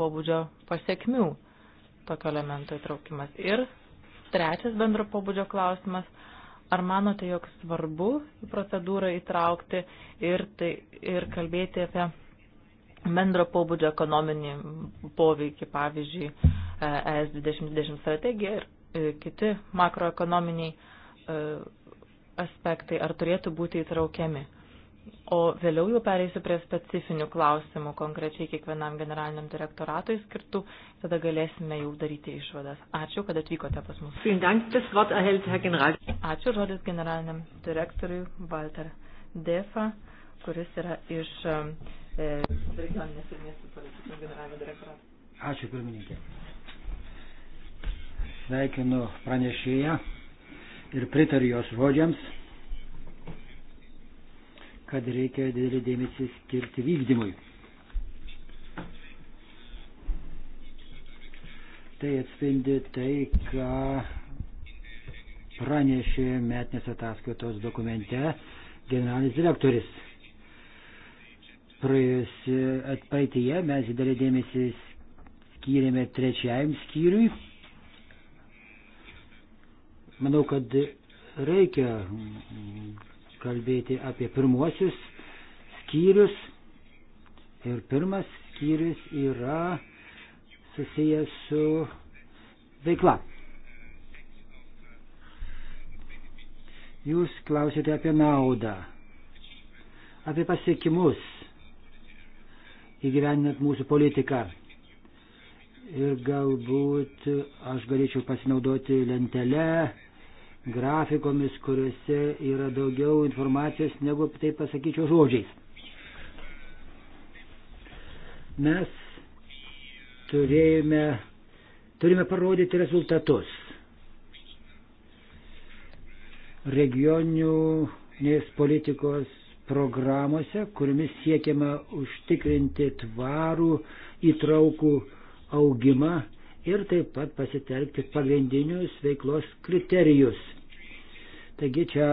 pobūdžio pasiekmių tokio elemento įtraukimas. Ir trečias bendro pobūdžio klausimas, ar manote, jog svarbu į procedūrą įtraukti ir, tai, ir kalbėti apie bendro pobūdžio ekonominį poveikį, pavyzdžiui, ES e 2020 strategija ir e, kiti makroekonominiai e, aspektai, ar turėtų būti įtraukiami. O vėliau jau pereisiu prie specifinių klausimų, konkrečiai kiekvienam generaliniam direktoratui skirtų, tada galėsime jau daryti išvadas. Ačiū, kad atvykote pas mus. Ačiū žodis generaliniam direktoriui Walter Defa, kuris yra iš e, regioninės ir miestų politikos generalinio direktorato. Ačiū pirmininkė. Sveikinu pranešėją ir pritariu jos žodžiams kad reikia didelį dėmesį skirti vykdymui. Tai atspindi tai, ką pranešė metinės ataskaitos dokumente generalinis direktoris. Praėjusi atpaityje mes didelį dėmesį skyrėme trečiajam skyriui. Manau, kad reikia kalbėti apie pirmuosius skyrius. Ir pirmas skyrius yra susijęs su veikla. Jūs klausėte apie naudą, apie pasiekimus įgyvendinant mūsų politiką. Ir galbūt aš galėčiau pasinaudoti lentelę, grafikomis, kuriuose yra daugiau informacijos negu tai pasakyčiau žodžiais. Mes turėjome, turime parodyti rezultatus. Regioninės politikos programuose, kuriomis siekiama užtikrinti tvarų įtraukų augimą ir taip pat pasitelkti pagrindinius veiklos kriterijus. Taigi čia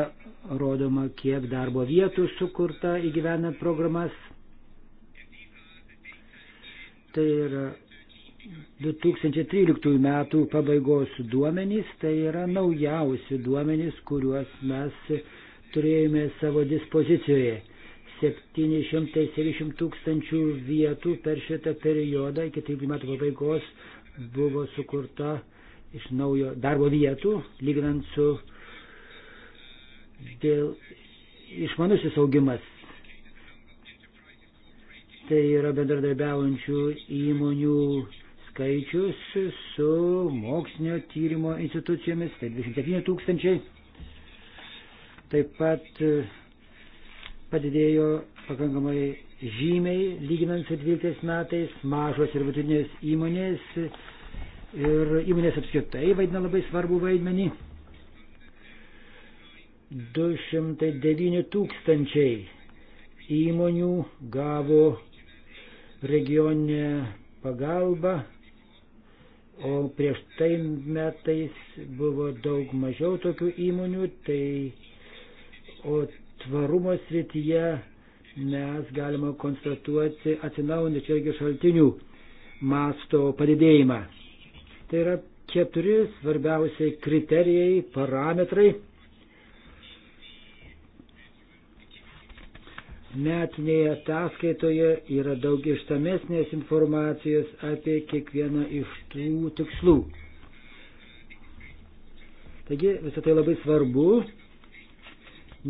rodoma, kiek darbo vietų sukurta įgyvenant programas. Tai yra 2013 metų pabaigos duomenys, tai yra naujausi duomenys, kuriuos mes turėjome savo dispozicijoje. 770 tūkstančių vietų per šitą periodą iki 13 metų pabaigos buvo sukurta iš naujo darbo vietų, lyginant su dėl išmanusis augimas. Tai yra bendradarbiaujančių įmonių skaičius su mokslinio tyrimo institucijomis, tai 27 tūkstančiai. Taip pat e, padidėjo pakankamai žymiai, lyginant su 12 metais, mažos ir vidutinės įmonės ir įmonės apskritai vaidina labai svarbų vaidmenį. 209 tūkstančiai įmonių gavo regioninę pagalbą, o prieš tai metais buvo daug mažiau tokių įmonių, tai o tvarumo srityje mes galime konstatuoti atsinaujinančių energijos šaltinių masto padidėjimą. Tai yra keturi svarbiausiai kriterijai, parametrai, metinėje ataskaitoje yra daug išsamesnės informacijos apie kiekvieną iš tų tikslų. Taigi visą tai labai svarbu,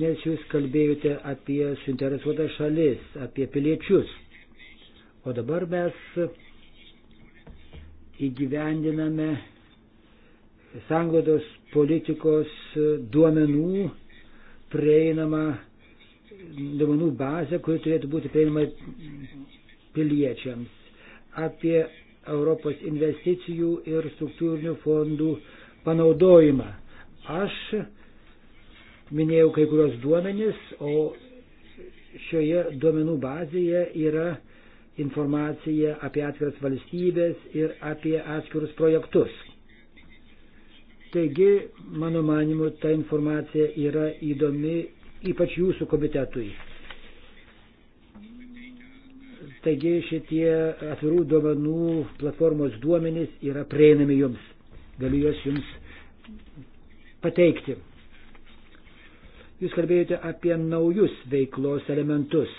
nes jūs kalbėjote apie suinteresuotas šalis, apie piliečius. O dabar mes įgyvendiname sanglodos politikos duomenų prieinamą duomenų bazę, kuri turėtų būti prieinama piliečiams. Apie Europos investicijų ir struktūrinių fondų panaudojimą. Aš minėjau kai kurios duomenys, o šioje duomenų bazėje yra informacija apie atskiras valstybės ir apie atskirus projektus. Taigi, mano manimu, ta informacija yra įdomi ypač jūsų komitetui. Taigi šitie atvirų duomenų platformos duomenys yra prieinami jums. Galiu juos jums pateikti. Jūs kalbėjote apie naujus veiklos elementus.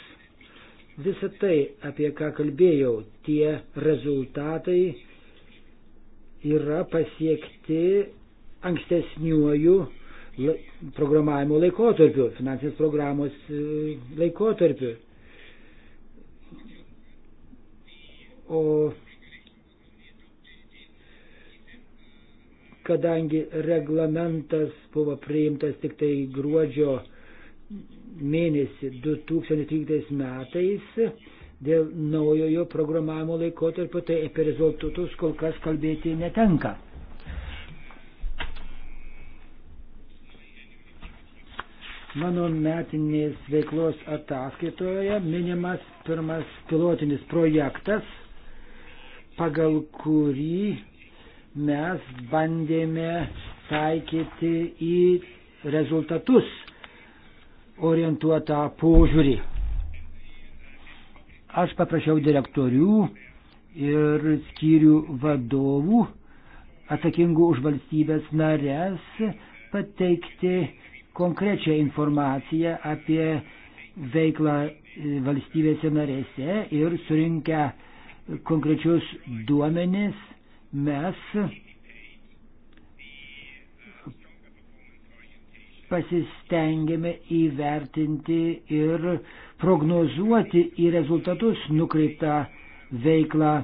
Visą tai, apie ką kalbėjau, tie rezultatai yra pasiekti ankstesniuoju programavimo laikotarpiu, finansinės programos e, laikotarpiu. O kadangi reglamentas buvo priimtas tik tai gruodžio mėnesį 2013 metais dėl naujojo programavimo laikotarpio, tai apie rezultatus kol kas kalbėti netenka. Mano metinės veiklos ataskaitoje minimas pirmas pilotinis projektas, pagal kurį mes bandėme taikyti į rezultatus orientuotą požiūrį. Aš paprašiau direktorių ir skyrių vadovų atsakingų už valstybės narės pateikti konkrečią informaciją apie veiklą e, valstybėse narėse ir surinkę konkrečius duomenis mes pasistengėme įvertinti ir prognozuoti į rezultatus nukreiptą veiklą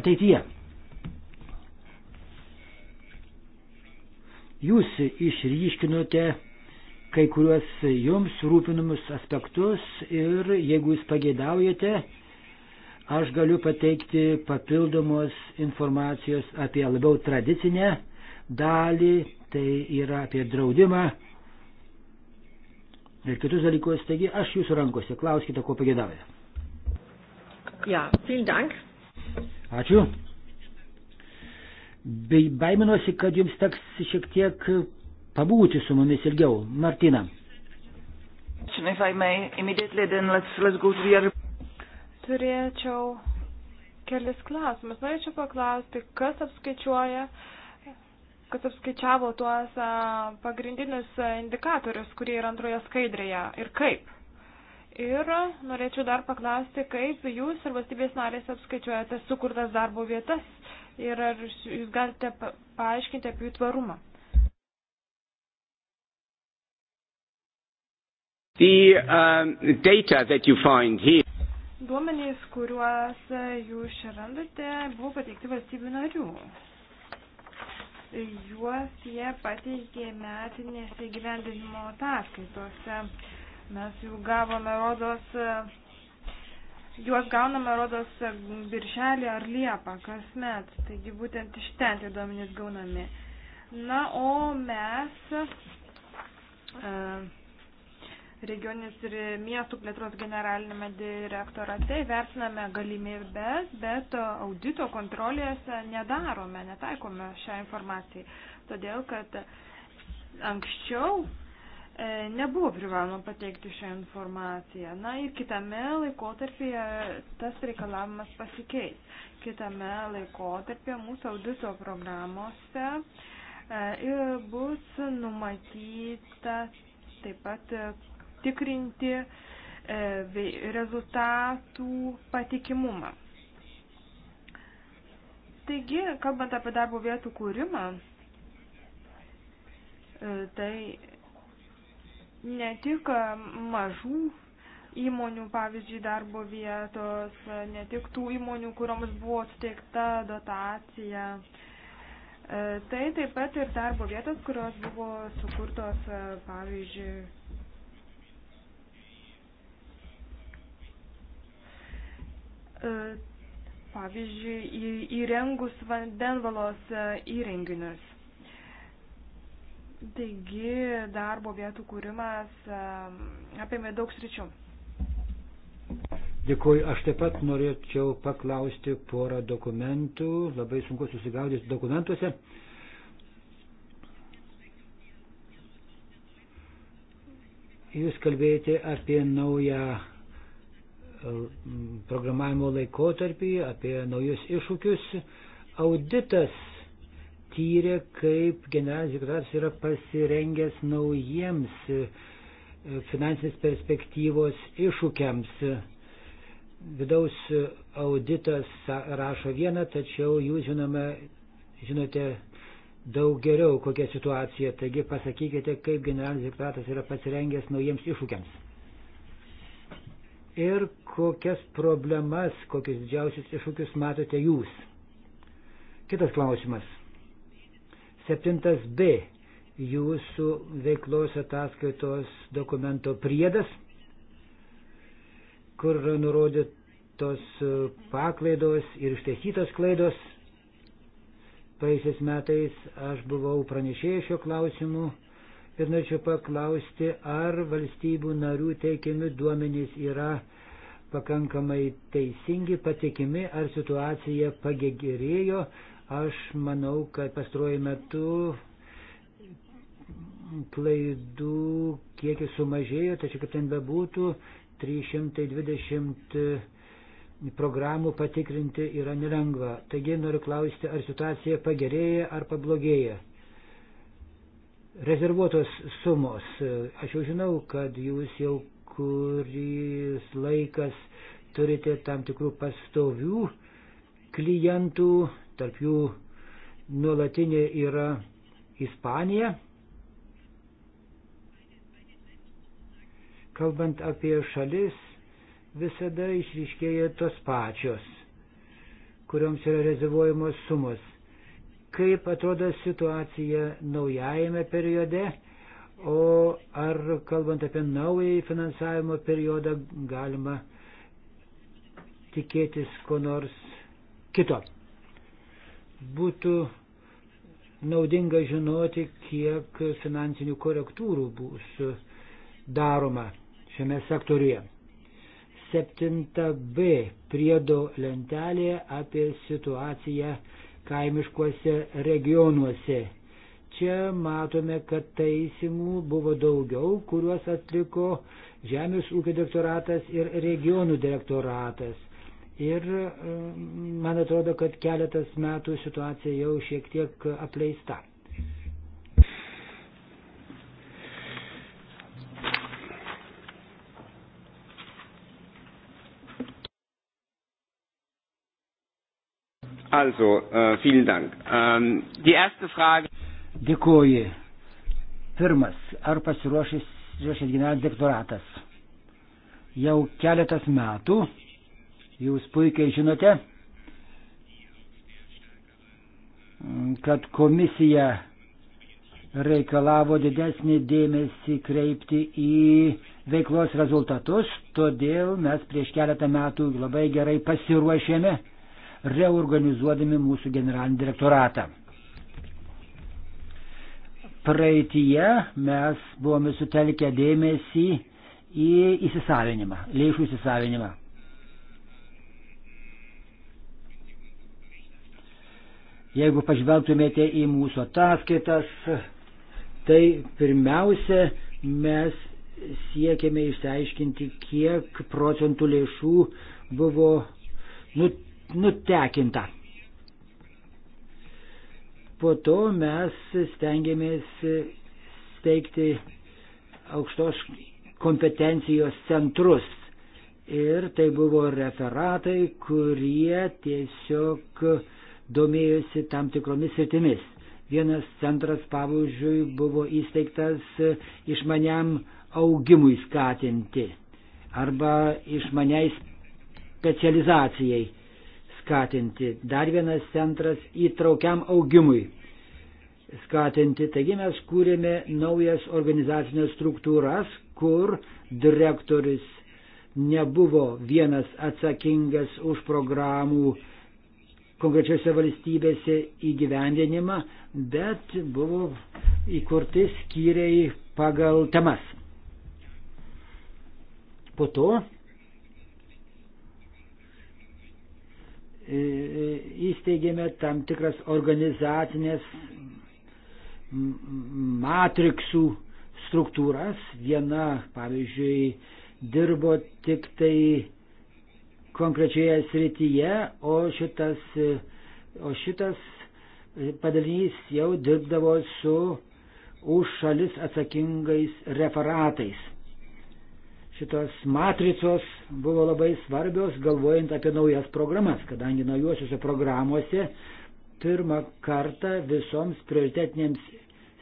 ateityje. Jūs išryškinote kai kuriuos jums rūpinamus aspektus ir jeigu jūs pageidaujate, aš galiu pateikti papildomos informacijos apie labiau tradicinę dalį, tai yra apie draudimą ir kitus dalykus. Taigi aš jūsų rankose, klauskite, ko pageidaujate. Ja, vielen Dank. Ačiū bei baiminosi, kad jums teks šiek tiek pabūti su mumis ilgiau. Martina. Turėčiau kelis klausimus. Norėčiau paklausti, kas apskaičiuoja, kas apskaičiavo tuos pagrindinius indikatorius, kurie yra antroje skaidrėje ir kaip. Ir norėčiau dar paklausti, kaip jūs ir valstybės narės apskaičiuojate sukurtas darbo vietas ir ar jūs galite paaiškinti apie jų tvarumą? The um, data that you find here. Duomenys, kuriuos e, jūs čia randate, buvo pateikti valstybių narių. Juos jie pateikė metinėse gyvendinimo ataskaitose. Mes jų gavome, rodos, e, Juos gauname, rodos, birželį ar liepą kasmet. Taigi būtent iš ten tie duomenys gaunami. Na, o mes e, regioninis ir miestų plėtros generalinėme direktorate vertiname galimybės, bet audito kontrolės nedarome, netaikome šią informaciją. Todėl, kad anksčiau E, nebuvo privaloma pateikti šią informaciją. Na ir kitame laikotarpyje tas reikalavimas pasikeis. Kitame laikotarpyje mūsų audito programuose e, ir bus numatyta taip pat e, tikrinti rezultatų patikimumą. Taigi, kalbant apie darbo vietų kūrimą, tai ne tik e, mažų įmonių, pavyzdžiui, darbo vietos, e, ne tik tų įmonių, kuriuoms buvo suteikta dotacija. E, tai taip pat ir darbo vietos, kurios buvo sukurtos, pavyzdžiui, pavyzdžiui įrengus vandenvalos įrenginius. Taigi darbo vietų kūrimas apėmė daug sričių. Dėkui, aš taip pat norėčiau paklausti porą dokumentų, labai sunku susigaudyti dokumentuose. Jūs kalbėjote apie naują e, programavimo laikotarpį, apie naujus iššūkius. Auditas tyrė, kaip generalinis sekretorius yra pasirengęs naujiems e, finansinės perspektyvos iššūkiams. Vidaus auditas rašo vieną, tačiau jūs žinoma, žinote daug geriau, kokia situacija. Taigi pasakykite, kaip generalinis sekretorius yra pasirengęs naujiems iššūkiams. Ir kokias problemas, kokius didžiausius iššūkius matote jūs. Kitas klausimas Septintas B. Jūsų veiklos ataskaitos dokumento priedas, kur yra nurodytos e, paklaidos ir išteisytos klaidos. Paisiais metais aš buvau pranešėjęs šio klausimu ir norėčiau paklausti, ar valstybių narių teikiami duomenys yra pakankamai teisingi, patikimi, ar situacija pagerėjo, Aš manau, kad pastaruoju metu klaidų kiekis sumažėjo, tačiau kaip ten bebūtų, 320 programų patikrinti yra nelengva. Taigi noriu klausti, ar situacija pagerėja ar pablogėja. Rezervuotos sumos. Aš jau žinau, kad jūs jau kuris laikas turite tam tikrų pastovių klientų, tarp jų nuolatinė yra Ispanija. Kalbant apie šalis, visada išryškėja tos pačios, kurioms yra rezervuojamos sumos. Kaip atrodo situacija naujajame periode, o ar kalbant apie naują finansavimo periodą galima tikėtis ko nors kito būtų naudinga žinoti, kiek finansinių korektūrų bus daroma šiame sektoriuje. 7b priedo lentelė apie situaciją kaimiškuose regionuose. Čia matome, kad taisimų buvo daugiau, kuriuos atliko Žemės ūkio direktoratas ir regionų direktoratas. Ir e, man atrodo, kad keletas metų situacija jau šiek tiek apleista. Also, äh, vielen Dank. Ähm, die erste Frage. Dėkuoju. Pirmas, ar pasiruošęs generalinis direktoratas? Jau keletas metų Jūs puikiai žinote, kad komisija reikalavo didesnį dėmesį kreipti į veiklos rezultatus, todėl mes prieš keletą metų labai gerai pasiruošėme, reorganizuodami mūsų generalinį direktoratą. Praeitie mes buvome sutelkę dėmesį į įsisavinimą, lėšų įsisavinimą. Jeigu pažvelgtumėte į mūsų ataskaitas, tai pirmiausia, mes siekiame išsiaiškinti, kiek procentų lėšų buvo nu, nutekinta. Po to mes stengiamės steigti aukštos kompetencijos centrus. Ir tai buvo referatai, kurie tiesiog uh, domėjosi tam tikromis sritimis. Vienas centras, pavyzdžiui, buvo įsteigtas e, išmaniam augimui skatinti arba išmaniai specializacijai skatinti. Dar vienas centras įtraukiam augimui skatinti. Taigi mes kūrėme naujas organizacinės struktūras, kur direktorius nebuvo vienas atsakingas už programų konkrečiose valstybėse įgyvendinimą, bet buvo įkurti skyriai pagal temas. Po to e, e, įsteigėme tam tikras organizacinės matriksų struktūras. Viena, pavyzdžiui, dirbo tik tai konkrečioje srityje, o šitas, o šitas padalinys jau dirbdavo su už šalis atsakingais referatais. Šitos matricos buvo labai svarbios, galvojant apie naujas programas, kadangi naujuosiuose programuose pirmą kartą visoms prioritetinėms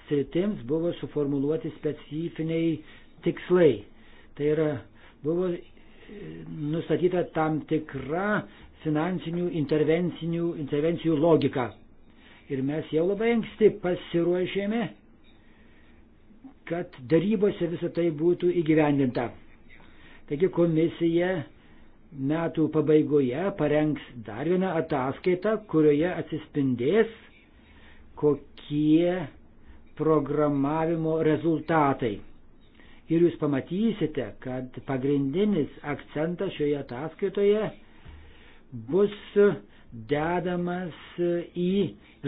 sritims buvo suformuluoti specifiniai tikslai. Tai yra, buvo nustatyta tam tikra finansinių intervencijų logika. Ir mes jau labai anksti pasiruošėme, kad darybose visą tai būtų įgyvendinta. Taigi komisija metų pabaigoje parengs dar vieną ataskaitą, kurioje atsispindės, kokie programavimo rezultatai ir jūs pamatysite, kad pagrindinis akcentas šioje ataskaitoje bus dedamas į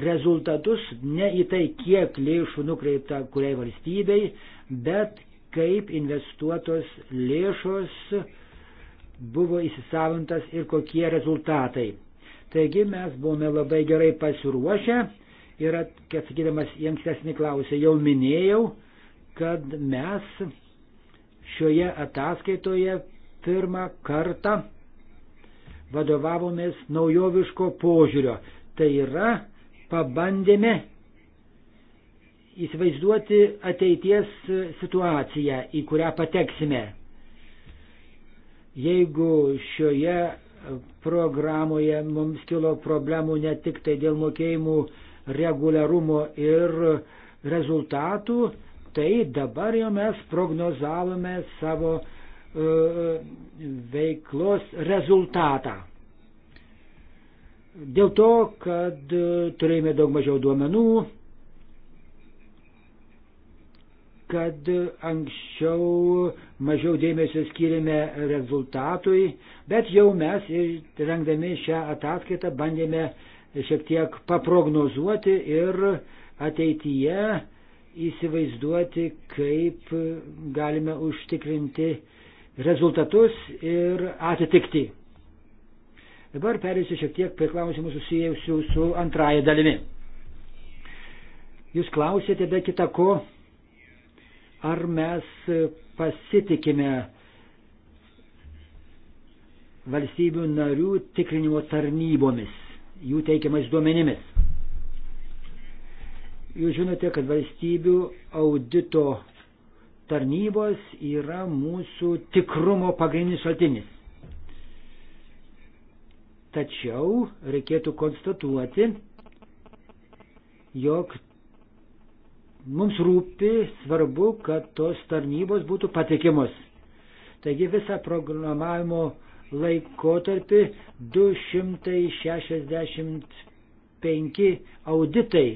rezultatus, ne į tai, kiek lėšų nukreipta kuriai valstybei, bet kaip investuotos lėšos buvo įsisavintas ir kokie rezultatai. Taigi mes buvome labai gerai pasiruošę ir, atsakydamas į ankstesnį klausimą, jau minėjau, kad mes Šioje ataskaitoje pirmą kartą vadovavomės naujoviško požiūrio. Tai yra, pabandėme įsivaizduoti ateities situaciją, į kurią pateksime. Jeigu šioje programoje mums kilo problemų ne tik tai dėl mokėjimų reguliarumo ir rezultatų, tai dabar jau mes prognozavome savo uh, veiklos rezultatą. Dėl to, kad e, turėjome daug mažiau duomenų, kad anksčiau mažiau dėmesio skiriame rezultatui, bet jau mes, rengdami šią ataskaitą, bandėme šiek tiek paprognozuoti ir ateityje įsivaizduoti, kaip galime užtikrinti rezultatus ir atitikti. Dabar perėsiu šiek tiek prie klausimų susijusių su antraja dalimi. Jūs klausėte be kita ko, ar mes pasitikime valstybių narių tikrinimo tarnybomis, jų teikiamais duomenimis. Jūs žinote, kad valstybių audito tarnybos yra mūsų tikrumo pagrindinis šaltinis. Tačiau reikėtų konstatuoti, jog mums rūpi svarbu, kad tos tarnybos būtų patikimos. Taigi visą programavimo laikotarpį 265 auditai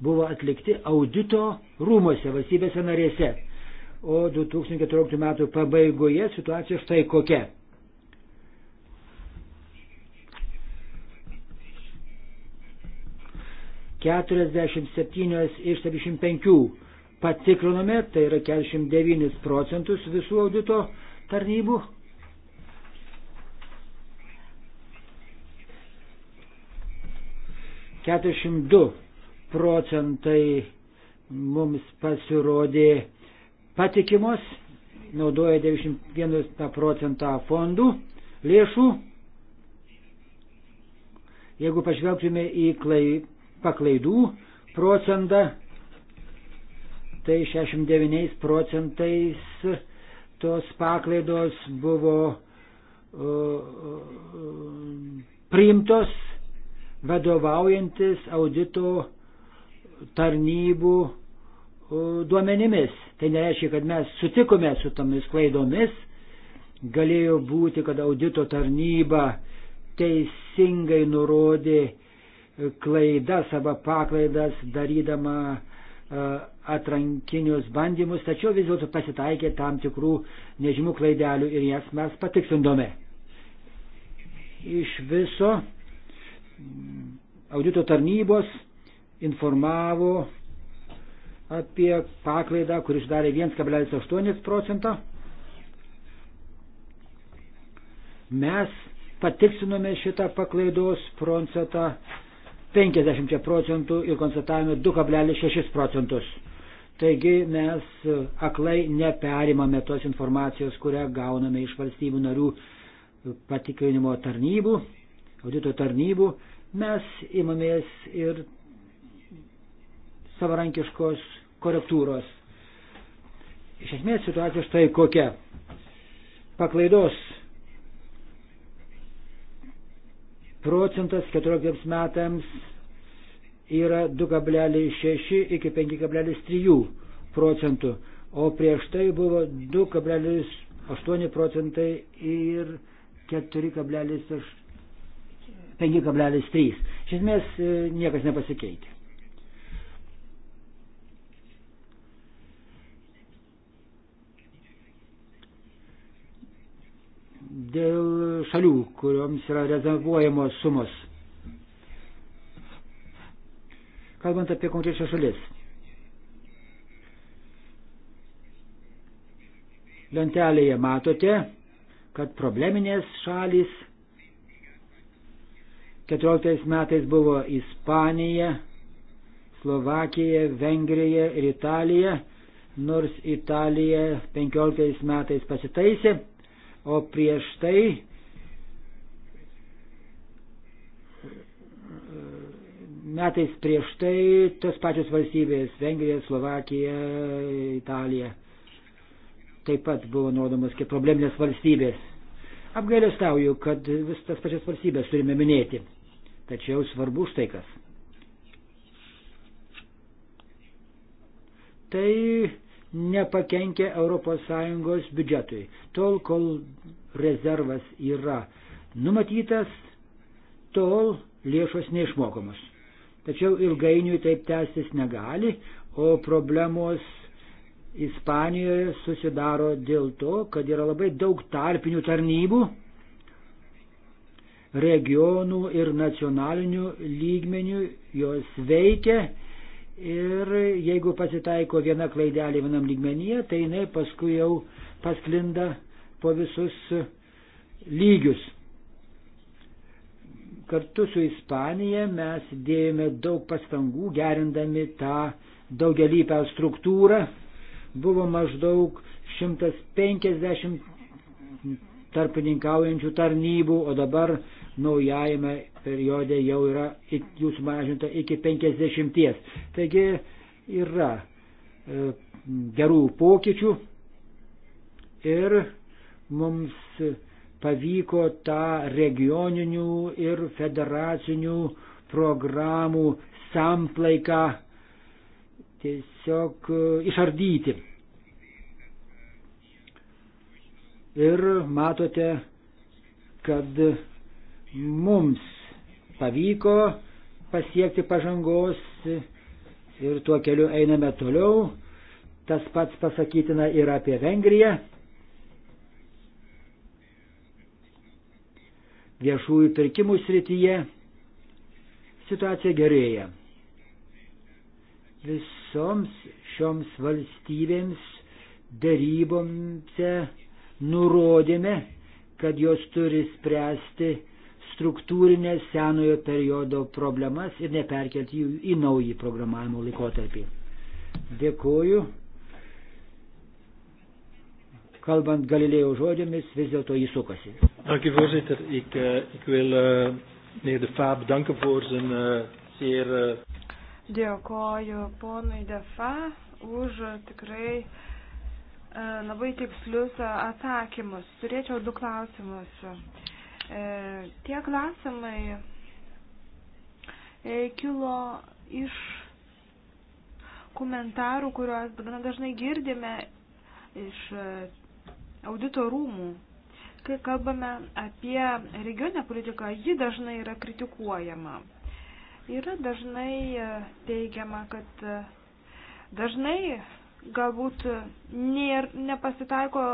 buvo atlikti audito rūmose valstybėse narėse. O 2014 metų pabaigoje situacija štai kokia. Keturiasdešimt septynios iš 75 patikrinome, tai yra 49 procentus visų audito tarnybų. Keturiasdešimt du procentai mums pasirodė patikimos, naudoja 91 procentą fondų lėšų. Jeigu pažvelgtume į klai, paklaidų procentą, tai 69 procentais tos paklaidos buvo uh, uh, priimtos vadovaujantis audito tarnybų duomenimis. Tai nereiškia, kad mes sutikome su tomis klaidomis. Galėjo būti, kad audito tarnyba teisingai nurodė klaidas arba paklaidas darydama atrankinius bandymus, tačiau vis dėlto pasitaikė tam tikrų nežymų klaidelių ir jas mes patiksindome. Iš viso audito tarnybos informavo apie paklaidą, kuris darė 1,8 procentą. Mes patiksinome šitą paklaidos procentą 50 procentų ir konstatavome 2,6 procentus. Taigi mes aklai neperimame tos informacijos, kurią gauname iš valstybių narių patikrinimo tarnybų, audito tarnybų. Mes imamės ir savarankiškos korektūros. Iš esmės situacija štai kokia. Paklaidos procentas 14 metams yra 2,6 iki 5,3 procentų, o prieš tai buvo 2,8 procentai ir 4,5,3. Iš esmės e, niekas nepasikeitė. dėl šalių, kurioms yra rezervuojamos sumos. Kalbant apie konkrečią šalis. Lentelėje matote, kad probleminės šalis 14 metais buvo Ispanija, Slovakija, Vengrija ir Italija, nors Italija 15 metais pasitaisė o prieš tai metais prieš tai tos pačios valstybės - Vengrija, Slovakija, Italija - taip pat buvo nuodomas kaip probleminės valstybės. Apgailestauju, kad vis tas pačias valstybės turime minėti. Tačiau svarbu štai kas. Tai nepakenkia ES biudžetui. Tol, kol rezervas yra numatytas, tol lėšos neišmokamos. Tačiau ilgainiui taip tęstis negali, o problemos Ispanijoje susidaro dėl to, kad yra labai daug tarpinių tarnybų, regionų ir nacionalinių lygmenių jos veikia ir jeigu pasitaiko viena klaidelė vienam lygmenyje, tai jinai paskui jau pasklinda po visus lygius. Kartu su Ispanija mes dėjome daug pastangų gerindami tą daugelįpę struktūrą. Buvo maždaug 150 tarpininkaujančių tarnybų, o dabar naujajame periode jau yra jų sumažinta iki 50. Taigi yra e, gerų pokyčių ir mums pavyko tą regioninių ir federacinių programų samplaiką tiesiog e, išardyti. Ir matote, kad mums pavyko pasiekti pažangos ir tuo keliu einame toliau. Tas pats pasakytina ir apie Vengriją. Viešųjų pirkimų srityje situacija gerėja. Visoms šioms valstybėms dėrybomse nurodėme, kad jos turi spręsti struktūrinės senojo periodo problemas ir neperkelti jų į naują programavimo laikotarpį. Dėkuoju. Kalbant Galilėjo žodėmis, vis dėlto jis sukasi. Dank u voorzitter. Ik, uh, ik wil uh, meneer De Faap danken voor zijn uh, zeer. Uh... Dėkoju ponui De Fa už tikrai uh, labai tikslius atsakymus. Turėčiau du klausimus. Uh, E, tie klausimai e, kilo iš komentarų, kuriuos gana dažnai girdime iš e, audito rūmų. Kai kalbame apie regionę politiką, ji dažnai yra kritikuojama. Yra dažnai teigiama, kad dažnai galbūt nėr, nepasitaiko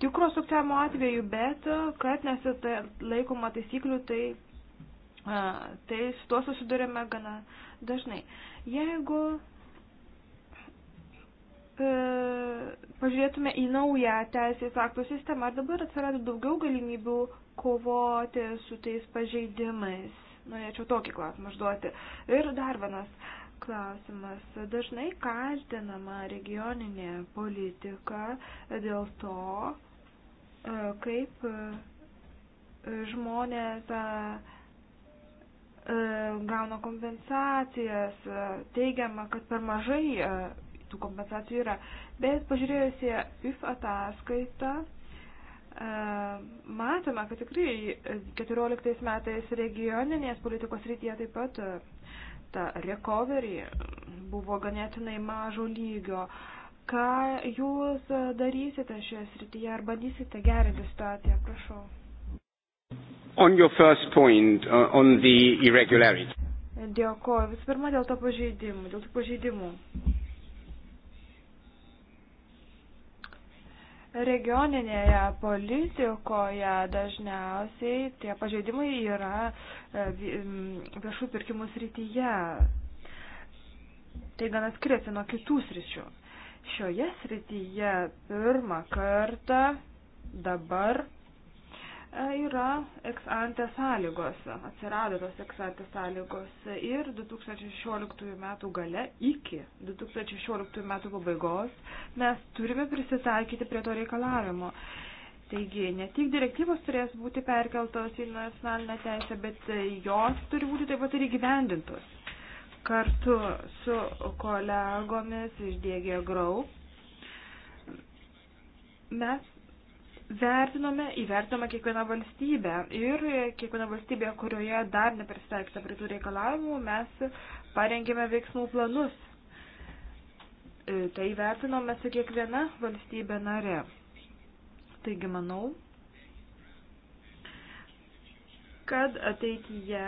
tikro sukčiavimo atveju, bet e, kad nesilaikoma taisyklių, tai, e, tai su tuo susidurėme gana dažnai. Jeigu e, pažiūrėtume į naują teisės aktų sistemą, ar dabar atsirado daugiau galimybių kovoti su tais pažeidimais? Norėčiau tokį klausimą užduoti. Ir dar vienas klausimas. Dažnai kaltinama regioninė politika dėl to, E, kaip e, e, žmonės gauna kompensacijas, teigiama, kad per mažai tų kompensacijų yra. Bet pažiūrėjus į IF ataskaitą, matome, kad tikrai 14 metais regioninės politikos rytyje taip pat ta recovery buvo ganėtinai mažo lygio ką jūs darysite šioje srityje ar bandysite gerinti situaciją, prašau. On your first point, uh, on the irregularity. Dėkoju. Visų pirma, dėl to pažeidimų. Dėl tų pažeidimų. Regioninėje politikoje dažniausiai tie pažeidimai yra e, viešų pirkimų srityje. Tai gana skiriasi nuo kitų sričių. Šioje srityje pirmą kartą dabar e, yra eksantė sąlygos, atsirado tos eksantė sąlygos ir 2016 metų gale iki 2016 metų pabaigos mes turime prisitaikyti prie to reikalavimo. Taigi, ne tik direktyvos turės būti perkeltos į nacionalinę teisę, bet jos turi būti taip pat ir įgyvendintos kartu su kolegomis iš DG Grau mes vertinome, įvertinome kiekvieną valstybę ir kiekvieną valstybę, kurioje dar nepristaiksta prie tų reikalavimų, mes parengėme veiksmų planus. E, tai vertinome su kiekviena valstybė nare. Taigi manau, kad ateityje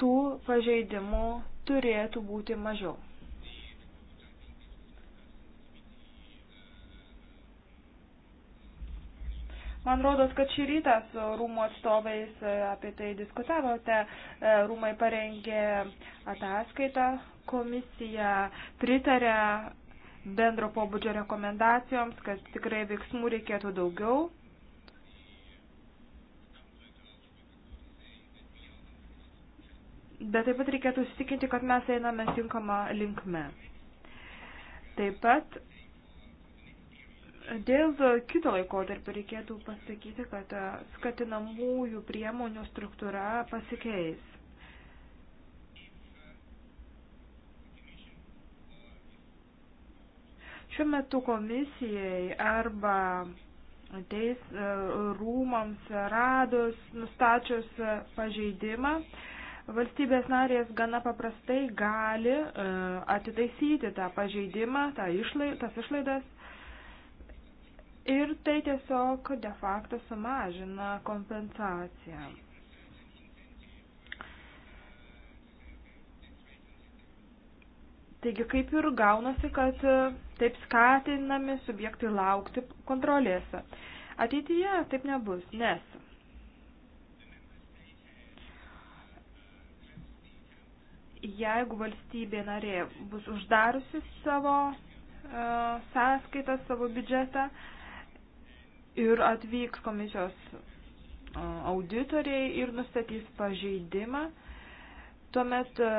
tų pažeidimų turėtų būti mažiau. Man rodos, kad šį rytą su rūmų atstovais e, apie tai diskutavote. E, rūmai parengė ataskaitą, komisija pritarė bendro pobūdžio rekomendacijoms, kad tikrai veiksmų reikėtų daugiau. bet taip pat reikėtų įsitikinti, kad mes einame tinkamą linkmę. Taip pat dėl kito laikotarpio reikėtų pasakyti, kad skatinamųjų priemonių struktūra pasikeis. Šiuo metu komisijai arba teis rūmams radus, nustačius pažeidimą, Valstybės narės gana paprastai gali e, atitaisyti tą pažeidimą, tą išlaid, tas išlaidas ir tai tiesiog de facto sumažina kompensaciją. Taigi kaip ir gaunasi, kad e, taip skatinami subjektai laukti kontrolėse. Ateityje taip nebus, nes jeigu valstybė narė bus uždariusi savo e, sąskaitą, savo biudžetą ir atvyks komisijos e, auditoriai ir nustatys pažeidimą, tuomet e,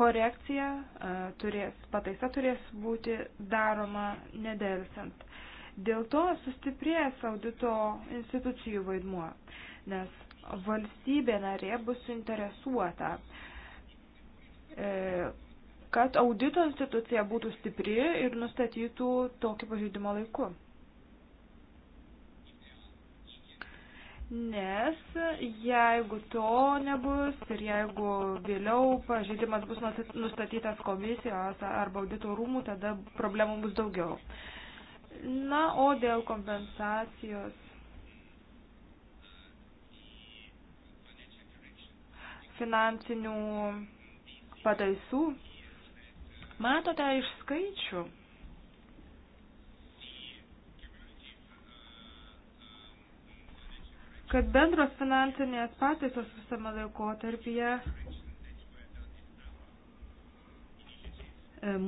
korekcija turės, pataisa turės būti daroma nedelsant. Dėl to sustiprės audito institucijų vaidmuo, nes valstybė narė bus suinteresuota uh, E, kad audito institucija būtų stipri ir nustatytų tokį pažeidimo laiku. Nes jeigu to nebus ir jeigu vėliau pažeidimas bus nustatytas komisijos arba audito rūmų, tada problemų bus daugiau. Na, o dėl kompensacijos finansinių pataisų, matote iš skaičių, kad bendros finansinės pataisos visame laikotarpyje e,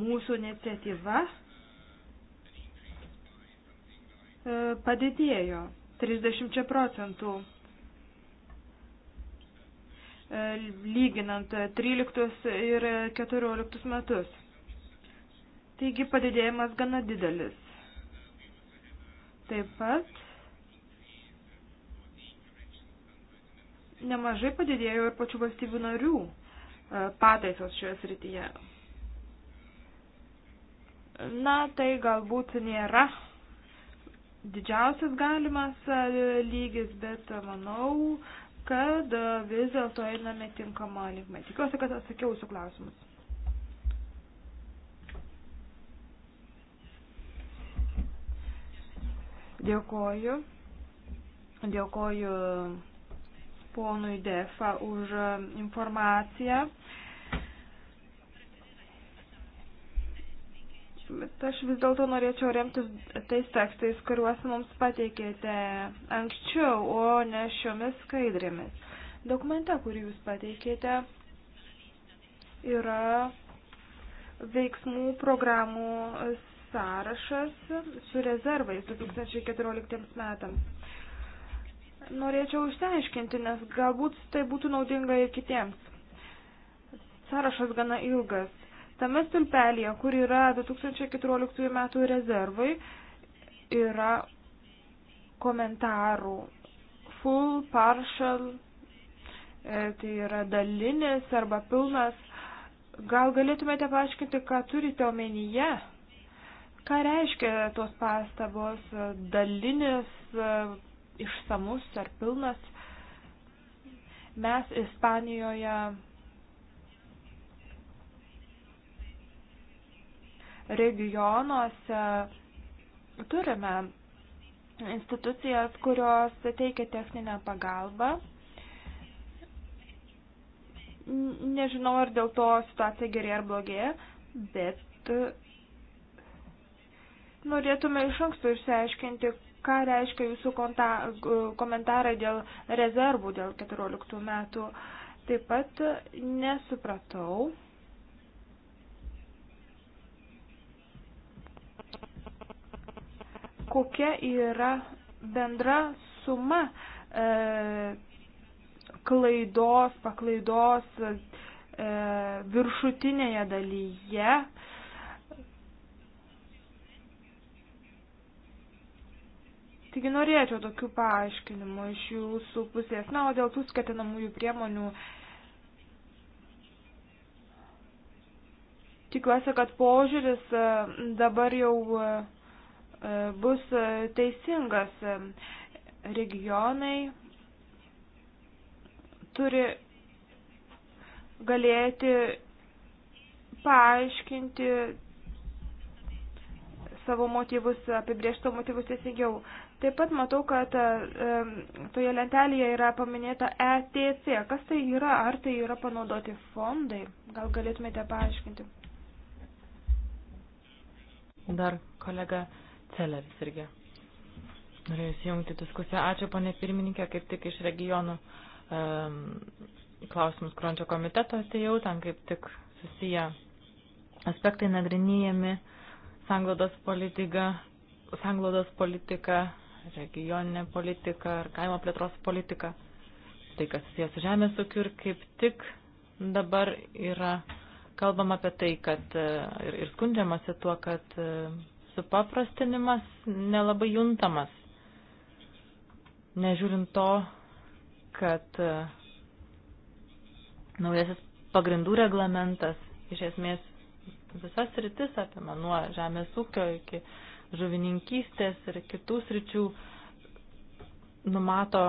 mūsų iniciatyva e, padidėjo 30 procentų lyginant 13 ir 14 metus. Taigi padidėjimas gana didelis. Taip pat nemažai padidėjo ir pačių valstybių narių e, pataisos šioje srityje. Na, tai galbūt nėra didžiausias galimas e, lygis, bet e, manau, kad e, vis dėlto einame tinkamą linkmę. Tikiuosi, kad atsakiau jūsų klausimus. Dėkoju. Dėkoju ponui Defa už informaciją. bet aš vis dėlto norėčiau remtis tais tekstais, kuriuos mums pateikėte anksčiau, o ne šiomis skaidrėmis. Dokumente, kurį jūs pateikėte, yra veiksmų programų sąrašas su rezervais 2014 metams. Norėčiau išsiaiškinti, nes galbūt tai būtų naudinga ir kitiems. Sąrašas gana ilgas Tame stulpelėje, kur yra 2014 metų rezervai, yra komentarų full, partial, e, tai yra dalinis arba pilnas. Gal galėtumėte paaiškinti, ką turite omenyje? Ką reiškia tos pastabos dalinis, e, išsamus ar pilnas? Mes Ispanijoje regionuose turime institucijas, kurios teikia techninę pagalbą. Nežinau, ar dėl to situacija gerėja ar blogėja, bet norėtume iš anksto išsiaiškinti, ką reiškia jūsų konta, komentarai dėl rezervų dėl 14 metų. Taip pat nesupratau, kokia yra bendra suma e, klaidos, paklaidos e, viršutinėje dalyje. Taigi norėčiau tokių paaiškinimų iš jūsų pusės. Na, o dėl tų skatinamųjų priemonių tikiuosi, kad požiūris e, dabar jau e, bus e, teisingas. E, regionai turi galėti paaiškinti savo motyvus, apibriežto motyvus teisingiau. Taip pat matau, kad e, toje lentelėje yra paminėta ETC. Kas tai yra? Ar tai yra panaudoti fondai? Gal galėtumėte paaiškinti? Dar kolega Celeris irgi. Norėjau įsijungti diskusiją. Ačiū, ponė pirmininkė, kaip tik iš regionų um, klausimus krončio komiteto atėjau, ten kaip tik susiję aspektai nagrinėjami sanglaudos politika, sanglaudos politika, regioninė politika ar kaimo plėtros politika. Tai, kas susijęs su žemės ūkiu ir kaip tik dabar yra kalbama apie tai, kad e, ir, ir skundžiamasi tuo, kad e, supaprastinimas nelabai juntamas. Nežiūrint to, kad e, naujasis pagrindų reglamentas iš esmės visas rytis apima nuo žemės ūkio iki žuvininkystės ir kitų sričių numato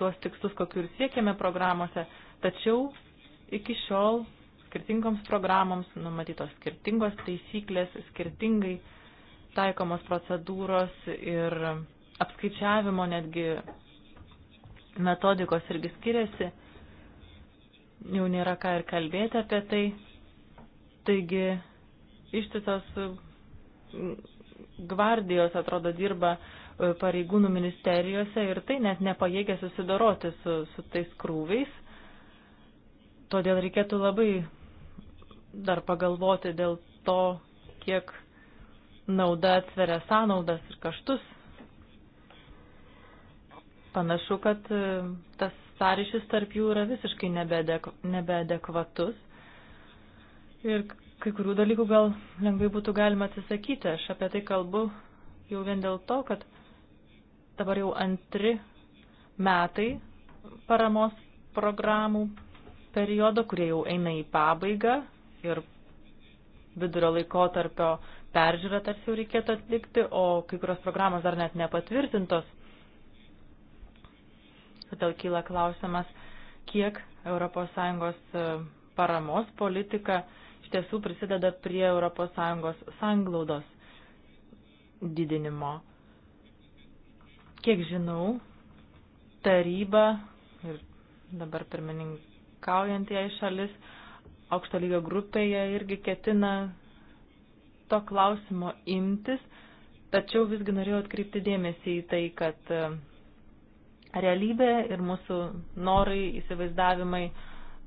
tuos tikslus, kokiu ir siekėme programuose, tačiau iki šiol skirtingoms programoms, numatytos skirtingos taisyklės, skirtingai taikomos procedūros ir apskaičiavimo netgi metodikos irgi skiriasi. Jau nėra ką ir kalbėti apie tai. Taigi ištisos gvardijos atrodo dirba e, pareigūnų ministerijose ir tai net nepajėgia susidoroti su, su tais krūviais. Todėl reikėtų labai dar pagalvoti dėl to, kiek nauda atsveria sąnaudas ir kaštus. Panašu, kad e, tas sąryšis tarp jų yra visiškai nebeadekvatus. Ir kai kurių dalykų gal lengvai būtų galima atsisakyti. Aš apie tai kalbu jau vien dėl to, kad dabar jau antri metai paramos programų periodo, kurie jau eina į pabaigą ir vidurio laikotarpio peržiūrą tarsi jau reikėtų atlikti, o kai kurios programos dar net nepatvirtintos. Todėl kyla klausimas, kiek ES e, paramos politika iš tiesų prisideda prie ES sanglaudos didinimo. Kiek žinau, taryba ir dabar pirmininkaujant jai šalis aukšto lygio grupėje irgi ketina to klausimo imtis, tačiau visgi norėjau atkreipti dėmesį į tai, kad e, realybė ir mūsų norai, įsivaizdavimai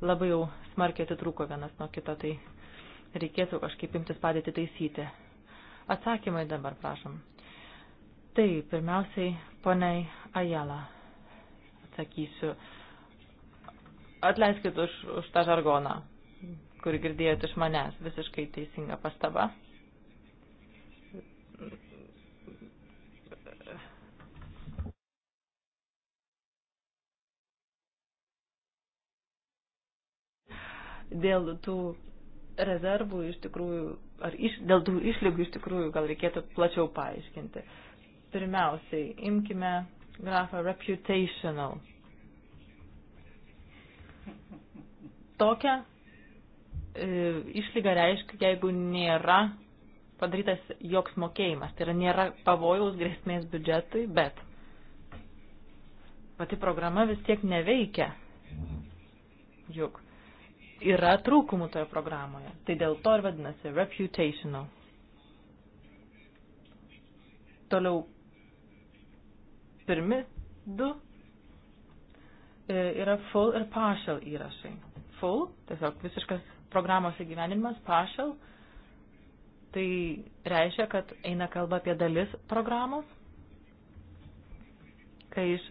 labai jau smarkiai atitrūko vienas nuo kito, tai reikėtų kažkaip imtis padėti taisyti. Atsakymai dabar, prašom. Tai pirmiausiai poniai Ajala atsakysiu. Atleiskit už, už tą žargoną, kurį girdėjote iš manęs. Visiškai teisinga pastaba. Dėl tų rezervų iš tikrųjų, ar iš, dėl tų išlygų iš tikrųjų gal reikėtų plačiau paaiškinti. Pirmiausiai, imkime grafą reputational. Tokią E, išlyga reiškia, jeigu nėra padarytas joks mokėjimas. Tai yra nėra pavojaus grėsmės biudžetui, bet pati programa vis tiek neveikia. Juk yra trūkumų toje programoje. Tai dėl to ir vadinasi reputational. Toliau pirmi du e, yra full ir partial įrašai. Full, tiesiog visiškas programos įgyvenimas, pašal, tai reiškia, kad eina kalba apie dalis programos, kai iš,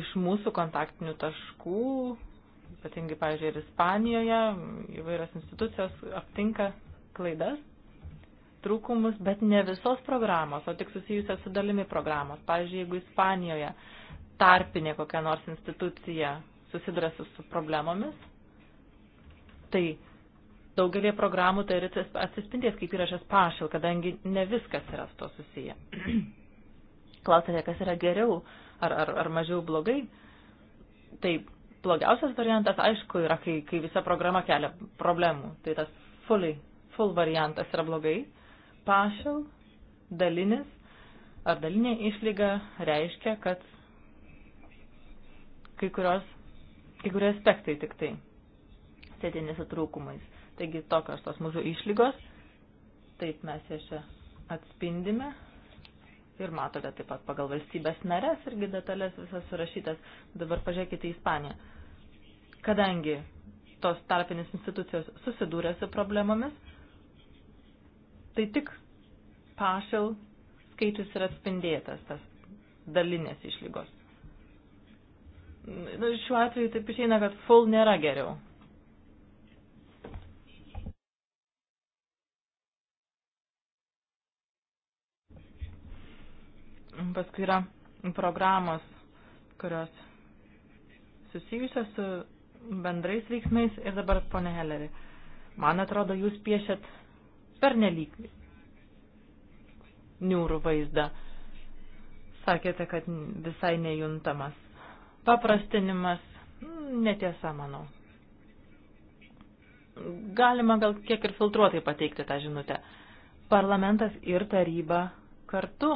iš mūsų kontaktinių taškų, ypatingai, pavyzdžiui, ir Ispanijoje, įvairios institucijos aptinka klaidas, trūkumus, bet ne visos programos, o tik susijusios su dalimi programos. Pavyzdžiui, jeigu Ispanijoje tarpinė kokia nors institucija susiduria su, su problemomis, tai daugelį programų tai atsispindės kaip įrašas pašal, kadangi ne viskas yra su to susiję. Klausėte, kas yra geriau ar, ar, ar mažiau blogai? Tai blogiausias variantas, aišku, yra, kai, kai visa programa kelia problemų. Tai tas fully, full variantas yra blogai. Pašal, dalinis ar dalinė išlyga reiškia, kad kai kurios kai kurie aspektai tik tai sėtinė su trūkumais. Taigi tokios tos mūsų išlygos, taip mes jas čia atspindime ir matote taip pat pagal valstybės narės irgi detalės visas surašytas. Dabar pažiūrėkite į Ispaniją. Kadangi tos tarpinės institucijos susidūrė su problemomis, tai tik pašil skaičius yra atspindėtas tas dalinės išlygos šiuo atveju taip išeina, kad full nėra geriau. Paskui yra programos, kurios susijusios su bendrais veiksmais ir dabar, ponė Heleri, man atrodo, jūs piešiat per nelyg niūrų vaizdą. Sakėte, kad visai nejuntamas paprastinimas netiesa, manau. Galima gal kiek ir filtruotai pateikti tą žinutę. Parlamentas ir taryba kartu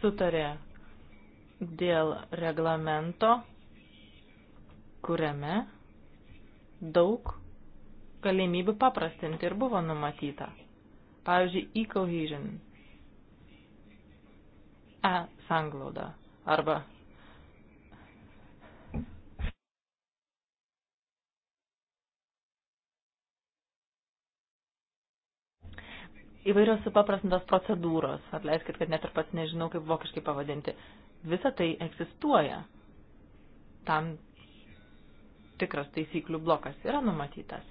sutarė dėl reglamento, kuriame daug galimybių paprastinti ir buvo numatyta. Pavyzdžiui, e-cohesion, e-sanglauda arba Įvairios supaprastintos procedūros, atleiskit, kad net ir pats nežinau, kaip vokiškai pavadinti. Visa tai egzistuoja. Tam tikras taisyklių blokas yra numatytas.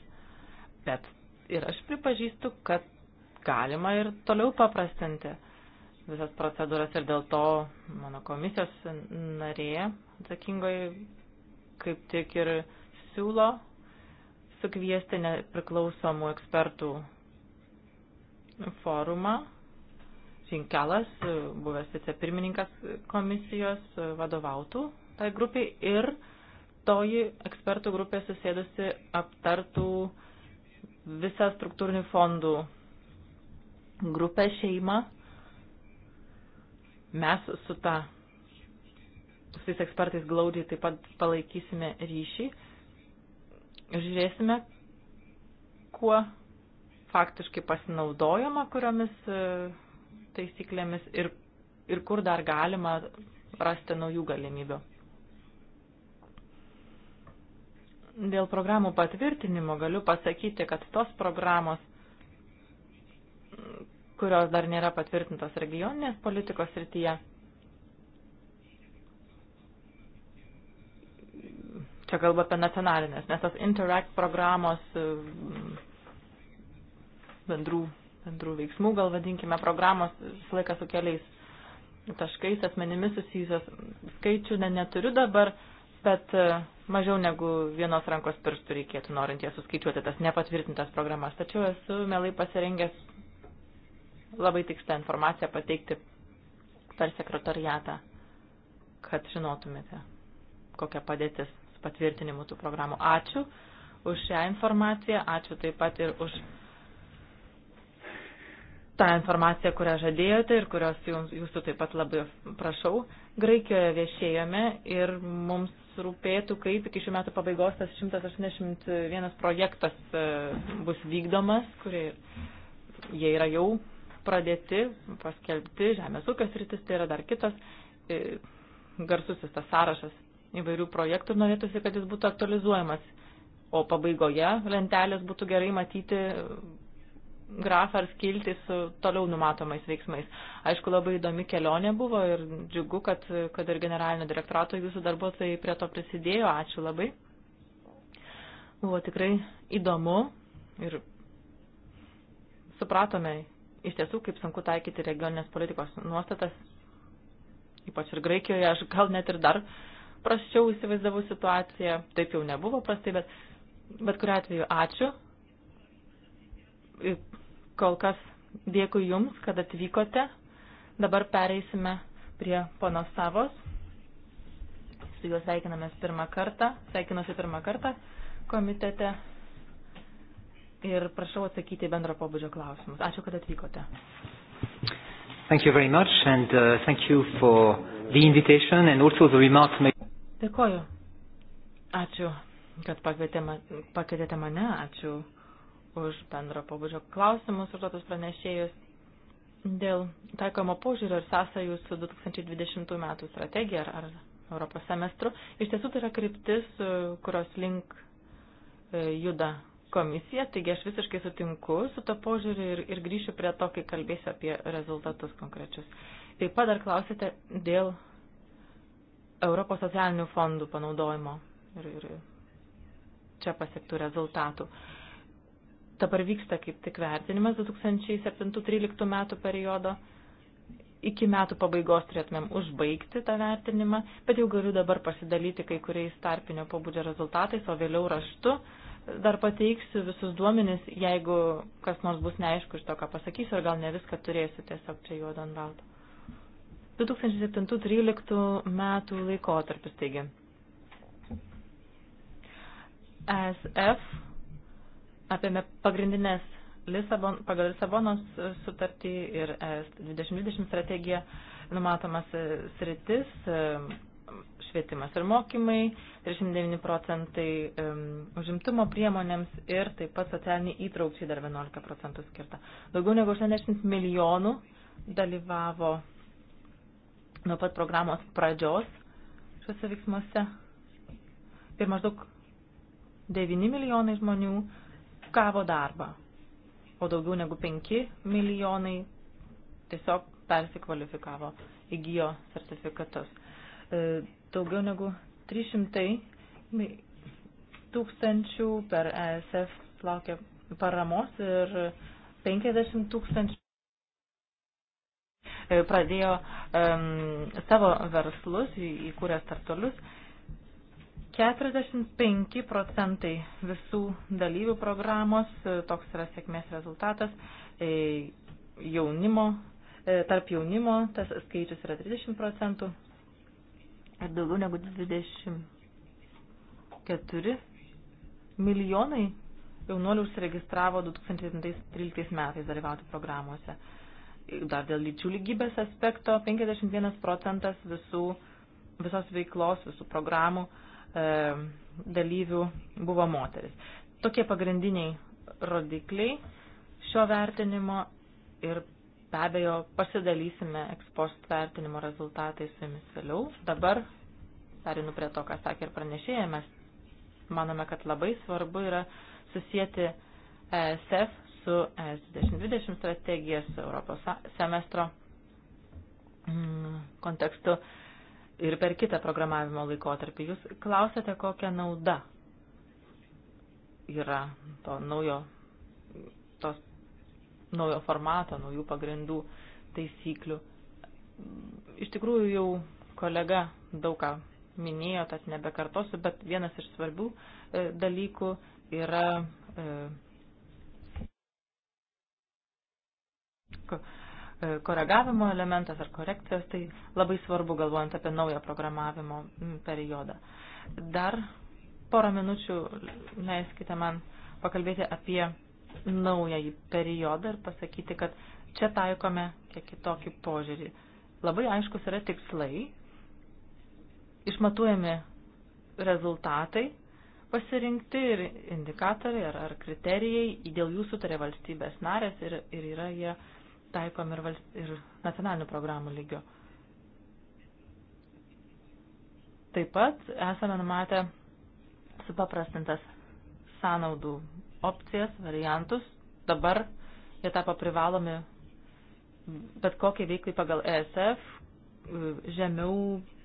Bet ir aš pripažįstu, kad galima ir toliau paprastinti visas procedūras ir dėl to mano komisijos narė atsakingoji kaip tik ir siūlo sukviesti nepriklausomų ekspertų forumą. Šinkelas, buvęs vicepirmininkas komisijos, vadovautų tai grupiai ir toji ekspertų grupė susėdusi aptartų visą struktūrinių fondų grupę šeimą. Mes su ta, su tais ekspertais glaudžiai taip pat palaikysime ryšį ir žiūrėsime, kuo faktiškai pasinaudojama kuriomis e, taisyklėmis ir, ir kur dar galima rasti naujų galimybių. Dėl programų patvirtinimo galiu pasakyti, kad tos programos, kurios dar nėra patvirtintos regioninės politikos srityje, čia kalba apie nacionalinės, nes tos Interact programos bendrų, bendrų veiksmų, gal vadinkime, programos visą laiką su keliais taškais, asmenimis susijusios. Skaičių ne, neturiu dabar, bet e, mažiau negu vienos rankos pirštų reikėtų norint jas suskaičiuoti tas nepatvirtintas programas. Tačiau esu mielai pasirengęs labai tikslę informaciją pateikti per sekretariatą, kad žinotumėte, kokia padėtis patvirtinimu tų programų. Ačiū už šią informaciją, ačiū taip pat ir už tą informaciją, kurią žadėjote ir kurios jūsų taip pat labai prašau. Graikijoje viešėjome ir mums rūpėtų, kaip iki šių metų pabaigos tas 181 projektas e, bus vykdomas, kurie jie yra jau pradėti, paskelbti, žemės ūkio sritis, tai yra dar kitas e, garsusis tas sąrašas įvairių projektų ir norėtųsi, kad jis būtų aktualizuojamas, o pabaigoje lentelės būtų gerai matyti grafą ar skiltį su toliau numatomais veiksmais. Aišku, labai įdomi kelionė buvo ir džiugu, kad, kad ir generalinio direktorato jūsų darbuotojai prie to prisidėjo. Ačiū labai. Buvo tikrai įdomu ir supratome iš tiesų, kaip sunku taikyti regioninės politikos nuostatas, ypač ir Graikijoje, aš gal net ir dar prasčiau įsivaizdavau situaciją, taip jau nebuvo prastai, bet bet kuriu atveju ačiū kol kas dėkui Jums, kad atvykote. Dabar pereisime prie ponos Savos. Su juo sveikinamės pirmą kartą. Sveikinuosi pirmą kartą komitete. Ir prašau atsakyti bendro pobūdžio klausimus. Ačiū, kad atvykote. Thank you very much and uh, thank you for the invitation and also the remarks made. Dėkoju. Ačiū, kad pakvietėte mane. Ačiū už bendro pobūdžio klausimus užduotus pranešėjus dėl taikomo požiūrio ir sąsajų su 2020 metų strategija ar, ar Europos semestru. Iš tiesų tai yra kryptis, e, kurios link e, juda komisija, taigi aš visiškai sutinku su to požiūriu ir, ir grįšiu prie to, kai kalbėsiu apie rezultatus konkrečius. Taip pat dar klausėte dėl Europos socialinių fondų panaudojimo ir, ir čia pasiektų rezultatų. Uh, dabar vyksta kaip tik vertinimas 2007-2013 metų periodo. Iki metų pabaigos turėtumėm užbaigti tą vertinimą, bet jau galiu dabar pasidalyti kai kuriais tarpinio pobūdžio rezultatais, o vėliau raštu dar pateiksiu visus duomenis, jeigu kas nors bus neaišku iš to, ką pasakysiu, ar gal ne viską turėsiu tiesiog čia juodo ant balto. 2007-2013 metų laikotarpis, taigi. ESF apėmė pagrindinės Lisabon, pagal Lisabonos sutartį ir 2020 strategiją numatomas e, sritis e, švietimas ir mokymai, 39 procentai e, užimtumo priemonėms ir taip pat socialiniai įtraukčiai dar 11 procentų skirta. Daugiau negu 60 milijonų dalyvavo nuo pat programos pradžios šiuose veiksmuose ir maždaug 9 milijonai žmonių gavo darbą, o daugiau negu 5 milijonai tiesiog persikvalifikavo, įgyjo sertifikatus. E, daugiau negu 300 tūkstančių per ESF laukia paramos ir 50 tūkstančių e, pradėjo um, savo verslus, įkūrė startolius 45 procentai visų dalyvių programos, e, toks yra sėkmės rezultatas, e, jaunimo, e, tarp jaunimo tas skaičius yra 30 procentų ir daugiau negu 24 milijonai jaunuolių užsiregistravo 2013 metais dalyvauti programuose. Dar dėl lyčių lygybės aspekto 51 procentas visų, visos veiklos, visų programų uh, E, dalyvių buvo moteris. Tokie pagrindiniai rodikliai šio vertinimo ir be abejo pasidalysime ekspost vertinimo rezultatais su jumis vėliau. Dabar perinu prie to, ką sakė ir pranešėjai, mes manome, kad labai svarbu yra susijęti ESF su ES 2020 strategija, su Europos semestro mm, kontekstu ir per kitą programavimo laikotarpį. Jūs klausėte, kokia nauda yra to naujo, tos, naujo formato, naujų pagrindų taisyklių. Iš tikrųjų jau kolega daug ką minėjo, tad nebekartosiu, bet vienas iš svarbių e, dalykų yra e, E, koregavimo elementas ar korekcijos, tai labai svarbu galvojant apie naują programavimo periodą. Dar porą minučių leiskite man pakalbėti apie naująjį periodą ir pasakyti, kad čia taikome kiek kitokį požiūrį. Labai aiškus yra tikslai, išmatuojami rezultatai pasirinkti ir indikatoriai ar, ar kriterijai, dėl jų sutarė valstybės narės ir, ir yra jie taikom ir, valst... ir nacionalinių programų lygio. Taip pat esame numatę supaprastintas sąnaudų opcijas, variantus. Dabar jie tapo privalomi bet kokiai veiklai pagal ESF žemiau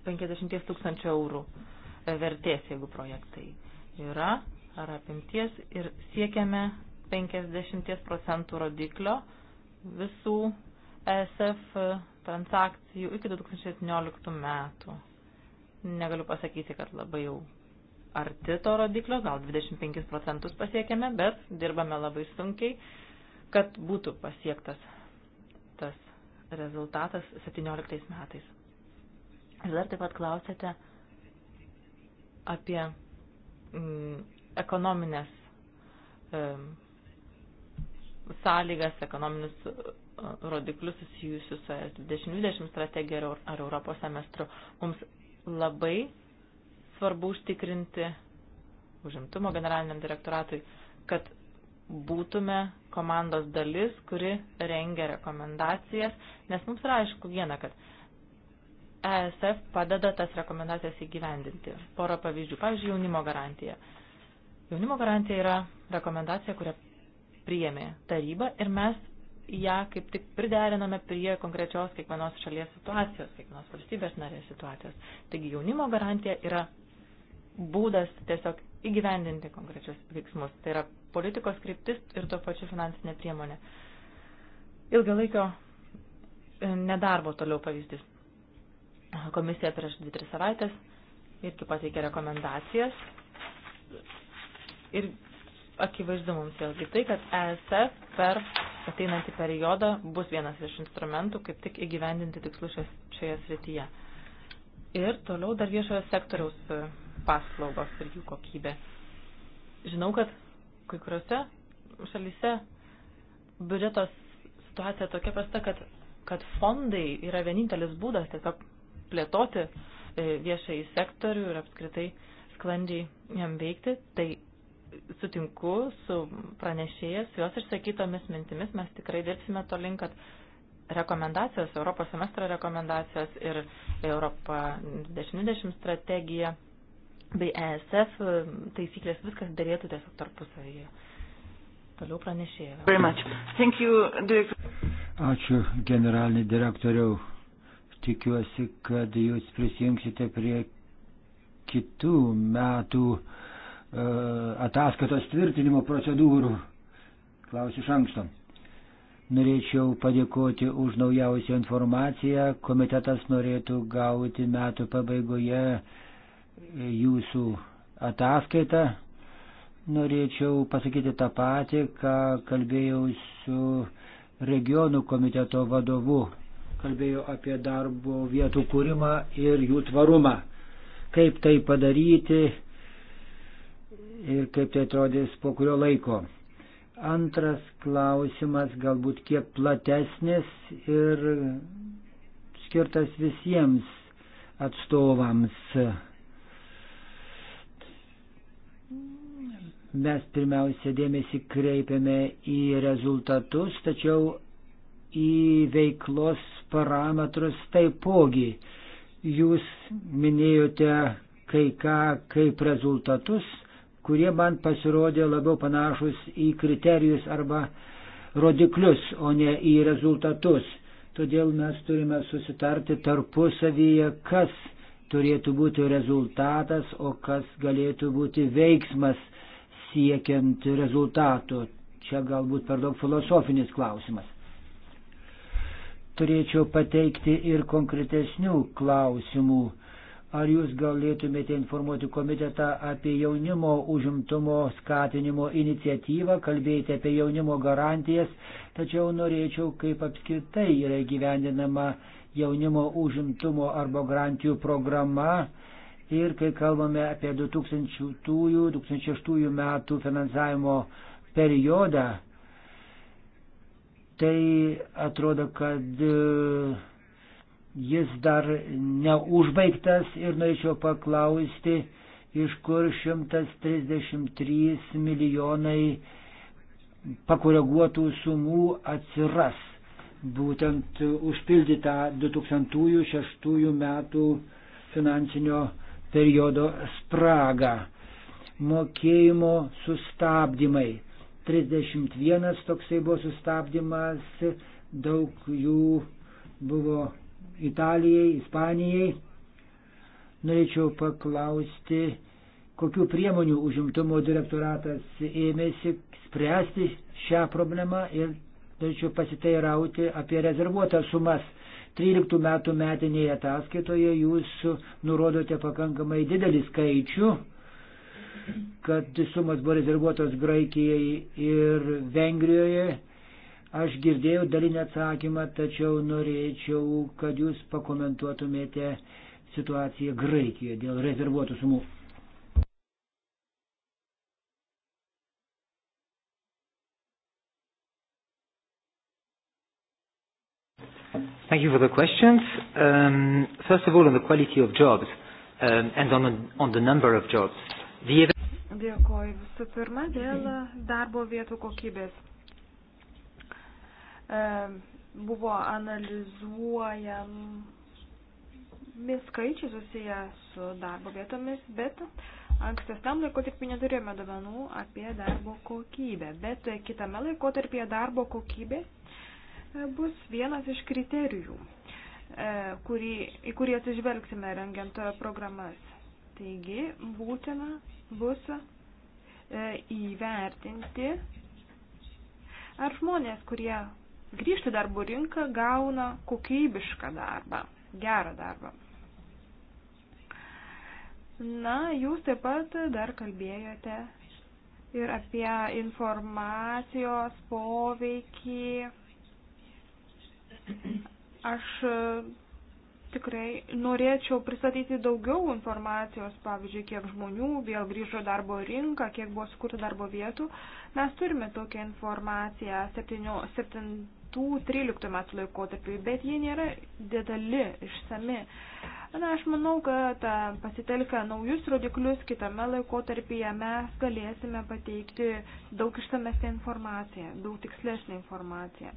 50 tūkstančių eurų vertės, jeigu projektai yra ar apimties ir siekiame 50 procentų rodiklio visų ESF e, transakcijų iki 2017 metų. Negaliu pasakyti, kad labai jau arti to rodiklio, gal 25 procentus pasiekėme, bet dirbame labai sunkiai, kad būtų pasiektas tas rezultatas 17 metais. Jūs dar taip pat klausėte apie mm, ekonominės mm, sąlygas, ekonominius e, rodiklius susijusius su 2020 strategija ar Europos semestru. Mums labai svarbu užtikrinti užimtumo generaliniam direktoratui, kad būtume komandos dalis, kuri rengia rekomendacijas, nes mums yra aišku viena, kad ESF padeda tas rekomendacijas įgyvendinti. Porą pavyzdžių. Pavyzdžiui, jaunimo garantija. Jaunimo garantija yra rekomendacija, kurią priėmė taryba ir mes ją kaip tik prideriname prie konkrečios kiekvienos šalies situacijos, kiekvienos valstybės narės situacijos. Taigi jaunimo garantija yra būdas tiesiog įgyvendinti konkrečius veiksmus. Tai yra politikos kryptis ir to pačiu finansinė priemonė. Ilgalaikio e, nedarbo toliau pavyzdys. Komisija prieš 2-3 savaitės irgi pateikė rekomendacijas ir akivaizdu mums vėlgi tai, kad ESF per ateinantį periodą bus vienas iš instrumentų, kaip tik įgyvendinti tikslus šioje srityje. Ir toliau dar viešojo sektoriaus e, paslaugos ir jų kokybė. Žinau, kad kai kuriuose šalyse biudžeto situacija tokia prasta, kad, kad fondai yra vienintelis būdas tiesiog plėtoti e, viešai sektorių ir apskritai sklandžiai jam veikti, tai sutinku su pranešėjas, jos išsakytomis mintimis mes tikrai dirbsime to link, kad rekomendacijos, Europos semestro rekomendacijos ir Europa 2020 strategija bei ESF e, taisyklės viskas dėlėtų tiesiog tarpusavyje. Toliau pranešėjo. Ačiū generalinį direktoriau. Tikiuosi, kad jūs prisijungsite prie kitų metų uh, E, ataskaitos tvirtinimo procedūrų. Klausiu iš anksto. Norėčiau padėkoti už naujausią informaciją. Komitetas norėtų gauti metų pabaigoje jūsų ataskaitą. Norėčiau pasakyti tą patį, ką kalbėjau su regionų komiteto vadovu. Kalbėjau apie darbo vietų kūrimą ir jų tvarumą. Kaip tai padaryti, ir kaip tai atrodys po kurio laiko. Antras klausimas galbūt kiek platesnis ir skirtas visiems atstovams. Mes pirmiausia dėmesį kreipiame į rezultatus, tačiau į veiklos parametrus taipogi. Jūs minėjote kai ką kaip rezultatus, kurie man pasirodė labiau panašus į kriterijus arba rodiklius, o ne į rezultatus. Todėl mes turime susitarti tarpusavyje, kas turėtų būti rezultatas, o kas galėtų būti veiksmas siekiant rezultato. Čia galbūt per daug filosofinis klausimas. Turėčiau pateikti ir konkretesnių klausimų Ar jūs galėtumėte informuoti komitetą apie jaunimo užimtumo skatinimo iniciatyvą, kalbėjote apie jaunimo garantijas, tačiau norėčiau, kaip apskritai yra gyvendinama jaunimo užimtumo arba garantijų programa. Ir kai kalbame apie 2000-2006 metų finansavimo periodą, tai atrodo, kad jis dar neužbaigtas ir norėčiau paklausti, iš kur 133 milijonai pakoreguotų sumų atsiras, būtent užpildytą 2006 metų finansinio periodo spragą. Mokėjimo sustabdymai. 31 toksai buvo sustabdymas, daug jų buvo Italijai, Ispanijai. Norėčiau paklausti, kokiu priemonių užimtumo direktoratas ėmėsi spręsti šią problemą ir norėčiau pasiteirauti apie rezervuotas sumas. 13 metų metinėje ataskaitoje jūs nurodote pakankamai didelį skaičių, kad sumas buvo rezervuotos Graikijai ir Vengrijoje Aš girdėjau dalinį atsakymą, tačiau norėčiau, kad jūs pakomentuotumėte situaciją Graikijoje dėl rezervuotų sumų. Thank you for the questions. Um, first of all, on the quality of jobs um, and on, on the number of jobs. The... Dėkoju visų pirma dėl darbo vietų kokybės buvo analizuojami skaičiai susiję su darbo vietomis, bet ankstesniam laikotarpiu neturėjome duomenų apie darbo kokybę, bet kitame laikotarpyje darbo kokybė e, bus vienas iš kriterijų, e, kurį, į kurį atsižvelgsime rengiant programas. Taigi būtina bus e, įvertinti, ar žmonės, kurie grįžti darbo rinką gauna kokybišką darbą, gerą darbą. Na, jūs taip pat dar kalbėjote ir apie informacijos poveikį. Aš e, tikrai norėčiau pristatyti daugiau informacijos, pavyzdžiui, kiek žmonių vėl grįžo darbo rinką, kiek buvo sukurta darbo vietų. Mes turime tokią informaciją 7, 7 2007-2013 metų laikotarpiu, bet ji nėra detali, išsami. Na, aš manau, kad pasitelkę naujus rodiklius kitame laikotarpyje mes galėsime pateikti daug išsamesnę informaciją, daug tikslesnę informaciją.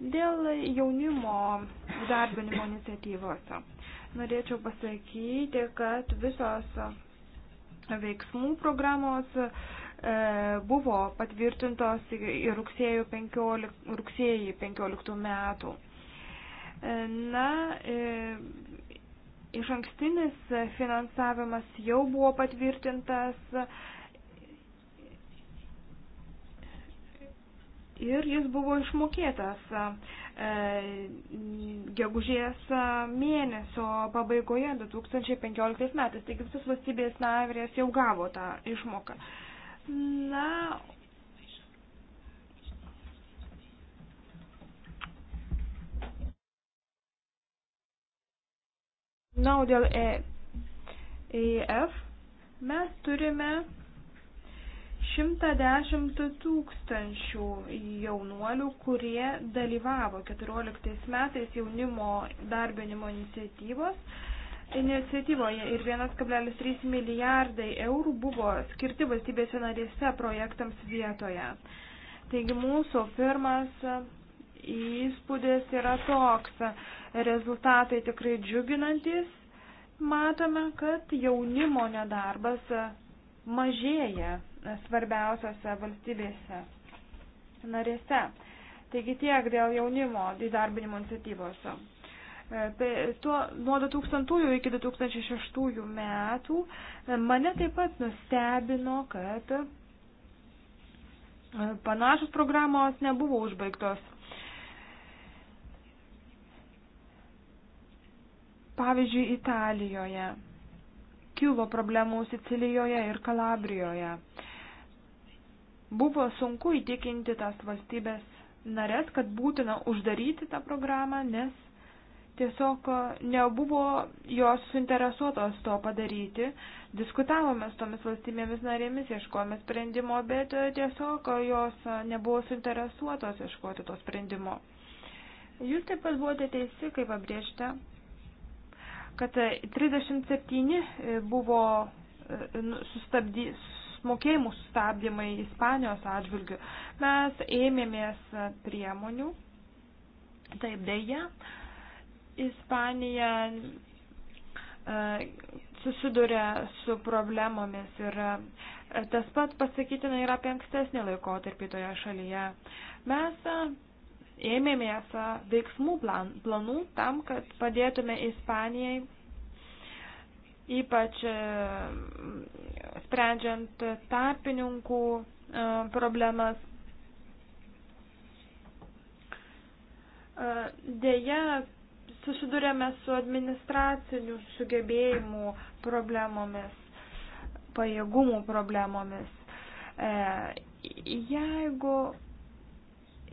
Dėl jaunimo darbinimo iniciatyvos norėčiau pasakyti, kad visos veiksmų programos uh, E, buvo patvirtintos ir rugsėjo 15, rugsėjį 15 metų. E, na, e, iš ankstinis finansavimas jau buvo patvirtintas ir jis buvo išmokėtas gegužės mėnesio pabaigoje 2015 metais. Taigi visos valstybės narės jau gavo tą išmoką. E, Na, Na, o dėl EIF e mes turime 110 tūkstančių jaunuolių, kurie dalyvavo 14 metais jaunimo darbinimo iniciatyvos iniciatyvoje ir 1,3 milijardai eurų buvo skirti valstybėse narėse projektams vietoje. Taigi mūsų pirmas įspūdis yra toks. Rezultatai tikrai džiuginantis. Matome, kad jaunimo nedarbas mažėja svarbiausiose valstybėse narėse. Taigi tiek dėl jaunimo įdarbinimo iniciatyvose. E, tai tuo, nuo 2000 iki 2006 metų e, mane taip pat nustebino, kad e, panašus programos nebuvo užbaigtos. Pavyzdžiui, Italijoje kilo problemų Sicilijoje ir Kalabrijoje. Buvo sunku įtikinti tas valstybės narės, kad būtina uždaryti tą programą, nes tiesiog e, nebuvo jos suinteresuotos to padaryti. Diskutavome su tomis valstybėmis narėmis, ieškojome sprendimo, bet e, tiesiog e, jos nebuvo suinteresuotos ieškoti to sprendimo. Jūs taip pat buvote teisi, kaip pabrėžte, kad 37 buvo nu, sustabdy, mokėjimų sustabdymai Ispanijos atžvilgių. Mes ėmėmės priemonių, taip dėja, Ispanija e, susiduria su problemomis ir e, tas pat pasakytina ir apie ankstesnį laikotarpį toje šalyje. Mes e, ėmėmės veiksmų plan, planų tam, kad padėtume Ispanijai, ypač sprendžiant tarpininkų problemas. Deja, susidurėme su administracinių sugebėjimų problemomis, pajėgumų problemomis. E, jeigu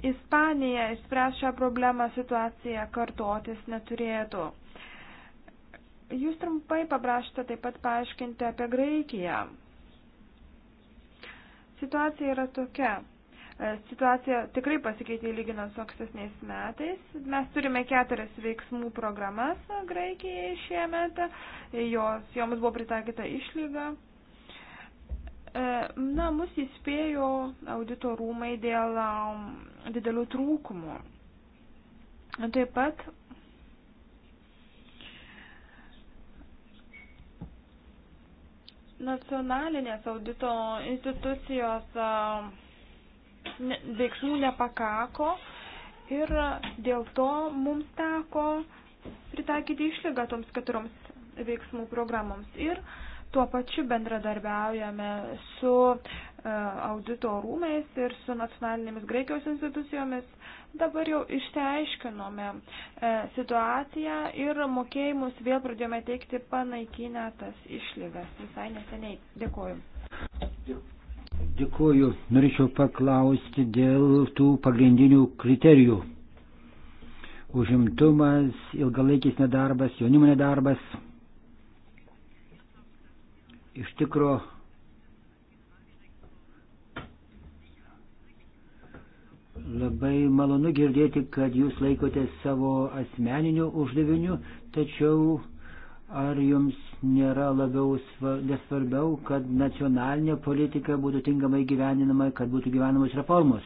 Ispanija išspręs šią problemą, situacija kartotis neturėtų. Jūs trumpai paprašėte taip pat paaiškinti apie Graikiją. Situacija yra tokia. E, situacija tikrai pasikeitė lyginant su ankstesniais metais. Mes turime keturias veiksmų programas Graikijai šiemet. Jos, joms buvo pritaikyta išlyga. E, na, mus įspėjo audito rūmai dėl um, didelių trūkumų. Taip pat nacionalinės audito institucijos um, veiksmų nepakako ir dėl to mums teko pritaikyti išlygą toms keturioms veiksmų programoms. Ir tuo pačiu bendradarbiaujame su e, audito rūmais ir su nacionalinėmis Graikijos institucijomis. Dabar jau išsiaiškinome e, situaciją ir mokėjimus vėl pradėjome teikti panaikinę tas išlygas visai neseniai. Dėkuoju. Dėkuoju. Norėčiau paklausti dėl tų pagrindinių kriterijų. Užimtumas, ilgalaikis nedarbas, jaunimo nedarbas. Iš tikro Labai malonu girdėti, kad jūs laikote savo asmeniniu uždaviniu, tačiau Ar jums nėra labiau nesvarbiau, kad nacionalinė politika būtų tinkamai gyveninama, kad būtų gyvenamos reformos?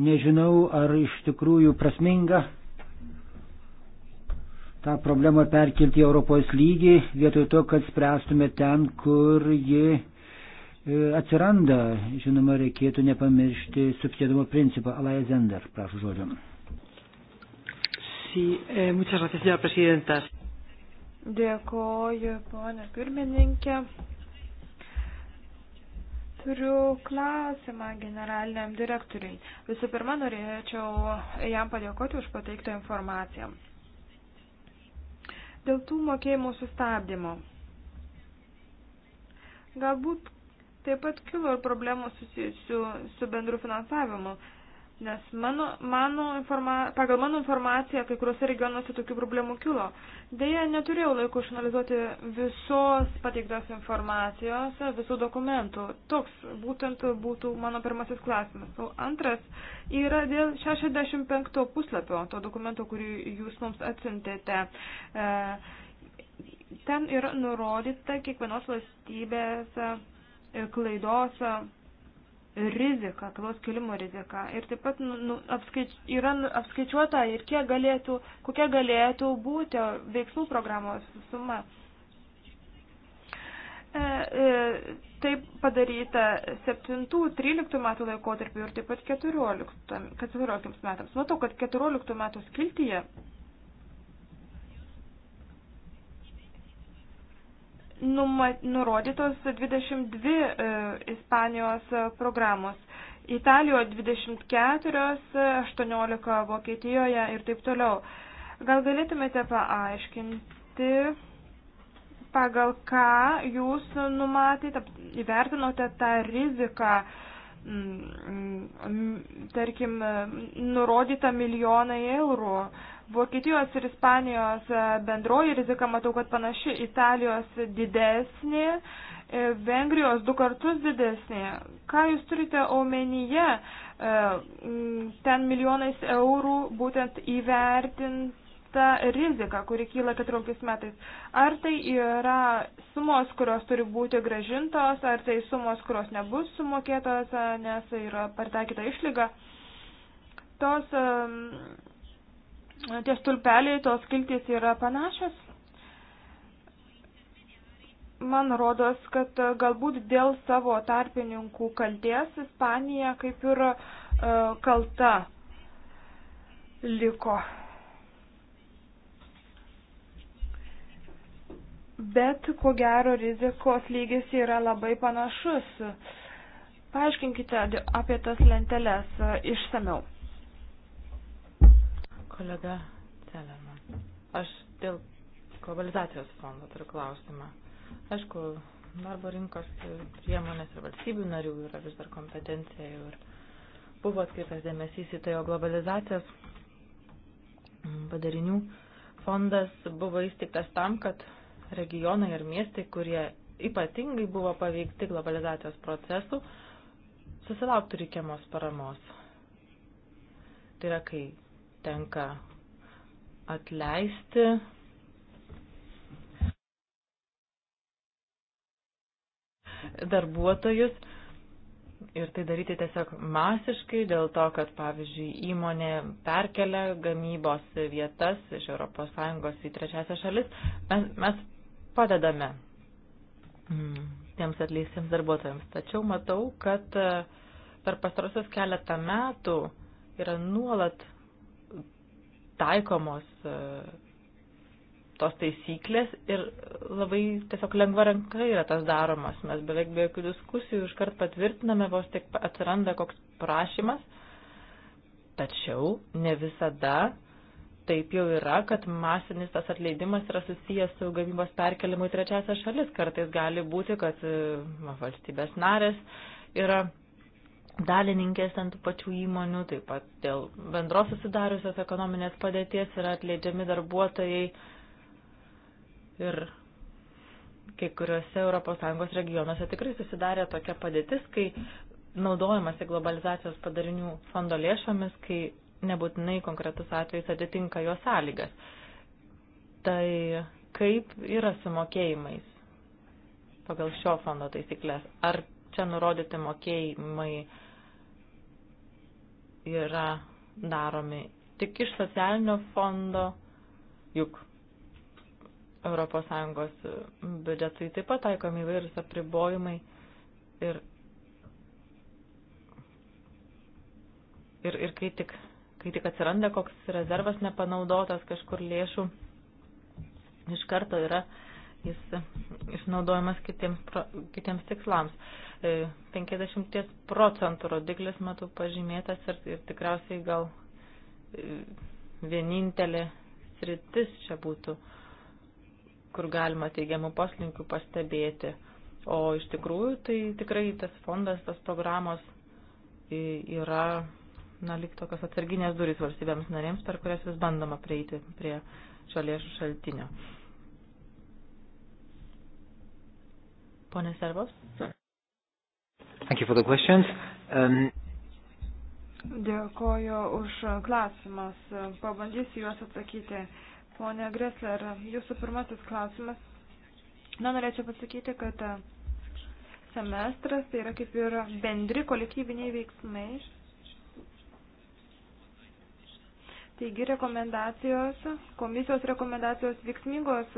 Nežinau, ar iš tikrųjų prasminga tą problemą perkelti į Europos lygį, vietoj to, kad spręstume ten, kur ji e, atsiranda. Žinoma, reikėtų nepamiršti subsidiarumo principą. Alaja Zender, prašau žodžiam. Sí, eh, muchas gracias, señora presidenta. Dėkoju, ponė pirmininkė. Turiu klausimą generaliniam direktoriui. Visų pirma, norėčiau jam padėkoti už pateiktą informaciją. Dėl tų mokėjimų sustabdymo. Galbūt taip pat kilo ir problemų susijusių su bendru finansavimu. Nes mano, mano informa, pagal mano informaciją, kai kuriuose regionuose tokių problemų kilo. Deja, neturėjau laiko išanalizuoti visos pateiktos informacijos, visų dokumentų. Toks būtent būtų mano pirmasis klausimas. O antras yra dėl 65 puslapio, to dokumento, kurį jūs mums atsintėte. E, ten yra nurodyta kiekvienos valstybės e, klaidos riziką, kavos kilimo riziką. Ir taip pat nu, nu apskaič, yra nu, apskaičiuota ir kiek galėtų, kokia galėtų būti veiksmų programos suma. E, e, taip padaryta 7-13 metų laikotarpiu ir taip pat 14, 14 metams. Matau, kad 14 metų skiltyje nurodytos 22 e, Ispanijos e, programos. Italijoje 24, 18 Vokietijoje ir taip toliau. Gal galėtumėte paaiškinti, pagal ką jūs numatėte, įvertinote tą riziką, Mm, mm, tarkim, nurodyta milijonai eurų. Vokietijos ir Ispanijos e, bendroji rizika, matau, kad panaši Italijos didesnė, e, Vengrijos du kartus didesnė. Ką jūs turite omenyje? E, ten milijonais eurų būtent įvertint ta rizika, kuri kyla 14 metais. Ar tai yra sumos, kurios turi būti gražintos, ar tai sumos, kurios nebus sumokėtos, nes tai yra partaikyta išlyga. Tos, um, tie stulpeliai, tos kiltis yra panašios. Man rodos, kad galbūt dėl savo tarpininkų kalties Ispanija kaip ir uh, kalta liko bet ko gero rizikos lygis yra labai panašus. Paaiškinkite apie tas lenteles e, išsameu. Kolega Celerman, aš dėl globalizacijos fondo turiu klausimą. Aišku, darbo rinkos priemonės ir valstybių narių yra vis dar kompetencija ir buvo atkreiptas dėmesys į tai, o globalizacijos mm, padarinių fondas buvo įstiktas tam, kad regionai ir miestai, kurie ypatingai buvo paveikti globalizacijos procesų, susilauktų reikiamos paramos. Tai yra, kai tenka atleisti darbuotojus ir tai daryti tiesiog masiškai dėl to, kad pavyzdžiui įmonė perkelia gamybos vietas iš ES į trečiasią šalis. Mes, mes padedame mm, tiems atleistiems darbuotojams. Tačiau matau, kad e, per pastarosius keletą metų yra nuolat taikomos e, tos taisyklės ir labai tiesiog lengva ranka yra tas daromas. Mes beveik be jokių diskusijų iškart patvirtiname, vos tik atsiranda koks prašymas. Tačiau ne visada taip jau yra, kad masinis tas atleidimas yra susijęs su gamybos perkelimu į trečiasią šalis. Kartais gali būti, kad e, valstybės narės yra dalininkės ant pačių įmonių, taip pat dėl bendros susidariusios ekonominės padėties yra atleidžiami darbuotojai ir kai kuriuose ES regionuose tikrai susidarė tokia padėtis, kai naudojamasi globalizacijos padarinių fondo lėšomis, kai nebūtinai konkretus atvejis atitinka jo sąlygas. Tai kaip yra su mokėjimais pagal šio fondo taisyklės? Ar čia nurodyti mokėjimai yra daromi tik iš socialinio fondo, juk ES biudžetui taip pat taikomi įvairūs apribojimai ir, ir, ir kai tik kai tik atsiranda koks rezervas nepanaudotas kažkur lėšų, iš karto yra jis išnaudojamas kitiems, kitiems tikslams. 50 e, procentų rodiklis, matau, pažymėtas ir, ir tikriausiai gal e, vienintelė sritis čia būtų, kur galima teigiamų poslinkių pastebėti. O iš tikrųjų, tai tikrai tas fondas, tas programos yra na, lyg tokios atsarginės durys valstybėms narėms, per kurias vis bandoma prieiti prie šio lėšų šaltinio. Pone Servos. Thank you for the questions. Um... Dėkoju už klausimus. Pabandysiu juos atsakyti. Pone Gresler, jūsų pirmasis klausimas. Na, norėčiau pasakyti, kad semestras tai yra kaip ir bendri kolektyviniai veiksmai Taigi rekomendacijos, komisijos rekomendacijos veiksmingos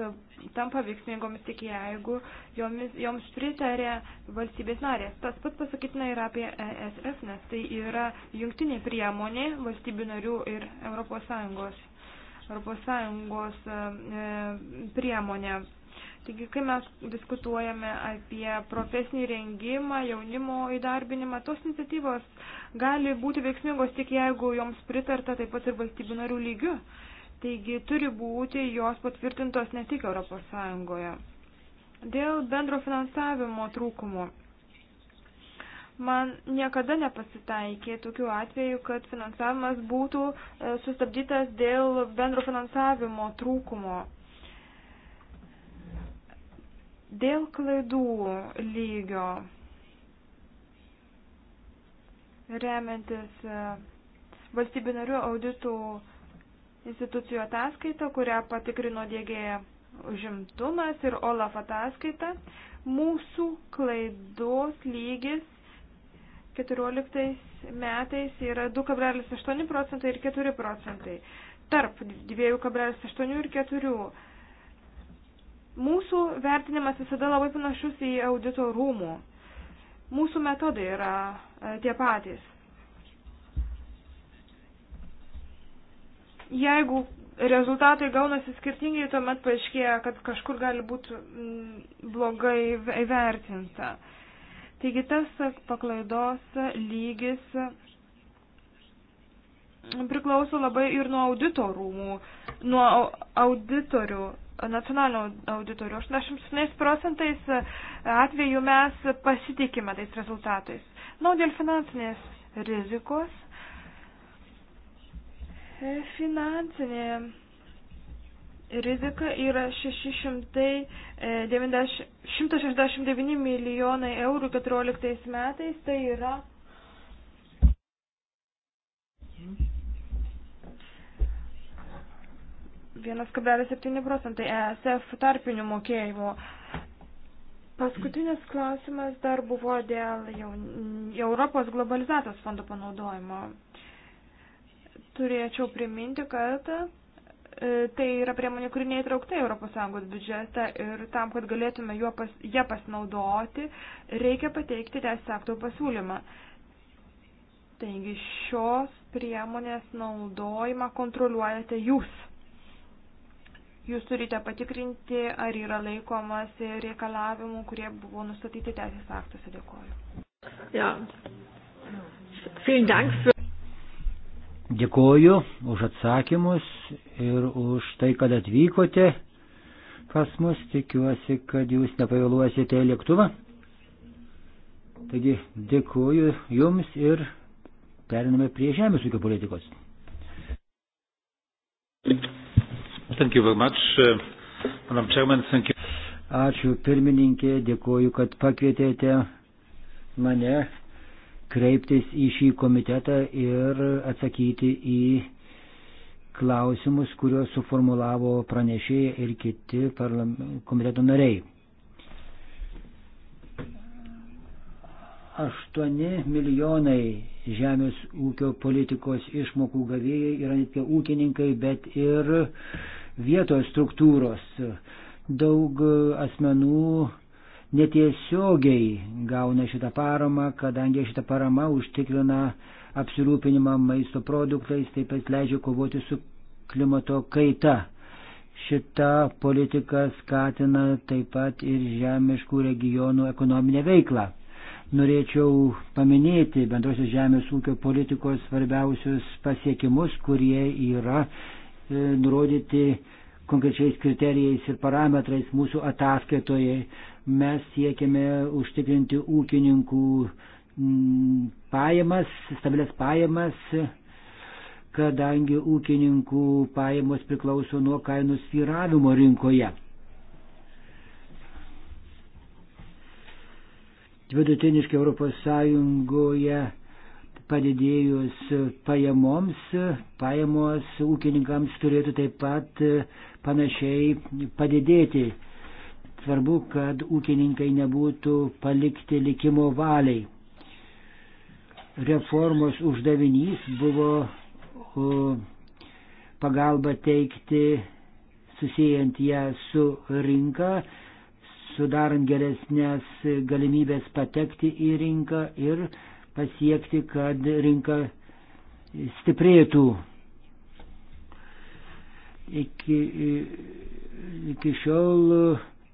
tampa veiksmingomis tik jeigu jomis, joms pritarė valstybės narės. Tas pat pasakytina ir apie ESF, nes tai yra jungtinė priemonė valstybių narių ir ES. ES e, priemonė Taigi, kai mes diskutuojame apie profesinį rengimą, jaunimo įdarbinimą, tos iniciatyvos gali būti veiksmingos tik jeigu joms pritarta taip pat ir valstybių narių lygių. Taigi, turi būti jos patvirtintos ne tik ES. Dėl bendro finansavimo trūkumo. Man niekada nepasitaikė tokių atvejų, kad finansavimas būtų e, sustabdytas dėl bendro finansavimo trūkumo Dėl klaidų lygio remiantis e, valstybių narių auditų institucijų ataskaita, kurią patikrino dėgė užimtumas ir OLAF ataskaita, mūsų klaidos lygis 14 metais yra 2,8 procentai ir 4 procentai. Tarp 2,8 ir 4 Mūsų vertinimas visada labai panašus į audito rūmų. Mūsų metodai yra e, tie patys. Jeigu rezultatai gaunasi skirtingai, tuomet paaiškėja, kad kažkur gali būti mm, blogai įvertinta. Taigi tas paklaidos lygis mm, priklauso labai ir nuo audito rūmų, nuo auditorių nacionalinio auditorių. 80 procentais e, atveju mes pasitikime tais rezultatais. Na, dėl finansinės rizikos. E, finansinė rizika yra 669 e, milijonai eurų 14 metais. Tai yra 1,7 procentai ESF tarpinių mokėjimų. Paskutinis klausimas dar buvo dėl Europos globalizacijos fondo panaudojimo. Turėčiau priminti, kad e, tai yra priemonė, kuri neįtraukta ES biudžetą ir tam, kad galėtume juo pas, ją pasinaudoti, reikia pateikti teisės akto pasiūlymą. Taigi šios priemonės naudojimą kontroliuojate jūs. Jūs turite patikrinti, ar yra laikomas reikalavimų, kurie buvo nustatyti teisės aktuose. Dėkoju. Ja. Dėkoju už atsakymus ir už tai, kad atvykote pas mus. Tikiuosi, kad jūs nepavėluosite į lėktuvą. Taigi dėkoju jums ir periname prie žemės ūkio politikos. Thank you. Thank you very much, uh, Madam Chairman. Thank you. Ačiū pirmininkė, dėkoju, kad pakvietėte mane kreiptis į šį komitetą ir atsakyti į klausimus, kuriuos suformulavo pranešėjai ir kiti komiteto nariai. 8 milijonai žemės ūkio politikos išmokų gavėjai yra ne tik ūkininkai, bet ir uh, vietos struktūros. Daug asmenų netiesiogiai gauna šitą paramą, kadangi šitą paramą užtikrina apsirūpinimą maisto produktais, taip pat leidžia kovoti su klimato kaita. Šita politika skatina taip pat ir žemiškų regionų ekonominę veiklą. Norėčiau paminėti bendrosios žemės ūkio politikos svarbiausius pasiekimus, kurie yra E, nurodyti konkrečiais kriterijais ir parametrais mūsų ataskaitoje. Mes siekiame užtikrinti ūkininkų pajamas, stabilias pajamas, kadangi ūkininkų pajamos priklauso nuo kainų sviravimo rinkoje. Vidutiniškai Europos Sąjungoje padidėjus pajamoms, pajamos ūkininkams turėtų taip pat panašiai padidėti. Svarbu, kad ūkininkai nebūtų palikti likimo valiai. Reformos uždavinys buvo pagalba teikti, susijęjant ją su rinka, sudarant geresnės galimybės patekti į rinką ir pasiekti, kad rinka stiprėtų. Iki, iki šiol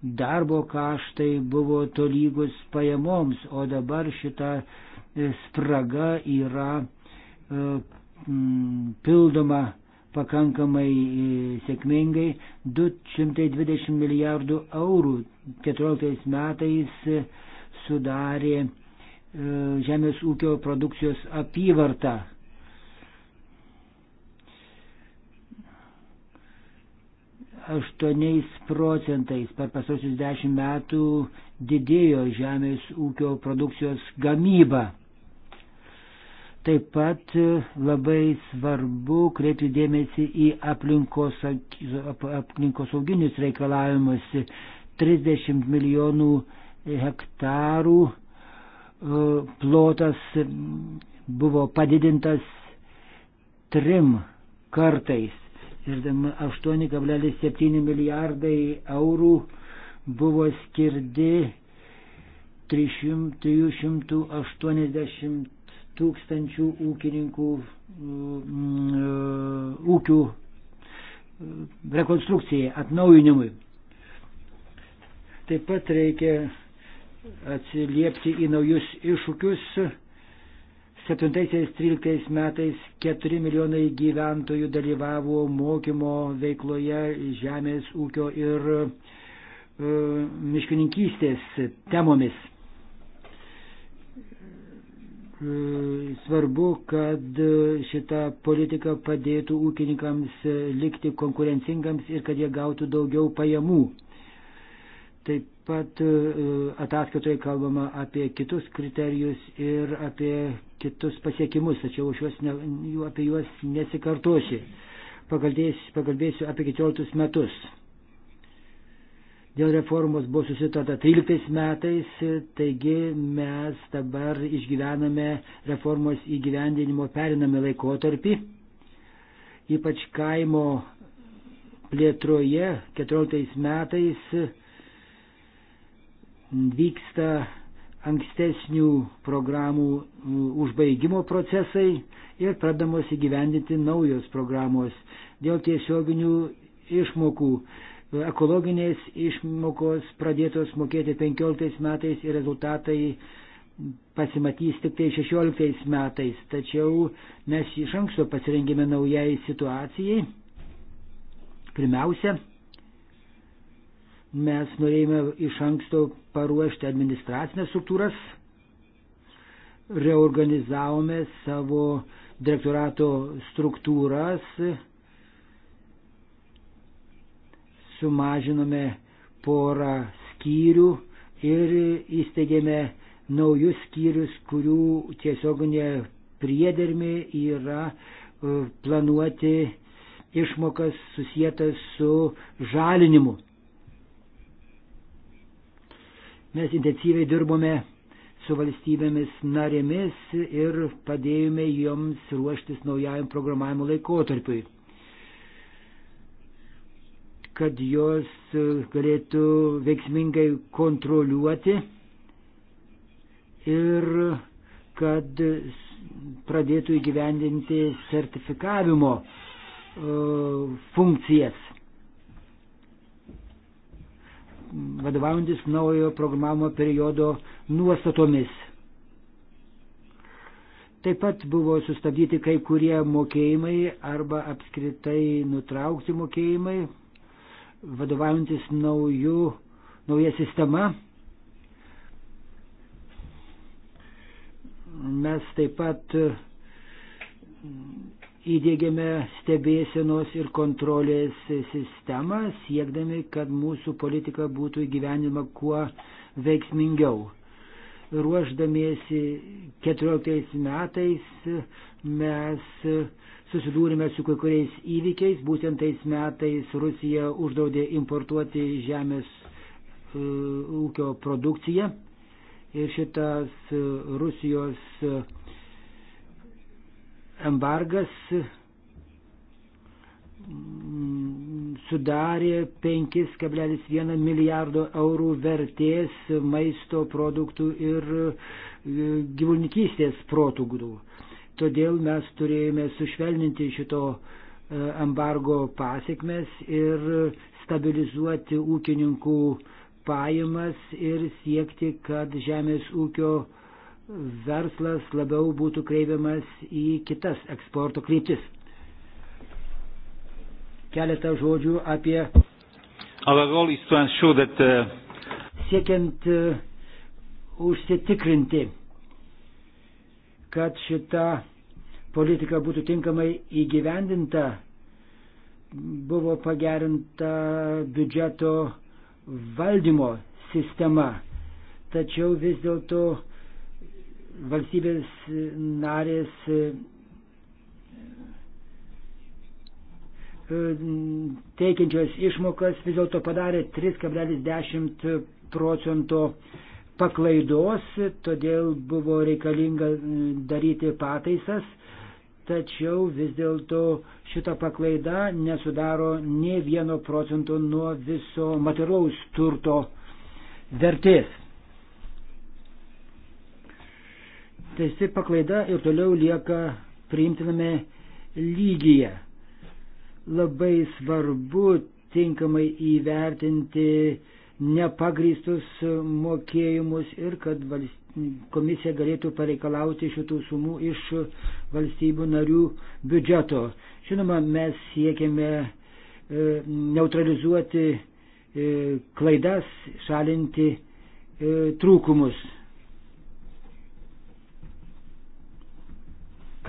darbo kaštai buvo tolygus pajamoms, o dabar šita spraga yra e, pildoma pakankamai e, sėkmingai 220 milijardų eurų 14 metais sudarė E, žemės ūkio produkcijos apyvartą. Aštuoniais procentais per pasosius dešimt metų didėjo žemės ūkio produkcijos gamyba. Taip pat labai svarbu kreipti dėmesį į aplinkos, aplinkosauginius reikalavimus. 30 milijonų hektarų plotas buvo padidintas trim kartais ir 8,7 milijardai eurų buvo skirti 380 tūkstančių ūkininkų mm, ūkių rekonstrukcijai, atnaujinimui. Taip pat reikia atsiliepti į naujus iššūkius. 7-13 metais 4 milijonai gyventojų dalyvavo mokymo veikloje žemės ūkio ir e, miškininkystės temomis. E, svarbu, kad šita politika padėtų ūkininkams likti konkurencingams ir kad jie gautų daugiau pajamų. Taip pat e, ataskaitoje kalbama apie kitus kriterijus ir apie kitus pasiekimus, tačiau šios, ne, jų, apie juos nesikartosiu. Pakalbėsiu, pakalbėsiu apie 14 metus. Dėl reformos buvo susitarta 13 metais, taigi mes dabar išgyvename reformos įgyvendinimo perinamą laikotarpį. Ypač kaimo plėtroje 14 metais vyksta ankstesnių programų mm, užbaigimo procesai ir pradamos įgyvendinti naujos programos dėl tiesioginių išmokų. Ekologinės išmokos pradėtos mokėti 15 metais ir rezultatai pasimatys tik tai 16 metais. Tačiau mes iš anksto pasirengėme naujai situacijai. Pirmiausia, Mes norėjome iš anksto paruošti administracinės struktūras, reorganizavome savo direktorato struktūras, sumažinome porą skyrių ir įsteigėme naujus skyrius, kurių tiesioginė priedermi yra e, planuoti išmokas susijęs su žalinimu. Mes intensyviai dirbome su valstybėmis narėmis ir padėjome joms ruoštis naujajam programavimo laikotarpiui, kad jos galėtų veiksmingai kontroliuoti ir kad pradėtų įgyvendinti sertifikavimo e, funkcijas vadovaujantis naujo programavimo periodo nuostatomis. Taip pat buvo sustabdyti kai kurie mokėjimai arba apskritai nutraukti mokėjimai, vadovaujantis naujų, nauja sistema. Mes taip pat įdėgėme stebėsenos ir kontrolės sistemą, siekdami, kad mūsų politika būtų įgyvenima kuo veiksmingiau. Ruoždamiesi 14 metais mes susidūrime su kai kuriais įvykiais. Būtent tais metais Rusija uždraudė importuoti žemės e, ūkio produkciją. Ir šitas Rusijos embargas mm, sudarė 5,1 milijardo eurų vertės maisto produktų ir e, gyvulnikystės produktų. Todėl mes turėjome sušvelninti šito e, embargo pasiekmes ir stabilizuoti ūkininkų pajamas ir siekti, kad žemės ūkio uh, verslas labiau būtų kreipiamas į kitas eksporto kryptis. Keletą žodžių apie. That, uh... Siekiant uh, užsitikrinti, kad šita politika būtų tinkamai įgyvendinta, buvo pagerinta biudžeto valdymo sistema. Tačiau vis dėlto valstybės narės teikiančios išmokas vis dėlto padarė 3,10 procento paklaidos, todėl buvo reikalinga e, daryti pataisas, tačiau vis dėlto šita paklaida nesudaro ne vieno procento nuo viso materialaus turto vertės. teisi paklaida ir toliau lieka priimtiname lygyje. Labai svarbu tinkamai įvertinti nepagrįstus mokėjimus ir kad komisija galėtų pareikalauti šitų sumų iš valstybių narių biudžeto. Žinoma, mes siekiame e, neutralizuoti e, klaidas, šalinti e, trūkumus.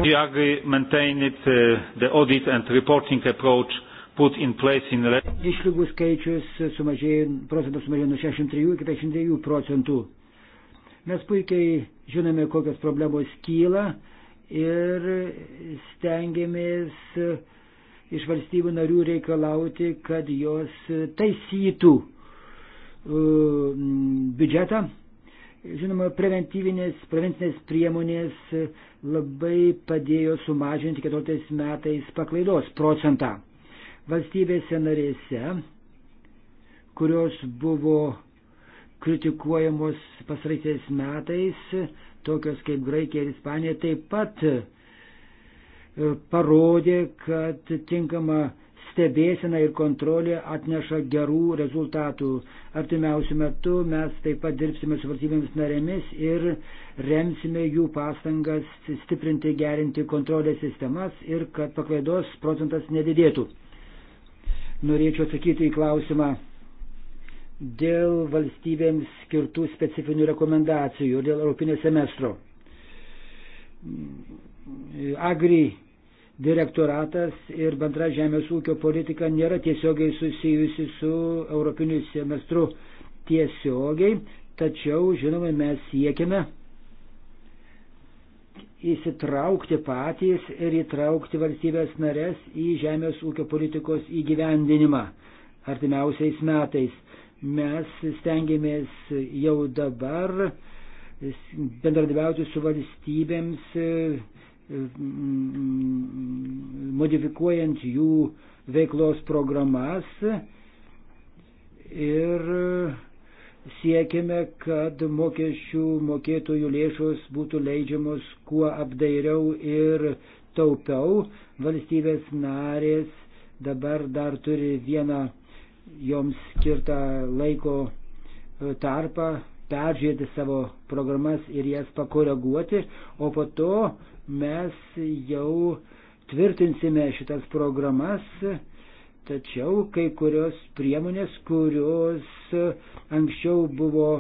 Diagri maintained uh, the audit and reporting approach put in place in Išlygų skaičius sumažėjo, procentas sumažėjo nuo 63 iki 52 procentų. Mes puikiai žinome, kokios problemos kyla ir stengiamės iš valstybių narių reikalauti, kad jos taisytų uh, biudžetą Žinoma, preventyvinės, prevencinės priemonės labai padėjo sumažinti 14 metais paklaidos procentą. Valstybėse narėse, kurios buvo kritikuojamos pasraisiais metais, tokios kaip Graikija ir Ispanija, taip pat e, parodė, kad tinkama stebėsena ir kontrolė atneša gerų rezultatų. Artimiausių metų mes taip pat dirbsime su valstybėmis narėmis ir remsime jų pastangas stiprinti, gerinti kontrolės sistemas ir kad paklaidos procentas nedidėtų. Norėčiau atsakyti į klausimą dėl valstybėms skirtų specifinių rekomendacijų, dėl Europinio semestro. Agri direktoratas ir bendra žemės ūkio politika nėra tiesiogiai susijusi su europiniu semestru tiesiogiai, tačiau, žinoma, mes siekiame įsitraukti patys ir įtraukti valstybės narės į žemės ūkio politikos įgyvendinimą artimiausiais metais. Mes stengiamės jau dabar bendradarbiauti su valstybėms modifikuojant jų veiklos programas ir siekime, kad mokesčių mokėtojų lėšos būtų leidžiamos kuo apdairiau ir taupiau. Valstybės narės dabar dar turi vieną joms skirtą laiko tarpą peržiūrėti savo programas ir jas pakoreguoti, o po to mes jau tvirtinsime šitas programas, tačiau kai kurios priemonės, kurios anksčiau buvo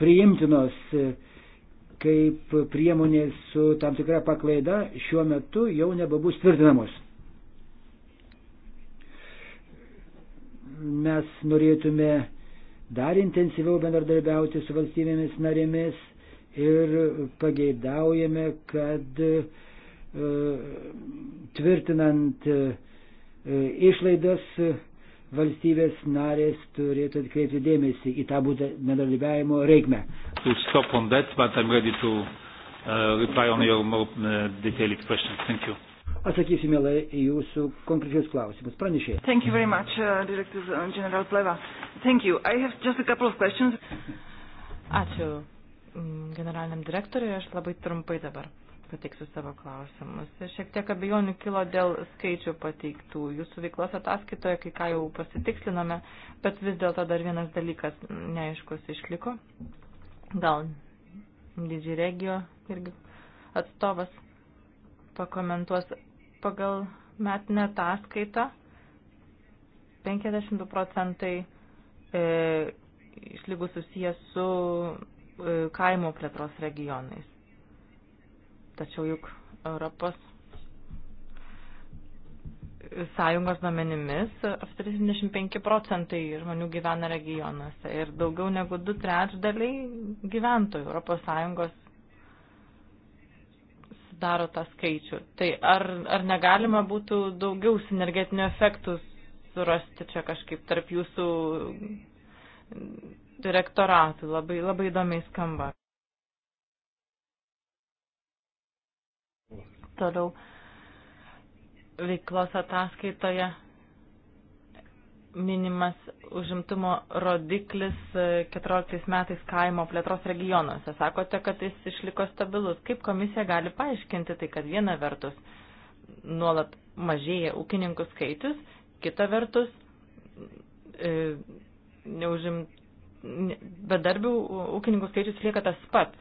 priimtinos kaip priemonės su tam tikra paklaida, šiuo metu jau nebebus tvirtinamos. Mes norėtume dar intensyviau bendradarbiauti su valstybėmis narėmis, ir pageidaujame, kad e, tvirtinant e, išlaidas valstybės narės turėtų atkreipti dėmesį į tą būtent bendradarbiavimo reikmę. Uh, uh, Atsakysiu mielai į jūsų konkrečius klausimus. Pranešėjai. Thank you very much, uh, Director General Pleva. Thank you. I have just a couple of questions. Ačiū, generaliniam direktoriui, aš labai trumpai dabar pateiksiu savo klausimus. Šiek tiek abejonių kilo dėl skaičių pateiktų. Jūsų veiklos ataskaitoje, kai ką jau pasitikslinome, bet vis dėlto dar vienas dalykas neaiškus išliko. Gal Didži regio irgi atstovas pakomentuos pagal metinę ataskaitą. 52 procentai e, išlygų susijęs su E, kaimo plėtros regionais. Tačiau juk Europos sąjungos duomenimis 75 procentai žmonių gyvena regionuose ir daugiau negu du trečdaliai gyventojų Europos sąjungos sudaro tą skaičių. Tai ar, ar negalima būtų daugiau sinergetinių efektų surasti čia kažkaip tarp jūsų direktoratų. Labai, labai įdomiai skamba. Toliau veiklos ataskaitoje minimas užimtumo rodiklis 14 e, metais kaimo plėtros regionuose. Sakote, kad jis išliko stabilus. Kaip komisija gali paaiškinti tai, kad viena vertus nuolat mažėja ūkininkų skaičius, kita vertus e, neužim, bedarbių ūkininkų skaičius lieka tas pats,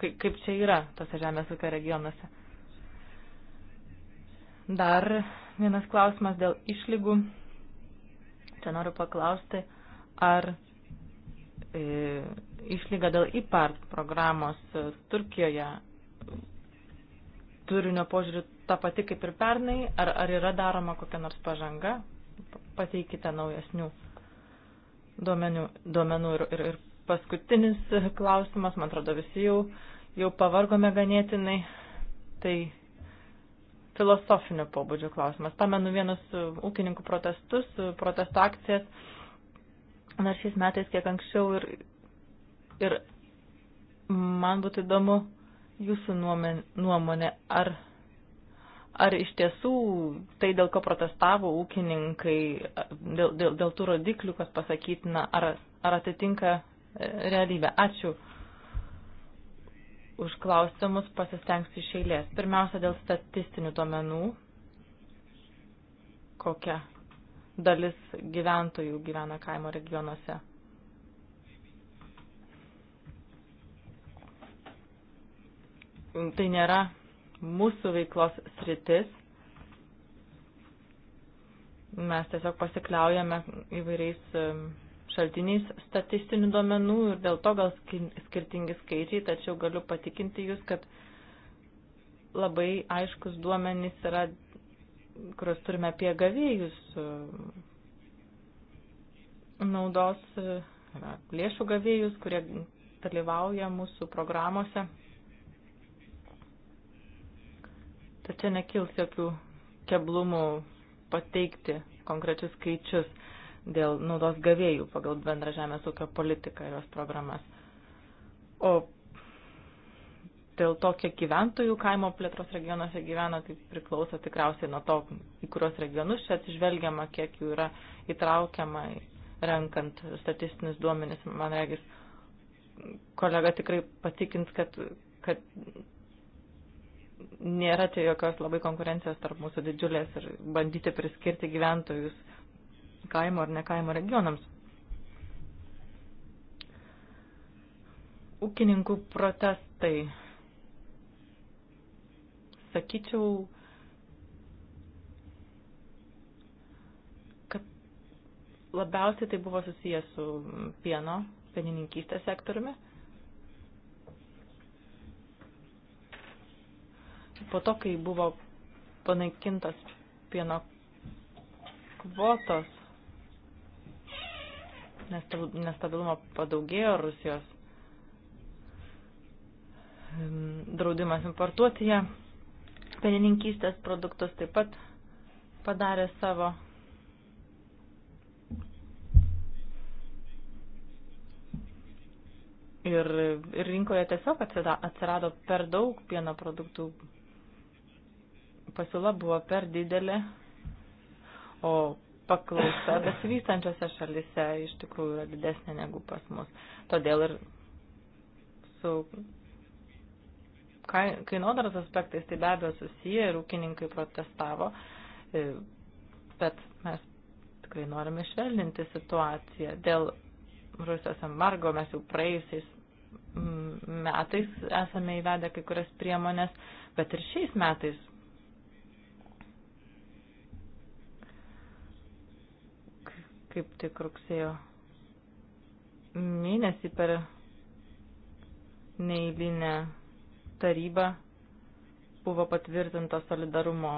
kaip čia yra tose žemės ūkio regionuose. Dar vienas klausimas dėl išlygų. Čia noriu paklausti, ar e, išlyga dėl IPART programos e, Turkijoje turinio požiūrį ta pati kaip ir pernai, ar, ar yra daroma kokia nors pažanga, pateikite naujesnių duomenių, duomenų. Ir, ir, ir paskutinis klausimas, man atrodo, visi jau, jau pavargome ganėtinai. Tai filosofinio pobūdžio klausimas. Pamenu vienus ūkininkų protestus, protesto akcijas, nors šiais metais kiek anksčiau ir, ir man būtų įdomu jūsų nuomonė, ar ar iš tiesų tai, dėl ko protestavo ūkininkai, dėl, dėl, dėl tų rodiklių, kas pasakytina, ar, ar atitinka e, realybę. Ačiū už klausimus, pasistengsiu iš eilės. Pirmiausia, dėl statistinių duomenų, kokia dalis gyventojų gyvena kaimo regionuose. Tai nėra mūsų veiklos sritis. Mes tiesiog pasikliaujame įvairiais šaltiniais statistinių duomenų ir dėl to gal skirtingi skaičiai, tačiau galiu patikinti jūs, kad labai aiškus duomenys yra, kuriuos turime apie gavėjus naudos, lėšų gavėjus, kurie dalyvauja mūsų programuose Tad čia nekils jokių keblumų pateikti konkrečius skaičius dėl naudos gavėjų pagal bendrą žemės ūkio politiką ir jos programas. O dėl to, kiek gyventojų kaimo plėtros regionuose gyvena, tai priklauso tikriausiai nuo to, į kurios regionus čia atsižvelgiama, kiek jų yra įtraukiama, renkant statistinius duomenis. Man regis, kolega tikrai patikins, kad, kad nėra čia jokios labai konkurencijos tarp mūsų didžiulės ir bandyti priskirti gyventojus kaimo ar ne kaimo regionams. Ūkininkų protestai. Sakyčiau, kad labiausiai tai buvo susijęs su pieno, pienininkystės sektoriumi. po to, kai buvo panaikintos pieno kvotos, nestabilumo padaugėjo Rusijos draudimas importuoti ją. Pienininkystės produktus taip pat padarė savo. Ir rinkoje tiesiog atsirado per daug pieno produktų pasiūla buvo per didelė, o paklausa besivystančiose šalise iš tikrųjų yra didesnė negu pas mus. Todėl ir su kainodaros aspektais tai be abejo susiję ir ūkininkai protestavo, e, bet mes tikrai norime švelninti situaciją. Dėl Rusijos embargo mes jau praėjusiais metais esame įvedę kai kurias priemonės, bet ir šiais metais kaip tik rugsėjo mėnesį per neįlinę tarybą buvo patvirtinta solidarumo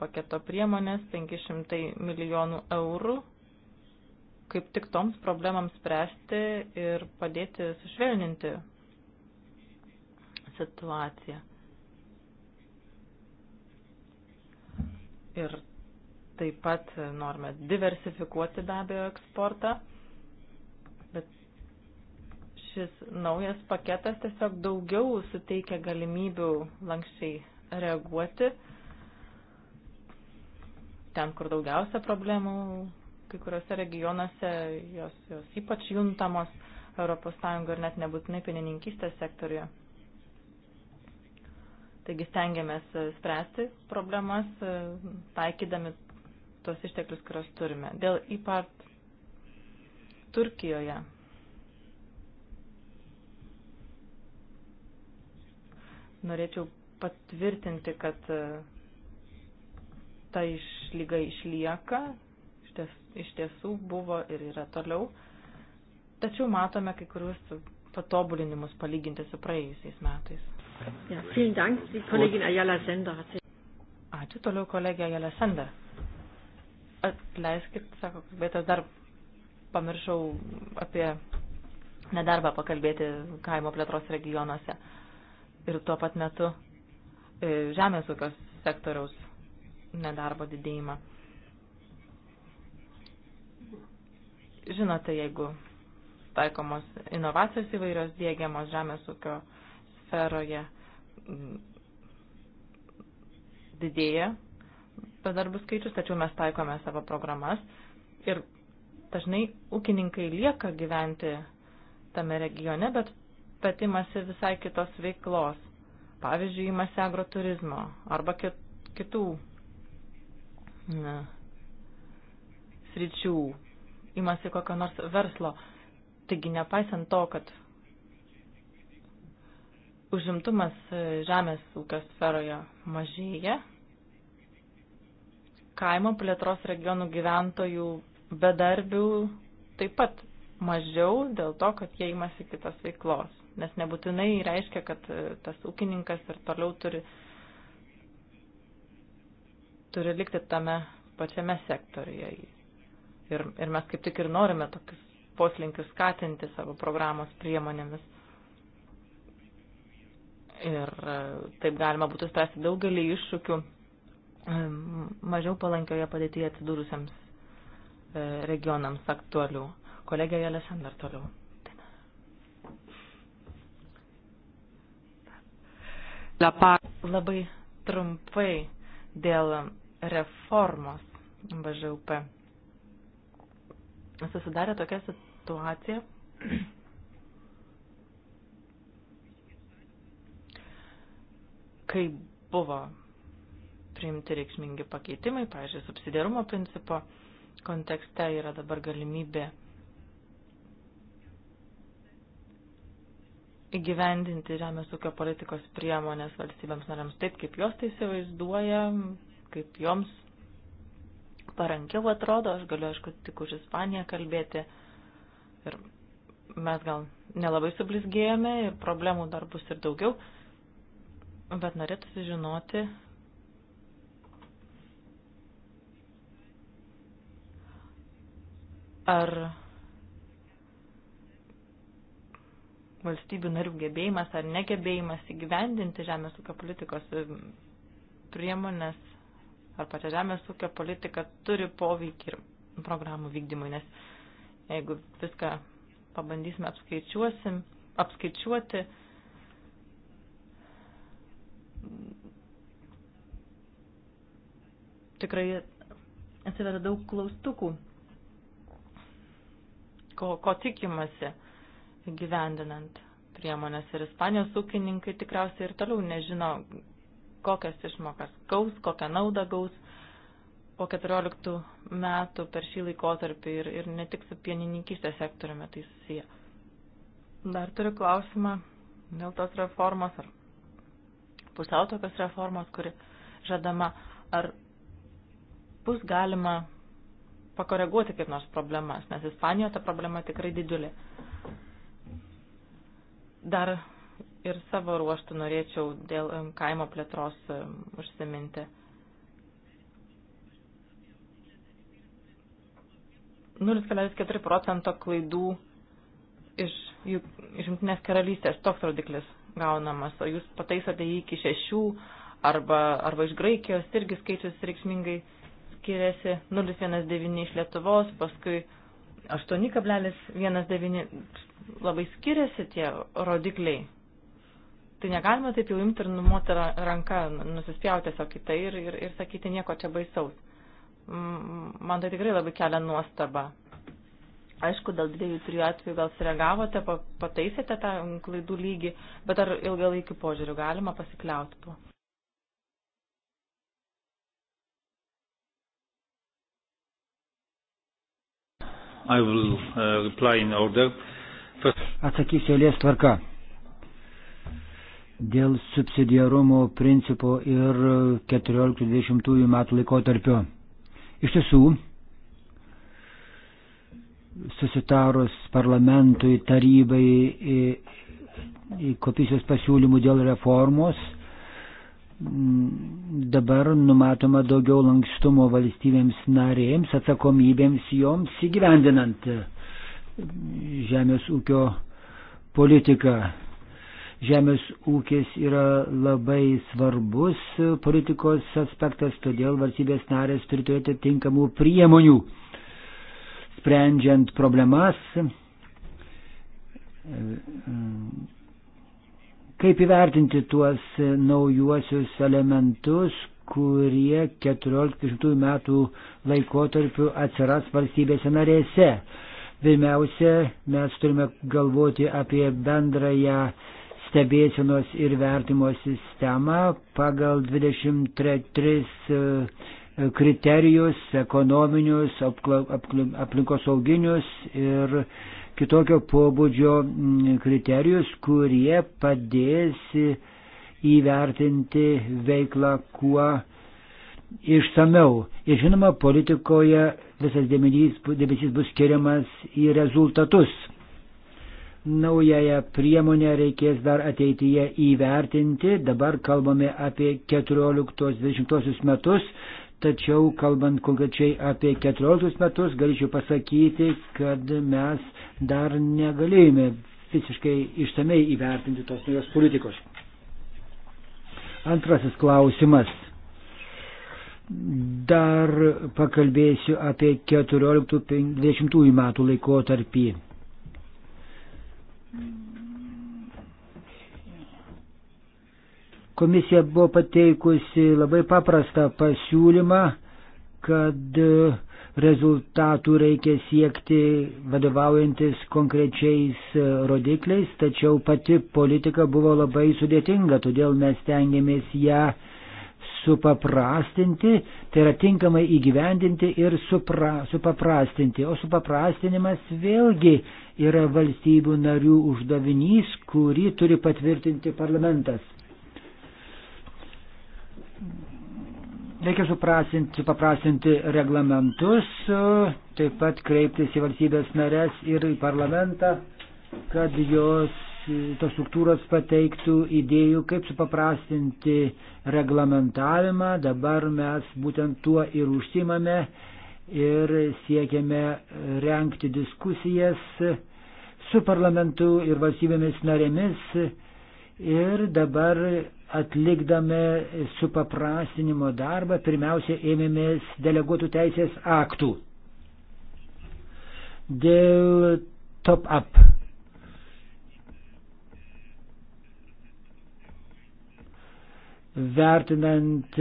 paketo priemonės 500 milijonų eurų, kaip tik toms problemams spręsti ir padėti sušvelninti situaciją. Ir Taip pat e, norime diversifikuoti be abejo eksportą, bet šis naujas paketas tiesiog daugiau suteikia galimybių lankščiai reaguoti ten, kur daugiausia problemų, kai kuriuose regionuose jos, jos ypač juntamos ES ir net nebūtinai pienininkystės sektoriuje. Taigi stengiamės e, spręsti problemas, e, taikydami tos išteklius, kurios turime. Dėl IPART Turkijoje. Norėčiau patvirtinti, kad e, ta išlyga išlieka, iš, ties, iš tiesų buvo ir yra toliau, tačiau matome kai kuriuos patobulinimus palyginti su praėjusiais metais. Ja, vielen Dank, die Kollegin Ayala Sender hat sich. Ačiū toliau kolegė Jelė Sender. Atleiskit, sako kalbėtas, dar pamiršau apie nedarbą pakalbėti kaimo plėtros regionuose. Ir tuo pat metu e, žemės ūkio sektoriaus nedarbo didėjimą. Žinote, jeigu taikomos inovacijos įvairios dėgiamos žemės ūkio sferoje didėja bedarbių skaičius, tačiau mes taikome savo programas ir dažnai ūkininkai lieka gyventi tame regione, bet patimasi visai kitos veiklos. Pavyzdžiui, imasi agroturizmo arba kitų ne, sričių, imasi kokio nors verslo. Taigi, nepaisant to, kad užimtumas e, žemės ūkio sferoje mažėja, kaimo plėtros regionų gyventojų bedarbių taip pat mažiau dėl to, kad jie imasi kitos veiklos. Nes nebūtinai reiškia, kad e, tas ūkininkas ir toliau turi, turi likti tame pačiame sektoriuje. Ir, ir mes kaip tik ir norime tokius poslinkius skatinti savo programos priemonėmis. Ir e, taip galima būtų spręsti daugelį iššūkių mažiau palankioje padėtyje atsidūrusiems e, regionams aktualių. Kolegė Alessandra toliau. Labai trumpai dėl reformos BŽUP. Susidarė tokia situacija, kai buvo priimti reikšmingi pakeitimai, pavyzdžiui, subsidiarumo principo kontekste yra dabar galimybė įgyvendinti žemės ūkio politikos priemonės valstybėms nariams taip, kaip jos tai įsivaizduoja, kaip joms parankiau atrodo, aš galiu, aišku, tik už Ispaniją kalbėti ir mes gal nelabai sublizgėjome ir problemų dar bus ir daugiau, bet norėtųsi žinoti, ar valstybių narių gebėjimas ar negebėjimas įgyvendinti žemės ūkio politikos e, priemonės ar pačią žemės ūkio politiką turi poveikį ir programų vykdymui, nes jeigu viską pabandysime apskaičiuosim, apskaičiuoti, tikrai atsiveda daug klaustukų ko, ko tikimasi gyvendinant priemonės. Ir Ispanijos ūkininkai tikriausiai ir toliau nežino, kokias išmokas gaus, kokią naudą gaus po 14 metų per šį laikotarpį ir, ir ne tik su pienininkystės sektoriumi tai susiję. Dar turiu klausimą dėl tos reformos ar pusiau tokios reformos, kuri žadama, ar bus galima pakoreguoti kaip nors problemas, nes Ispanijoje ta problema tikrai didžiulė. Dar ir savo ruoštų norėčiau dėl kaimo plėtros užsiminti. Nulis kablelis keturi procento klaidų iš, iš jungtinės karalystės toks rodiklis gaunamas, o jūs pataisote jį iki šešių arba, arba iš Graikijos irgi skaičius reikšmingai skiriasi 0,19 iš Lietuvos, paskui 8,19 labai skiriasi tie rodikliai. Tai negalima taip jau imti ir numoti ranką, nusispjauti tiesiog į tai ir, ir, ir sakyti nieko čia baisaus. Mm, man tai tikrai labai kelia nuostaba. Aišku, dėl dviejų, trijų atvejų gal sureagavote, pataisėte tą klaidų lygį, bet ar ilgalaikį požiūrių galima pasikliauti tuo? Po? I will uh, reply in order. First... Atsakysiu eilės tvarka. Dėl subsidiarumo principo ir 14-20 metų laikotarpio. Iš tiesų, susitarus parlamentui, tarybai, į, į komisijos pasiūlymų dėl reformos, Mm, dabar numatoma daugiau lankstumo valstybėms narėms, atsakomybėms joms įgyvendinant žemės ūkio politiką. Žemės ūkis yra labai svarbus politikos aspektas, todėl valstybės narės turi turėti tinkamų priemonių, sprendžiant problemas Kaip įvertinti tuos naujuosius elementus, kurie 14 metų laikotarpiu atsiras valstybėse narėse? Pirmiausia, mes turime galvoti apie bendrąją stebėsinos ir vertimo sistemą pagal 23 e, kriterijus ekonominius, aplinkosauginius ir kitokio pobūdžio mm, kriterijus, kurie padės įvertinti veiklą kuo išsameu. Ir žinoma, politikoje visas dėmesys bus skiriamas į rezultatus. Naująją priemonę reikės dar ateityje įvertinti. Dabar kalbame apie 14-20 metus, tačiau kalbant konkrečiai apie 14 metus, galėčiau pasakyti, kad mes dar negalėjome visiškai išsamei įvertinti tos naujos politikos. Antrasis klausimas. Dar pakalbėsiu apie 14-20 metų laikotarpį. Komisija buvo pateikusi labai paprastą pasiūlymą, kad uh, rezultatų reikia siekti vadovaujantis konkrečiais e, rodikliais, tačiau pati politika buvo labai sudėtinga, todėl mes tengiamės ją supaprastinti, tai yra tinkamai įgyvendinti ir supra, supaprastinti. O supaprastinimas vėlgi yra valstybių narių uždavinys, kurį turi patvirtinti parlamentas. Reikia supaprastinti reglamentus, taip pat kreiptis į valstybės narės ir į parlamentą, kad jos tos struktūros pateiktų idėjų, kaip supaprastinti reglamentavimą. Dabar mes būtent tuo ir užsimame ir siekiame renkti diskusijas su parlamentu ir valstybėmis narėmis. Ir dabar atlikdami supaprastinimo darbą, pirmiausia ėmėmės deleguotų teisės aktų. Dėl top-up. Vertinant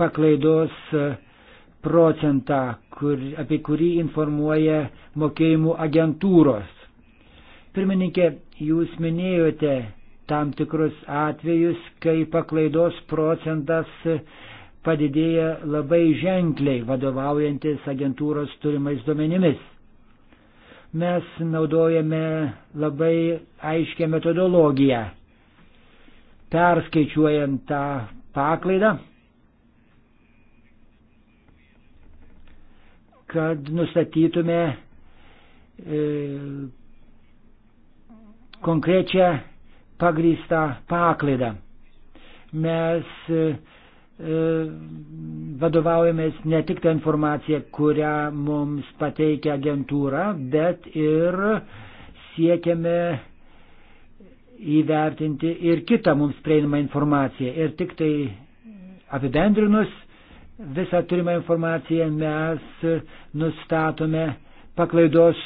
paklaidos procentą, kur, apie kurį informuoja mokėjimų agentūros. Pirmininkė, jūs minėjote tam tikrus atvejus, kai paklaidos procentas padidėja labai ženkliai vadovaujantis agentūros turimais duomenimis. Mes naudojame labai aiškę metodologiją, perskaičiuojant tą paklaidą, kad nustatytume e, konkrečią pagrįstą paklaidą. Mes e, e, vadovaujamės ne tik tą informaciją, kurią mums pateikia agentūra, bet ir siekiame įvertinti ir kitą mums prieinamą informaciją. Ir tik tai apibendrinus visą turimą informaciją mes nustatome paklaidos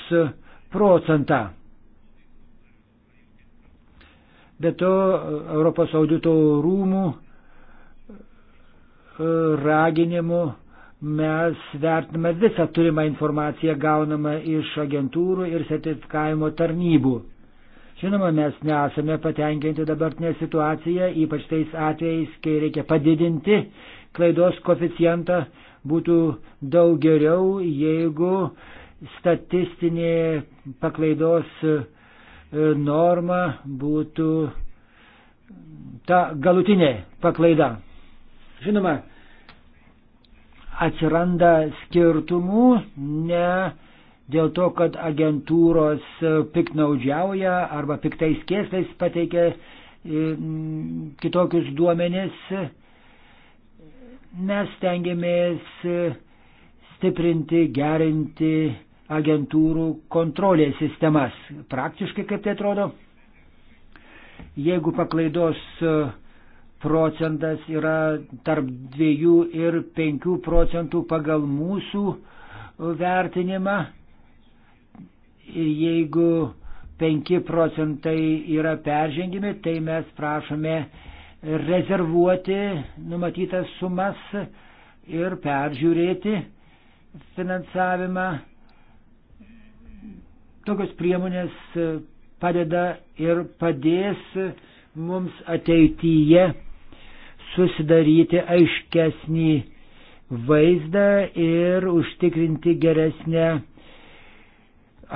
procentą. Be to, Europos audito rūmų e, raginimu mes vertiname visą turimą informaciją gaunamą iš agentūrų ir sertifikavimo tarnybų. Žinoma, mes nesame patenkinti dabartinę situaciją, ypač tais atvejais, kai reikia padidinti klaidos koficijantą, būtų daug geriau, jeigu statistinė paklaidos uh, E, norma būtų ta galutinė paklaida. Žinoma, atsiranda skirtumų ne dėl to, kad agentūros piknaudžiauja arba piktais kėslais pateikia e, kitokius duomenis. Mes tengiamės stiprinti, gerinti agentūrų kontrolės sistemas. Praktiškai kaip tai atrodo? Jeigu paklaidos e, procentas yra tarp 2 ir 5 procentų pagal mūsų e, vertinimą ir jeigu 5 procentai yra peržengimi, tai mes prašome rezervuoti numatytas sumas ir peržiūrėti finansavimą Tokios priemonės e, padeda ir padės mums ateityje susidaryti aiškesnį vaizdą ir užtikrinti geresnę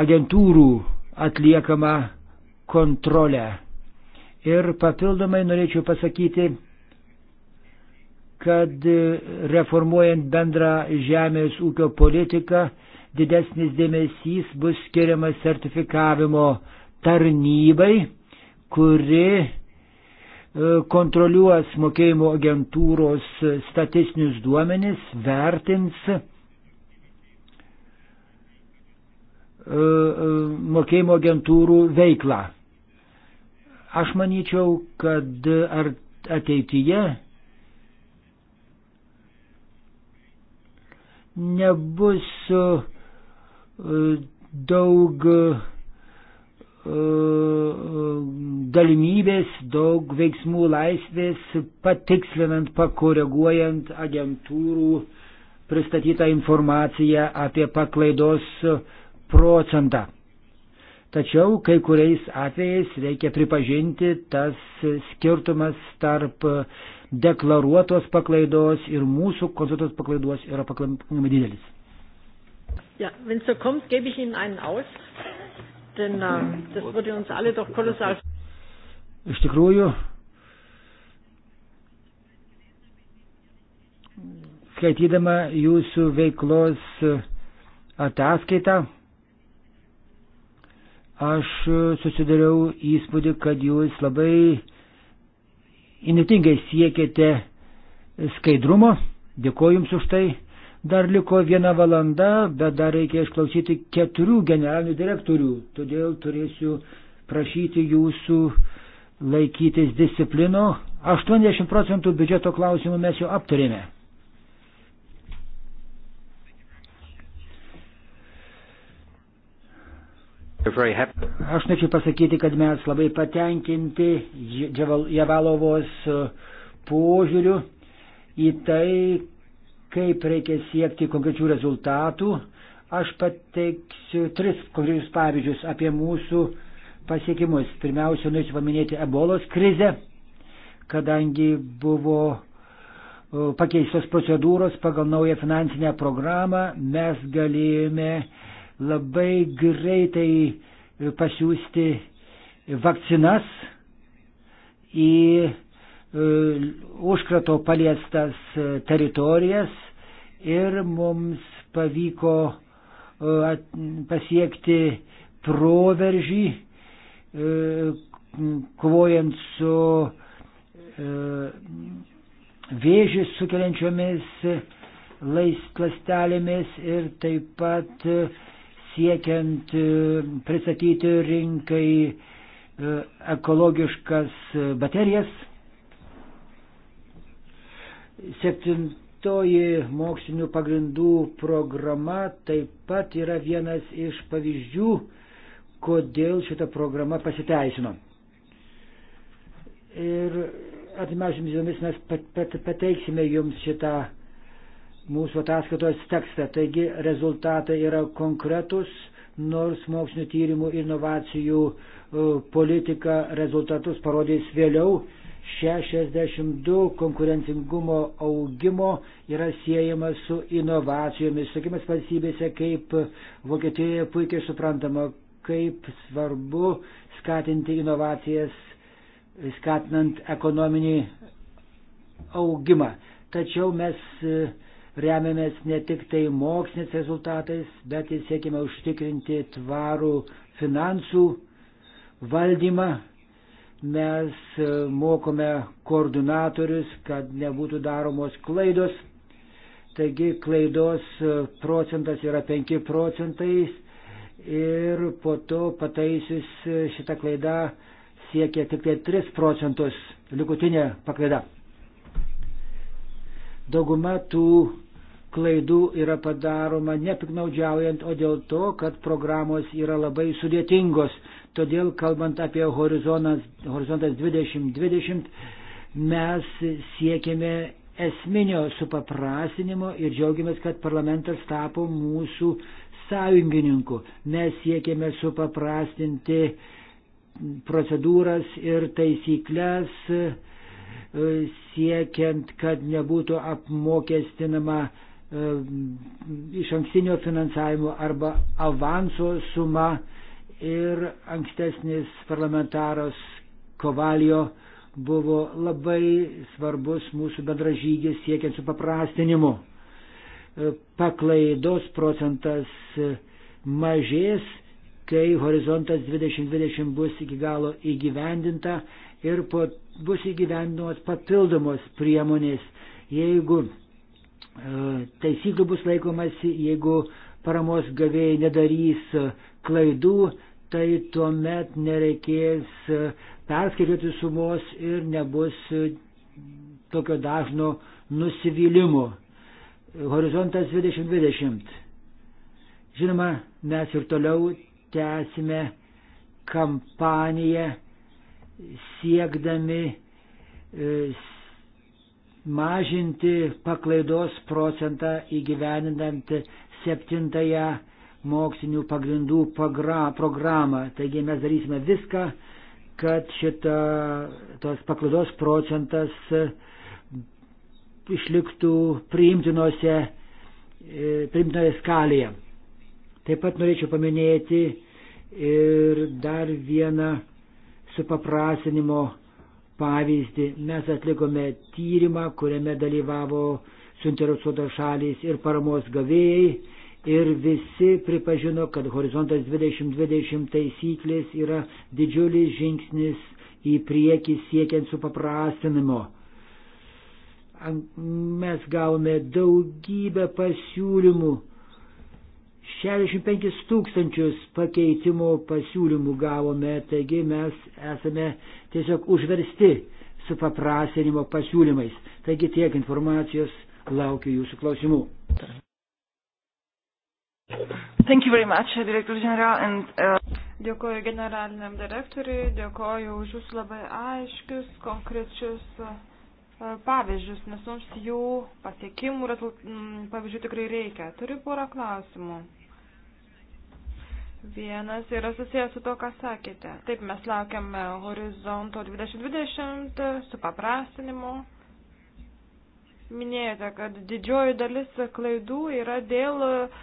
agentūrų atliekamą kontrolę. Ir papildomai norėčiau pasakyti, kad e, reformuojant bendrą žemės ūkio politiką, didesnis dėmesys bus skiriamas sertifikavimo tarnybai, kuri e, kontroliuos mokėjimo agentūros statistinius duomenis, vertins e, e, mokėjimo agentūrų veiklą. Aš manyčiau, kad ar ateityje nebus uh, daug e, galimybės, daug veiksmų laisvės, patikslinant, pakoreguojant agentūrų pristatytą informaciją apie paklaidos procentą. Tačiau kai kuriais atvejais reikia pripažinti tas skirtumas tarp deklaruotos paklaidos ir mūsų konsultos paklaidos yra pakankamai didelis. Ja, wenn es so kommt, gebe ich Ihnen einen aus, denn ähm, das würde uns alle doch kolossal. Iš tikrųjų, skaitydama jūsų veiklos e, ataskaitą, aš e, susidariau įspūdį, kad jūs labai inėtingai siekėte skaidrumo. Dėkoju Jums už tai. Dar liko viena valanda, bet dar reikia išklausyti keturių generalinių direktorių, todėl turėsiu prašyti jūsų laikytis disciplino. 80 procentų biudžeto klausimų mes jau aptarėme. Aš norėčiau pasakyti, kad mes labai patenkinti Javalovos požiūriu į tai, kaip reikia siekti konkrečių rezultatų. Aš pateiksiu tris konkrečius pavyzdžius apie mūsų pasiekimus. Pirmiausia, norėčiau paminėti ebolos krizę, kadangi buvo pakeistos procedūros pagal naują finansinę programą, mes galėjome labai greitai pasiūsti vakcinas į E, užkrato paliestas e, teritorijas ir mums pavyko e, pasiekti proveržį, kovojant su vėžį sukeliančiomis ląstelėmis ir taip pat siekiant pristatyti rinkai ekologiškas baterijas. Septintoji mokslinių pagrindų programa taip pat yra vienas iš pavyzdžių, kodėl šita programa pasiteisino. Ir artimiausiamis dienomis mes pateiksime jums šitą mūsų ataskaitos tekstą. Taigi rezultatai yra konkretus, nors mokslinio tyrimų inovacijų e, politika rezultatus parodys vėliau. 62 konkurencingumo augimo yra siejamas su inovacijomis. Sakymas valstybėse, kaip Vokietijoje puikiai suprantama, kaip svarbu skatinti inovacijas, skatinant ekonominį augimą. Tačiau mes e, remiamės ne tik tai moksliniais rezultatais, bet ir siekime užtikrinti tvarų finansų valdymą Mes e, mokome koordinatorius, kad nebūtų daromos klaidos. Taigi klaidos e, procentas yra 5 procentai ir po to pataisius e, šitą klaidą siekia tik tai 3 procentus likutinė paklaida. Dauguma tų klaidų yra padaroma nepiknaudžiaujant, o dėl to, kad programos yra labai sudėtingos. Todėl, kalbant apie horizontas 2020, mes siekime esminio supaprastinimo ir džiaugiamės, kad parlamentas tapo mūsų sąjungininku. Mes siekėme supaprastinti procedūras ir taisyklės, e, siekiant, kad nebūtų apmokestinama e, iš ankstinio finansavimo arba avanso suma ir ankstesnis parlamentaras Kovalio buvo labai svarbus mūsų bendražygis siekiant su paprastinimu. E, paklaidos procentas e, mažės, kai horizontas 2020 bus iki galo įgyvendinta ir po, bus įgyvendinamos papildomos priemonės, jeigu e, taisyklių bus laikomasi, jeigu paramos gavėjai nedarys e, klaidų, tai tuomet nereikės e, perskaičiuoti sumos ir nebus e, tokio dažno nusivylimo. Horizontas 2020. Žinoma, mes ir toliau tęsime kampaniją siekdami e, mažinti paklaidos procentą įgyvenindant septintąją mokslinių pagrindų pagra, programą. Taigi mes darysime viską, kad šita, tos paklaidos procentas e, išliktų priimtinose, e, priimtinoje skalėje. Taip pat norėčiau paminėti ir dar vieną supaprasinimo pavyzdį. Mes atlikome tyrimą, kuriame dalyvavo suinteresuotos šalys ir paramos gavėjai ir visi pripažino, kad horizontas 2020 taisyklės yra didžiulis žingsnis į priekį siekiant supaprastinimo. Mes gavome daugybę pasiūlymų, 65 tūkstančius pakeitimo pasiūlymų gavome, taigi mes esame tiesiog užversti supaprastinimo pasiūlymais. Taigi tiek informacijos, laukiu jūsų klausimų. Thank you very much, Director General. And, uh... Dėkuoju generaliniam direktoriui, dėkuoju už jūsų labai aiškius, konkrečius uh, pavyzdžius, nes mums jų pasiekimų mm, pavyzdžių tikrai reikia. Turiu porą klausimų. Vienas yra susijęs su to, ką sakėte. Taip, mes laukiame horizonto 2020 su paprastinimu. Minėjote, kad didžioji dalis klaidų yra dėl uh,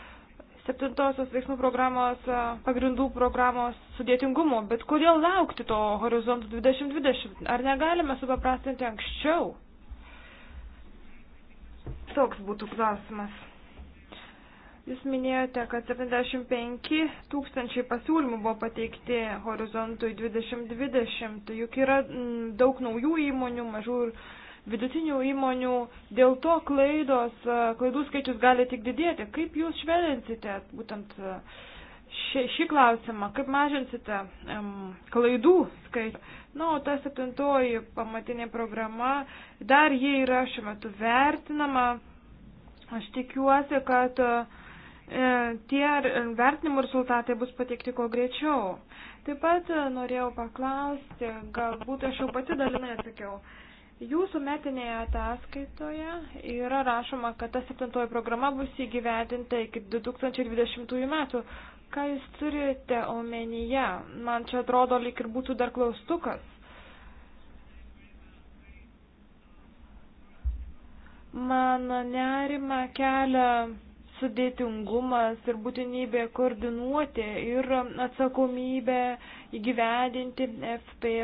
septintosios veiksmų programos e, pagrindų programos sudėtingumo, bet kodėl laukti to horizontų 2020? Ar negalime supaprastinti anksčiau? Toks būtų klausimas. Jūs minėjote, kad 75 tūkstančiai pasiūlymų buvo pateikti horizontui 2020, juk yra daug naujų įmonių, mažų ir vidutinių įmonių, dėl to klaidos, e, klaidų skaičius gali tik didėti. Kaip jūs švelninsite būtent e, šį, šį klausimą, kaip mažinsite um, klaidų skaičių? Na, o ta septintoji pamatinė programa, dar jie yra šiuo metu vertinama. Aš tikiuosi, kad uh, tie vertinimo rezultatai bus pateikti kuo greičiau. Taip pat norėjau paklausti, galbūt aš jau pati dalinai atsakiau, Jūsų metinėje ataskaitoje yra rašoma, kad ta septintoji programa bus įgyvendinta iki 2020 metų. Ką jūs turite omenyje? Man čia atrodo, lyg ir būtų dar klaustukas. Man nerima kelia sudėtingumas ir būtinybė koordinuoti ir atsakomybė įgyvendinti FP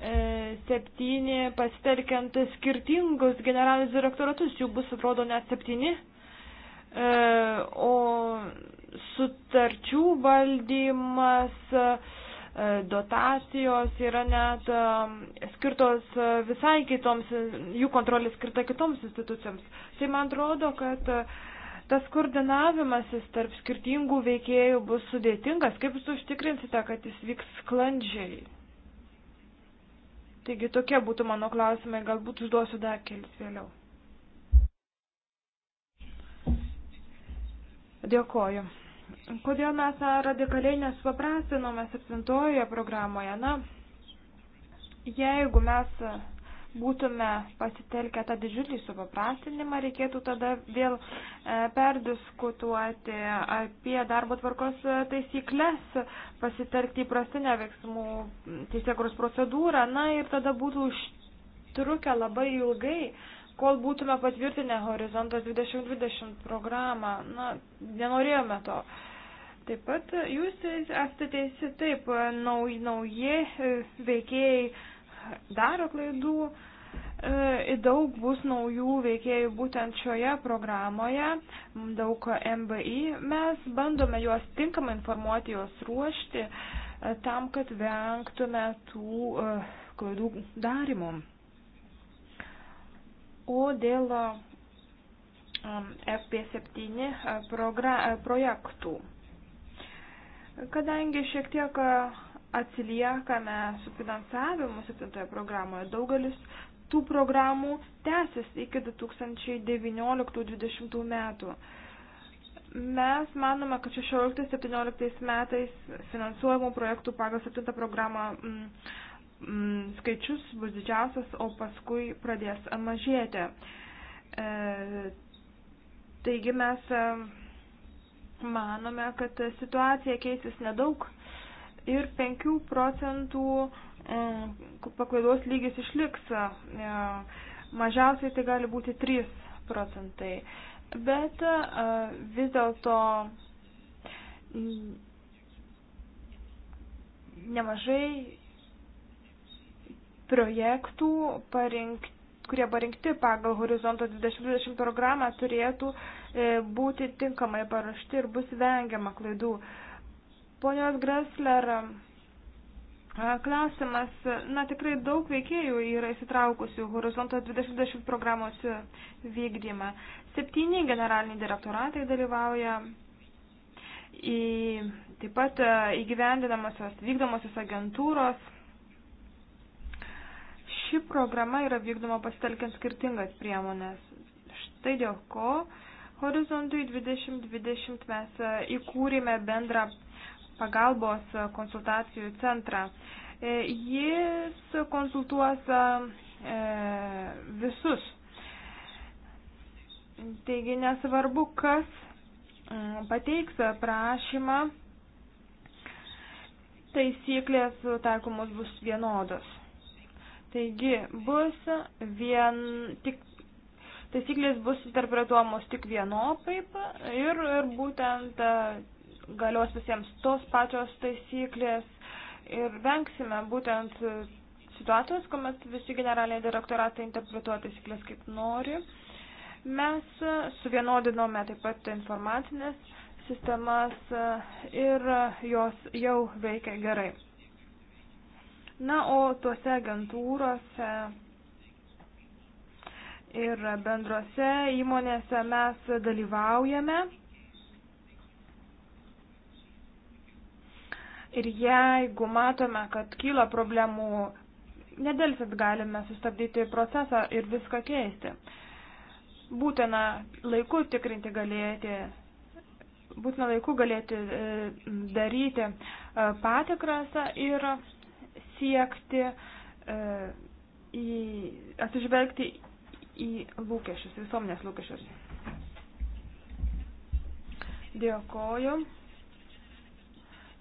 E, septyni, pasitelkiant skirtingus generalinius direktoratus, jų bus atrodo net septyni, e, o sutarčių valdymas, e, dotacijos yra net skirtos visai kitoms, jų kontrolė skirta kitoms institucijoms. Tai man atrodo, kad tas koordinavimasis tarp skirtingų veikėjų bus sudėtingas. Kaip jūs užtikrinsite, kad jis vyks sklandžiai? Taigi tokie būtų mano klausimai, galbūt užduosiu dar kelis vėliau. Dėkoju. Kodėl mes radikaliai nesupaprastinome septintojoje programoje? Na, jeigu mes būtume pasitelkę tą didžiulį supaprastinimą, reikėtų tada vėl e, perdiskutuoti apie darbo tvarkos e, taisyklės, pasitelkti įprastinę veiksmų teisėkuros procedūrą, na ir tada būtų užtrukę labai ilgai kol būtume patvirtinę Horizontas 2020 programą. Na, nenorėjome to. Taip pat jūs esate teisi, taip, nauji, nauji e, veikėjai daro klaidų. E, daug bus naujų veikėjų būtent šioje programoje, daug MBI. Mes bandome juos tinkamai informuoti, juos ruošti e, tam, kad vengtume tų e, klaidų darimo. O dėl FP7 projektų. Kadangi šiek tiek atsiliekame su finansavimu septintoje programoje. Daugelis tų programų tęsis iki 2019-2020 metų. Mes manome, kad 16-17 metais finansuojamų projektų pagal septintą programą m, mm, m, mm, skaičius bus didžiausias, o paskui pradės mažėti. E, taigi mes e, manome, kad situacija keisis nedaug ir 5 procentų e, paklaidos lygis išliks. E, mažiausiai tai gali būti 3 procentai. Bet e, vis dėlto nemažai projektų, parinkt, kurie parinkti pagal Horizonto 2020 programą, turėtų būti tinkamai paruošti ir bus vengiama klaidų. E, Ponios Gressler, klausimas, na tikrai daug veikėjų yra įsitraukusių Horizonto 2020 programos vykdymą. Septyni generaliniai direktoratai dalyvauja į taip pat įgyvendinamosios vykdomosios agentūros. Ši programa yra vykdoma pasitelkiant skirtingas priemonės. Štai dėl ko Horizontui 2020 mes įkūrėme bendrą pagalbos konsultacijų centrą. E, jis konsultuos e, visus. Taigi nesvarbu, kas mm, pateiks prašymą, taisyklės taikomos bus vienodos. Taigi bus vien, tik, taisyklės bus interpretuomos tik vienopaip ir, ir būtent galios visiems tos pačios taisyklės ir vengsime būtent situacijos, kuomet visi generaliniai direktoratai interpretuoja taisyklės kaip nori. Mes suvienodinome taip pat informacinės sistemas ir jos jau veikia gerai. Na, o tuose agentūrose ir bendrose įmonėse mes dalyvaujame Ir jeigu matome, kad kyla problemų, nedelsit galime sustabdyti procesą ir viską keisti. Būtina laiku tikrinti galėti, būtina laiku galėti e, daryti e, patikras ir siekti e, į, atsižvelgti į lūkesčius, visuomenės lūkesčius. Dėkoju.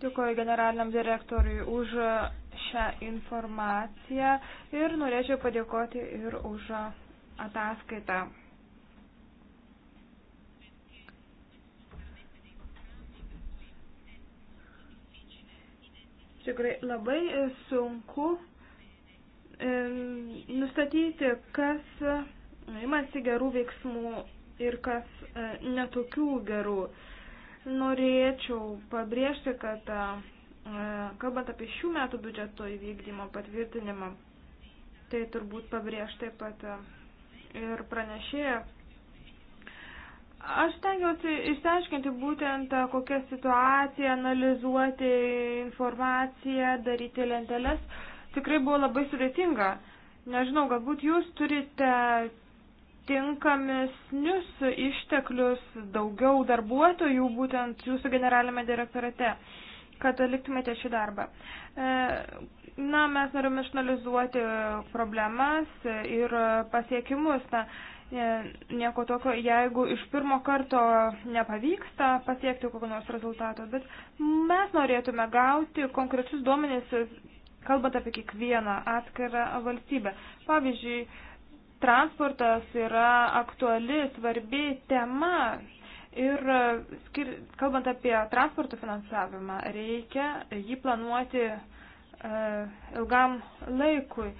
Dėkuoju generaliniam direktoriui už šią informaciją ir norėčiau padėkoti ir už ataskaitą. Tikrai labai sunku nustatyti, kas imasi gerų veiksmų ir kas e, netokių gerų veiksmų Norėčiau pabrėžti, kad e, kalbant apie šių metų biudžeto įvykdymo patvirtinimą, tai turbūt pabrėž taip pat e, ir pranešėja. Aš tengiuosi išsiaiškinti būtent e, kokią situaciją, analizuoti informaciją, daryti lenteles. Tikrai buvo labai sudėtinga. Nežinau, galbūt jūs turite tinkamesnius išteklius, daugiau darbuotojų būtent jūsų generalinėme direktorate, kad atliktumėte šį darbą. E, na, mes norime išanalizuoti problemas ir pasiekimus. Na, e, nieko tokio, jeigu iš pirmo karto nepavyksta pasiekti kokio nors rezultato, bet mes norėtume gauti konkrečius duomenys, kalbant apie kiekvieną atskirą valstybę. Pavyzdžiui, transportas yra aktuali, svarbi tema. Ir e, skir, kalbant apie transporto finansavimą, reikia jį planuoti e, ilgam laikui.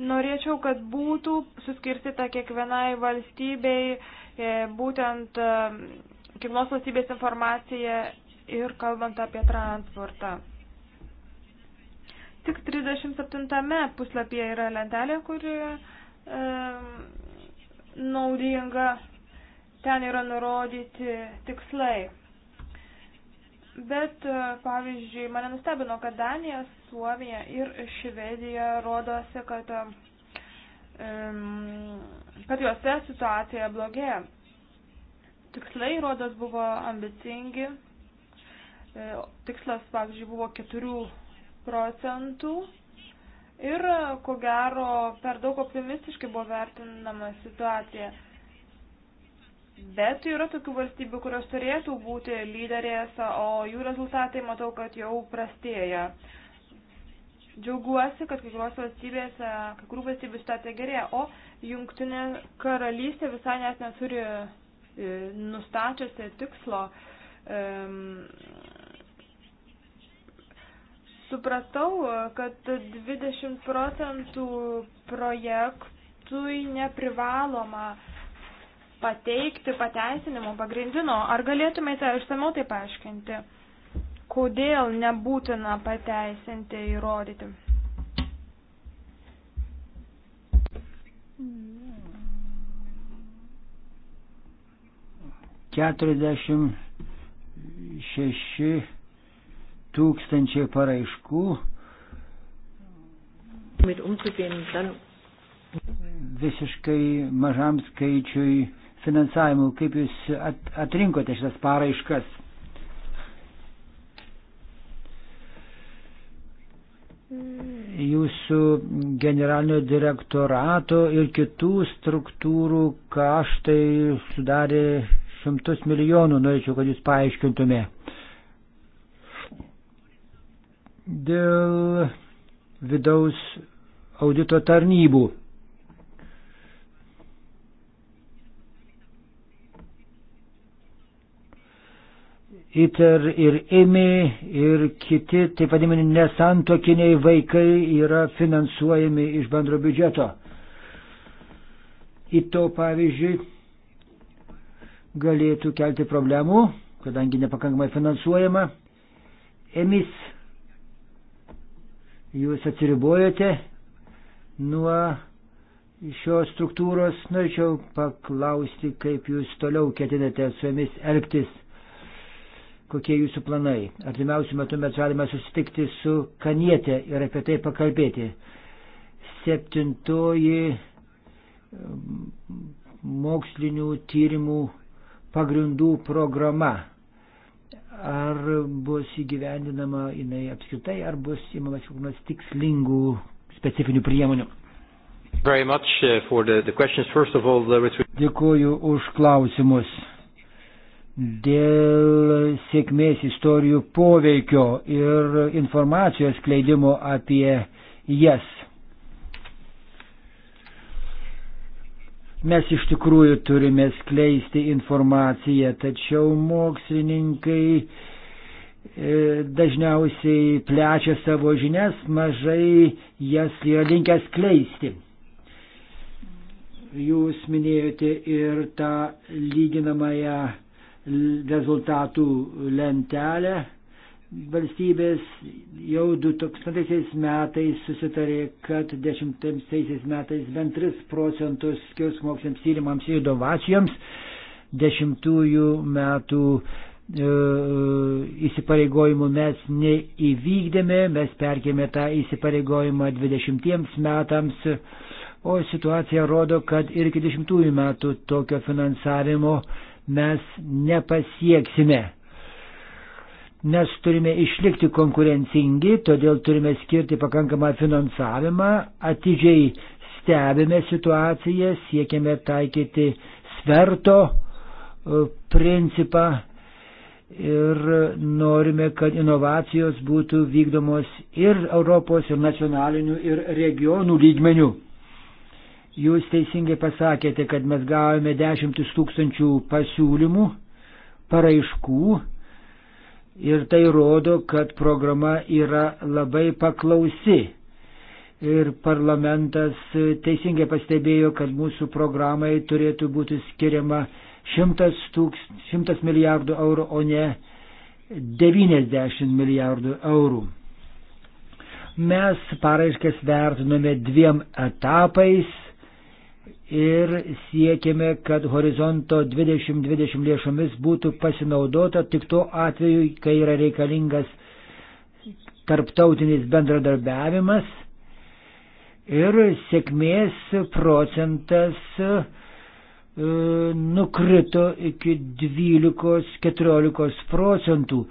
Norėčiau, kad būtų suskirstyta kiekvienai valstybei e, būtent e, kiekvienos valstybės informacija ir kalbant apie transportą. Tik 37 puslapyje yra lentelė, kuri e, naudinga. Ten yra nurodyti tikslai. Bet, e, pavyzdžiui, mane nustebino, kad Danija, Suomija ir Švedija rodosi, kad, e, kad juose situacija blogėja. Tikslai rodos buvo ambicingi. E, tikslas, pavyzdžiui, buvo keturių procentų ir ko gero per daug optimistiškai buvo vertinama situacija. Bet yra tokių valstybių, kurios turėtų būti lyderės, o jų rezultatai matau, kad jau prastėja. Džiaugiuosi, kad kai kurios valstybės, kai kurių valstybių situacija gerėja, o jungtinė karalystė visai net neturi e, nustačiusi tikslo um, supratau, kad 20 procentų projektui neprivaloma pateikti pateisinimo pagrindino. Ar galėtumėte išsameu tai paaiškinti, kodėl nebūtina pateisinti įrodyti? Keturiasdešimt šeši tūkstančiai paraiškų. Visiškai mažam skaičiui finansavimų, kaip jūs atrinkote šitas paraiškas? Jūsų generalinio direktorato ir kitų struktūrų kaštai sudarė šimtus milijonų, norėčiau, kad jūs paaiškintume dėl vidaus audito tarnybų. ITER ir IMI ir kiti, taip vadinami, nesantokiniai vaikai yra finansuojami iš bendro biudžeto. ITO pavyzdžiui galėtų kelti problemų, kadangi nepakankamai finansuojama. EMIS jūs atsiribojate nuo šios struktūros. Norėčiau paklausti, kaip jūs toliau ketinate su jomis elgtis, kokie jūsų planai. Artimiausiu metu mes galime susitikti su Kanietė ir apie tai pakalbėti. Septintoji mokslinių tyrimų pagrindų programa ar bus įgyvendinama jinai apskritai, ar bus įmamas kokių nors tikslingų specifinių priemonių. Uh, the, the all, uh, the... Dėkuoju už klausimus. Dėl sėkmės istorijų poveikio ir informacijos kleidimo apie jas. Yes Mes iš tikrųjų turime skleisti informaciją, tačiau mokslininkai e, dažniausiai plečia savo žinias, mažai jas yra linkę skleisti. Jūs minėjote ir tą lyginamąją rezultatų lentelę, valstybės jau 2000 metais susitarė, kad 10 metais bent 3 procentus skirs moksliams tyrimams ir inovacijoms, 10 metų e, e, įsipareigojimų mes neįvykdėme, mes perkėme tą įsipareigojimą 20 metams, o situacija rodo, kad ir iki 10 metų tokio finansavimo mes nepasieksime Nes turime išlikti konkurencingi, todėl turime skirti pakankamą finansavimą, atidžiai stebime situaciją, siekiame taikyti sverto e, principą ir norime, kad inovacijos būtų vykdomos ir Europos, ir nacionalinių, ir regionų lygmenių. Jūs teisingai pasakėte, kad mes gavome dešimtis tūkstančių pasiūlymų, paraiškų ir tai rodo, kad programa yra labai paklausi. Ir parlamentas teisingai pastebėjo, kad mūsų programai turėtų būti skiriama 100, tūks, 100 milijardų eurų, o ne 90 milijardų eurų. Mes paraiškas vertinome dviem etapais ir siekiame, kad horizonto 2020 lėšomis būtų pasinaudota tik tuo atveju, kai yra reikalingas tarptautinis bendradarbiavimas ir sėkmės procentas e, nukrito iki 12-14 procentų.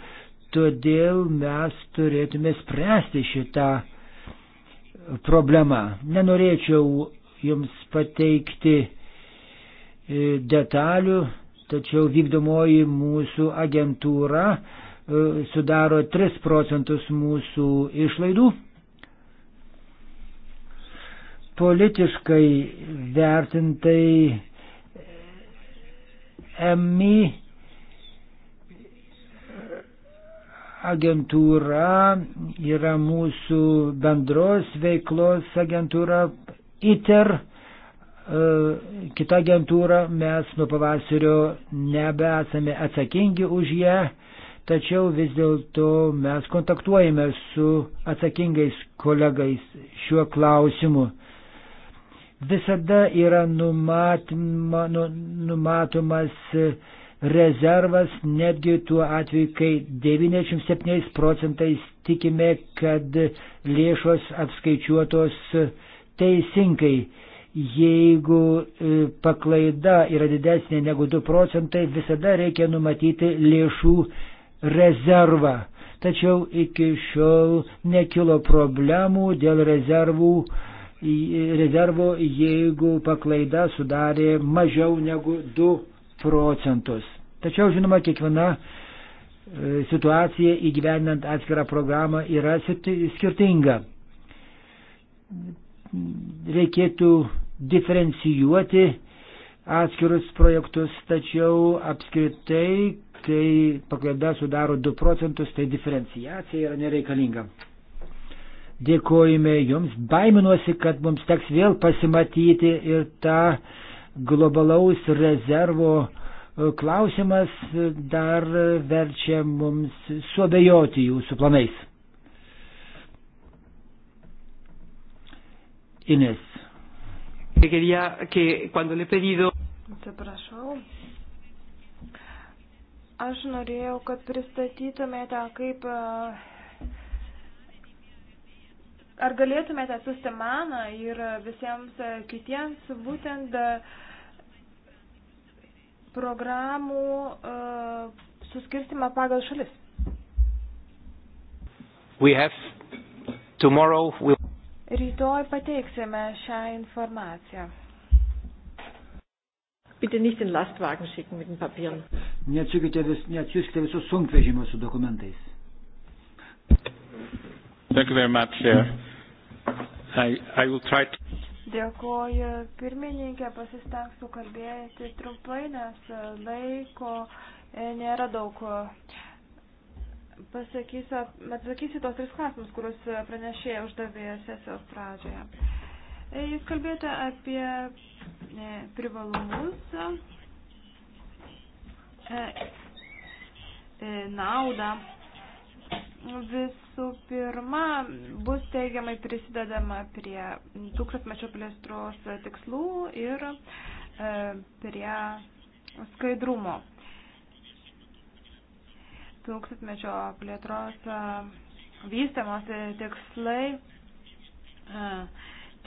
Todėl mes turėtume spręsti šitą problemą. Nenorėčiau jums pateikti e, detalių, tačiau vykdomoji mūsų agentūra e, sudaro 3 procentus mūsų išlaidų. Politiškai vertintai EMI agentūra yra mūsų bendros veiklos agentūra, ITER, e, kita agentūra, mes nuo pavasario nebesame atsakingi už ją, tačiau vis dėlto mes kontaktuojame su atsakingais kolegais šiuo klausimu. Visada yra numatoma, nu, numatomas rezervas netgi tuo atveju, kai 97 procentais tikime, kad lėšos apskaičiuotos uh, teisingai. Jeigu e, paklaida yra didesnė negu 2 procentai, visada reikia numatyti lėšų rezervą. Tačiau iki šiol nekilo problemų dėl rezervų, rezervo, jeigu paklaida sudarė mažiau negu 2 procentus. Tačiau, žinoma, kiekviena e, situacija įgyvendinant atskirą programą yra skirtinga reikėtų diferencijuoti atskirus projektus, tačiau apskritai, kai paklaida sudaro 2 procentus, tai diferenciacija yra nereikalinga. Dėkojame Jums, baiminuosi, kad mums teks vėl pasimatyti ir tą globalaus rezervo e, klausimas dar verčia mums suabejoti Jūsų planais. Ines. Atsiprašau. Aš norėjau, kad pristatytumėte, kaip. E, ar galėtumėte atsiųsti man ir visiems kitiems būtent e, programų e, suskirstimą pagal šalis? We have tomorrow. We... Rytoj pateiksime šią informaciją. Bitte nicht den Lastwagen schicken mit den Papieren. Neatsiųskite, vis, neatsiųskite visus sunkvežimius su dokumentais. Thank you very much. Uh, I, I will try to... Dėkoju pirmininkė, pasistengsiu kalbėti trumpai, nes laiko e, nėra daug. Uh, pasakysiu, atsakysiu tos tris klausimus, kuriuos pranešėjai uždavė sesijos pradžioje. E, jūs kalbėjote apie e, privalumus, e, naudą. Visų pirma, bus teigiamai prisidedama prie tūkstantmečio plėstros tikslų ir prie skaidrumo tūkstantmečio plėtros e, vystimosi tikslai. E,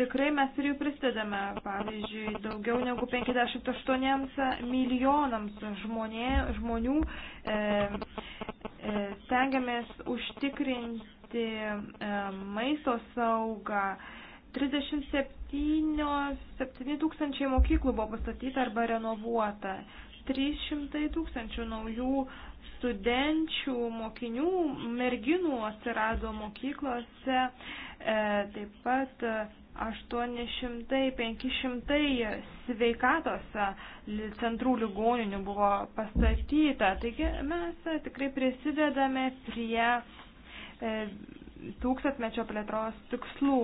tikrai mes ir jų prisidedame, pavyzdžiui, daugiau negu 58 milijonams žmonė, žmonių e, e, stengiamės užtikrinti e, maisto saugą. 37 tūkstančiai mokyklų buvo pastatyta arba renovuota. 300 tūkstančių naujų e, studenčių, mokinių, merginų atsirado mokyklose, e, taip pat 800-500 e, sveikatos centrų ligoninių buvo pastatyta. Taigi mes e, tikrai prisidedame prie tūkstantmečio plėtros tikslų.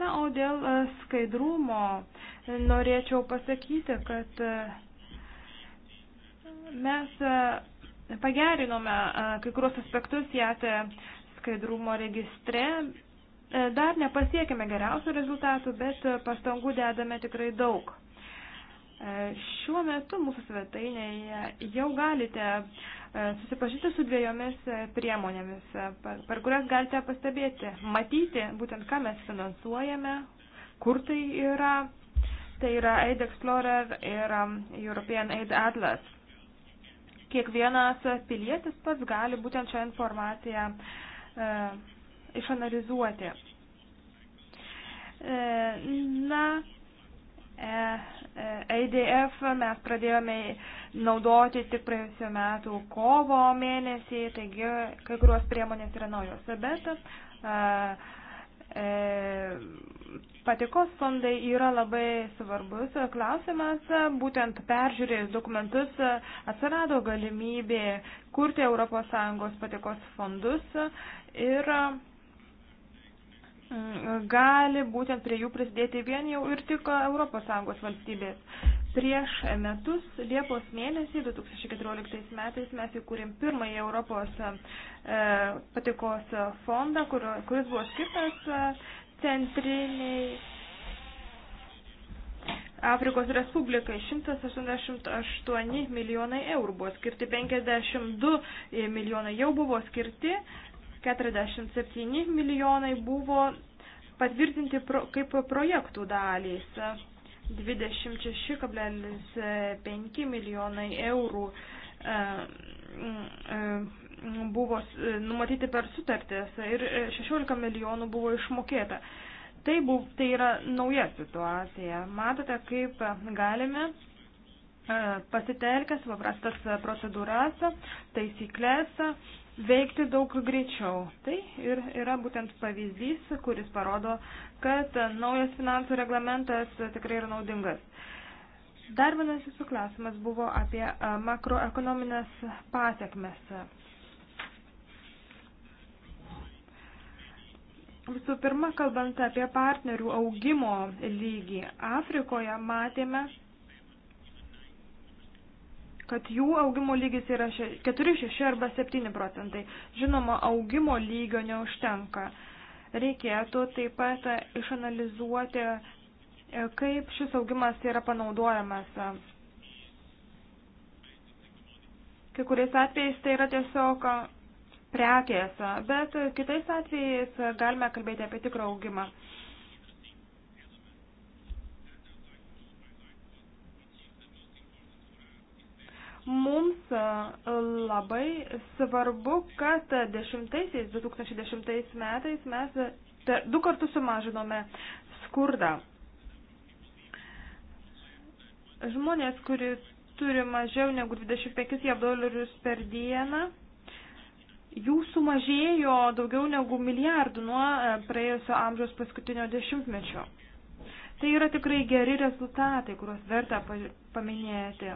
Na, o dėl skaidrumo norėčiau pasakyti, kad mes Pagerinome kai kurios aspektus JATE skaidrumo registre. E, dar nepasiekime geriausių rezultatų, bet pastangų dedame tikrai daug. E, šiuo metu mūsų svetainėje jau galite e, susipažinti su dviejomis priemonėmis, per kurias galite pastebėti, matyti būtent, ką mes finansuojame, kur tai yra. Tai yra Aid Explorer ir um, European Aid Atlas kiekvienas pilietis pats gali būtent šią informaciją e, išanalizuoti. E, na, e, e, ADF mes pradėjome naudoti tik praėjusiu metu kovo mėnesį, taigi kai kurios priemonės yra naujos. Bet e, E, patikos fondai yra labai svarbus klausimas. Būtent peržiūrėjus dokumentus atsirado galimybė kurti ES patikos fondus ir Mm, gali būtent prie jų prisidėti vien jau ir tik ES valstybės. Prieš metus, Liepos mėnesį 2014 metais, mes įkūrėm pirmąjį Europos e, patikos fondą, kuris buvo skirtas e, centriniai Afrikos Respublikai 188 milijonai eurų buvo skirti, 52 milijonai jau buvo skirti, 47 milijonai buvo patvirtinti pro, kaip projektų dalys, 26,5 milijonai eurų e, buvo numatyti per sutartis ir 16 e, milijonų buvo išmokėta. Tai, buv, tai yra nauja situacija. Matote, kaip galime e, pasitelkę suprastas procedūras, taisyklės, veikti daug greičiau. Tai ir yra būtent pavyzdys, kuris parodo, kad naujas finansų reglamentas tikrai yra naudingas. Dar vienas jūsų klausimas buvo apie makroekonominės pasiekmes. Visų pirma, kalbant apie partnerių augimo lygį, Afrikoje matėme, kad jų augimo lygis yra 4, 6 arba 7 procentai. Žinoma, augimo lygio neužtenka. Reikėtų taip pat e, išanalizuoti, e, kaip šis augimas yra panaudojamas. Kai kuriais atvejais tai yra tiesiog e, prekės, bet kitais atvejais galime kalbėti apie tikrą augimą. Mums e, labai svarbu, kad 10, 2010 metais mes du kartus sumažinome skurdą. Žmonės, kurie turi mažiau negu 25 jav dolerius per dieną, jų sumažėjo daugiau negu milijardų nuo e, praėjusio amžiaus paskutinio dešimtmečio. Tai yra tikrai geri rezultatai, kuriuos verta paminėti.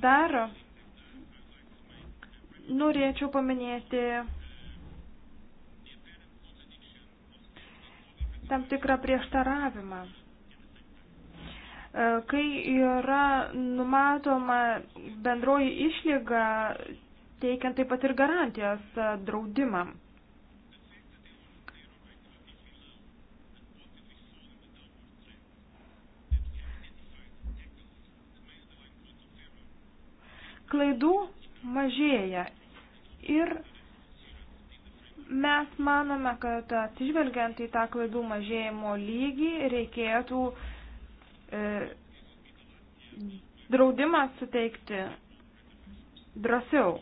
Dar norėčiau paminėti tam tikrą prieštaravimą. E, kai yra numatoma bendroji išlyga, teikiant taip pat ir garantijas e, draudimam. klaidų mažėja. Ir mes manome, kad atsižvelgiant į tą klaidų mažėjimo lygį reikėtų e, draudimą suteikti drąsiau.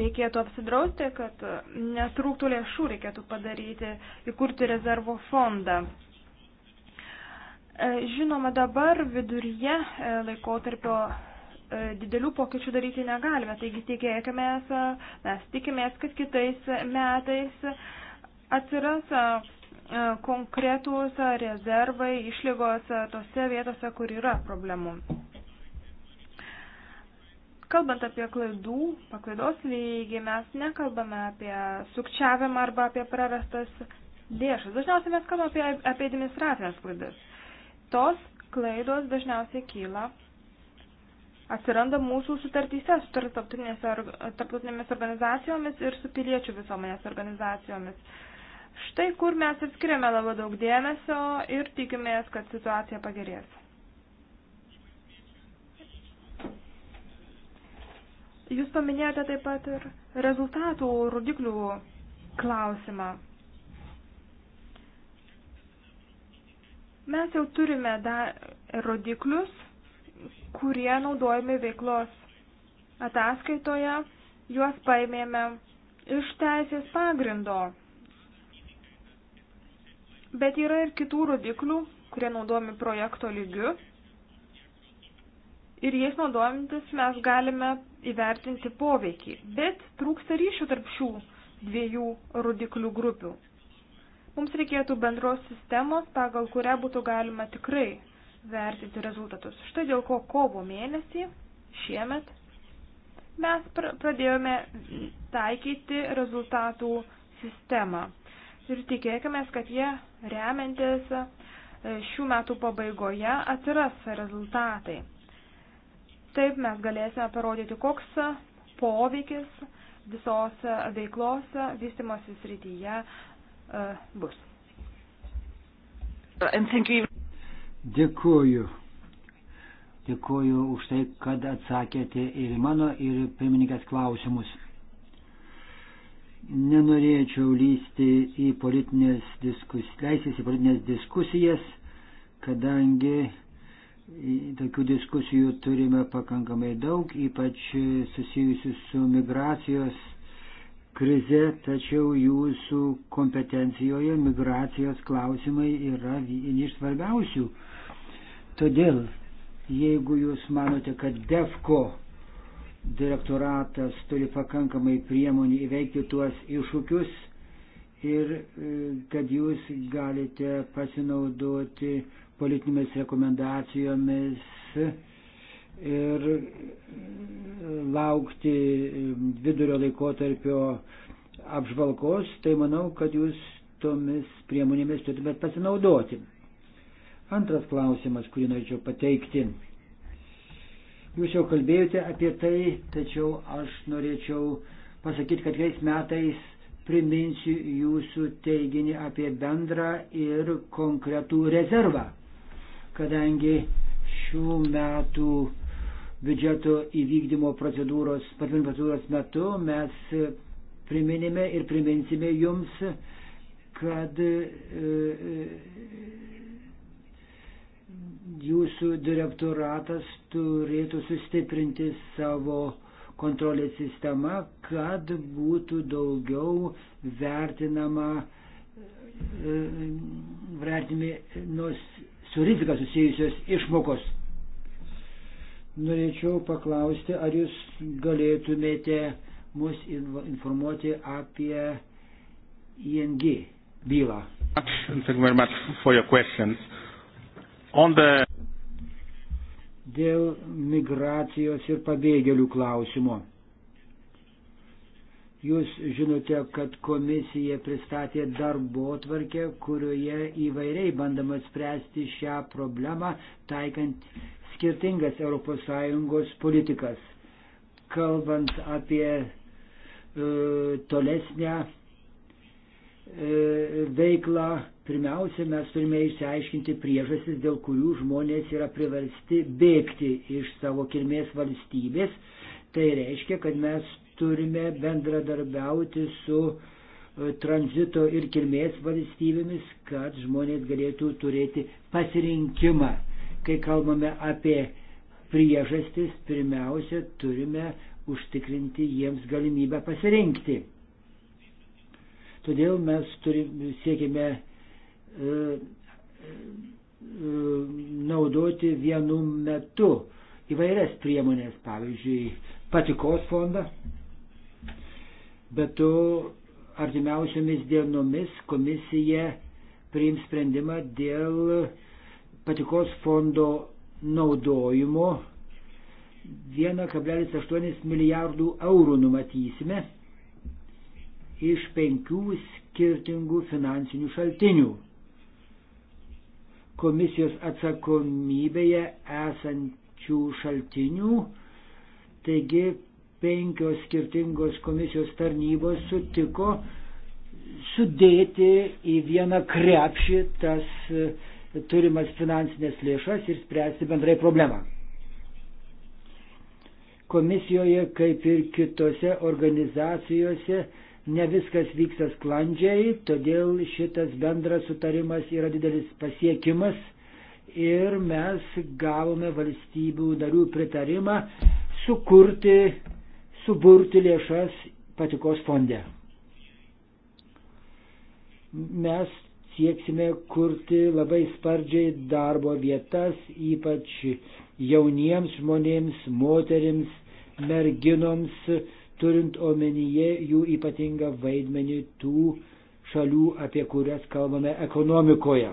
Reikėtų apsidrausti, kad netrūktų lėšų, reikėtų padaryti, įkurti rezervo fondą. E, žinoma, dabar viduryje e, laikotarpio e, didelių pokyčių daryti negalime, taigi tikėkime, mes tikimės, kad kitais metais atsiras konkretūs rezervai, išlygos tose vietose, kur yra problemų. Kalbant apie klaidų, paklaidos lygį, mes nekalbame apie sukčiavimą arba apie prarastas lėšas. Dažniausiai mes kalbame apie, apie administracinės klaidas. Tos klaidos dažniausiai kyla, atsiranda mūsų sutartyse su tarptautinėmis organizacijomis ir su piliečių visuomenės organizacijomis. Štai kur mes atskiriame labai daug dėmesio ir tikimės, kad situacija pagerės. Jūs paminėjote taip pat ir rezultatų rodiklių klausimą. Mes jau turime dar rodiklius, kurie naudojami veiklos ataskaitoje, juos paėmėme iš teisės pagrindo. Bet yra ir kitų rodiklių, kurie naudojami projekto lygiu. Ir jais naudojantis mes galime įvertinti poveikį. Bet trūksta ryšių tarp šių dviejų rodiklių grupių. Mums reikėtų bendros sistemos, pagal kurią būtų galima tikrai vertinti rezultatus. Štai dėl ko kovo mėnesį šiemet mes pradėjome taikyti rezultatų sistemą. Ir tikėkime, kad jie remiantis e, šių metų pabaigoje atsiras rezultatai. Taip mes galėsime parodyti, koks poveikis visos veiklos vystimosi srityje Uh, bus. Dėkuoju. Dėkuoju už tai, kad atsakėte ir mano, ir pirmininkės klausimus. Nenorėčiau lysti į politinės diskusijas, leistis į politinės diskusijas, kadangi tokių diskusijų turime pakankamai daug, ypač susijusių su migracijos krize, tačiau jūsų kompetencijoje migracijos klausimai yra vieni iš svarbiausių. Todėl, jeigu jūs manote, kad DEFCO direktoratas turi pakankamai priemonių įveikti tuos iššūkius ir e, kad jūs galite pasinaudoti politinėmis rekomendacijomis ir laukti vidurio laikotarpio apžvalgos, tai manau, kad jūs tomis priemonėmis turėtumėt pasinaudoti. Antras klausimas, kurį norėčiau pateikti. Jūs jau kalbėjote apie tai, tačiau aš norėčiau pasakyti, kad kiais metais priminsiu jūsų teiginį apie bendrą ir konkretų rezervą, kadangi šių metų biudžeto įvykdymo procedūros, patvirtinimo procedūros metu mes priminėme ir priminsime jums, kad e, e, jūsų direktoratas turėtų sustiprinti savo kontrolės sistemą, kad būtų daugiau vertinama e, vertinami nors su rizika susijusios išmokos. Norėčiau paklausti, ar jūs galėtumėte mus informuoti apie ING bylą. Dėl migracijos ir pabėgėlių klausimo. Jūs žinote, kad komisija pristatė darbo tvarkę, kurioje įvairiai bandama spręsti šią problemą, taikant skirtingas ES politikas. Kalbant apie e, tolesnę e, veiklą, pirmiausia, mes turime išsiaiškinti priežastis, dėl kurių žmonės yra priversti bėgti iš savo kilmės valstybės. Tai reiškia, kad mes turime bendradarbiauti su e, tranzito ir kilmės valstybėmis, kad žmonės galėtų turėti pasirinkimą Kai kalbame apie priežastis, pirmiausia, turime užtikrinti jiems galimybę pasirinkti. Todėl mes turim, siekime e, e, naudoti vienu metu įvairias priemonės, pavyzdžiui, patikos fondą. Bet to artimiausiomis dienomis komisija priims sprendimą dėl e, patikos fondo naudojimo 1,8 milijardų eurų numatysime iš penkių skirtingų finansinių šaltinių. Komisijos atsakomybėje esančių šaltinių, taigi penkios skirtingos komisijos tarnybos sutiko sudėti į vieną krepšį tas uh, turimas finansinės lėšas ir spręsti bendrai problemą. Komisijoje, kaip ir kitose organizacijose, ne viskas vyksta sklandžiai, todėl šitas bendras sutarimas yra didelis pasiekimas ir mes gavome valstybių narių pritarimą sukurti, suburti lėšas patikos fonde. Mes sieksime kurti labai spardžiai darbo vietas, ypač jauniems žmonėms, moterims, merginoms, turint omenyje jų ypatingą vaidmenį tų šalių, apie kurias kalbame ekonomikoje.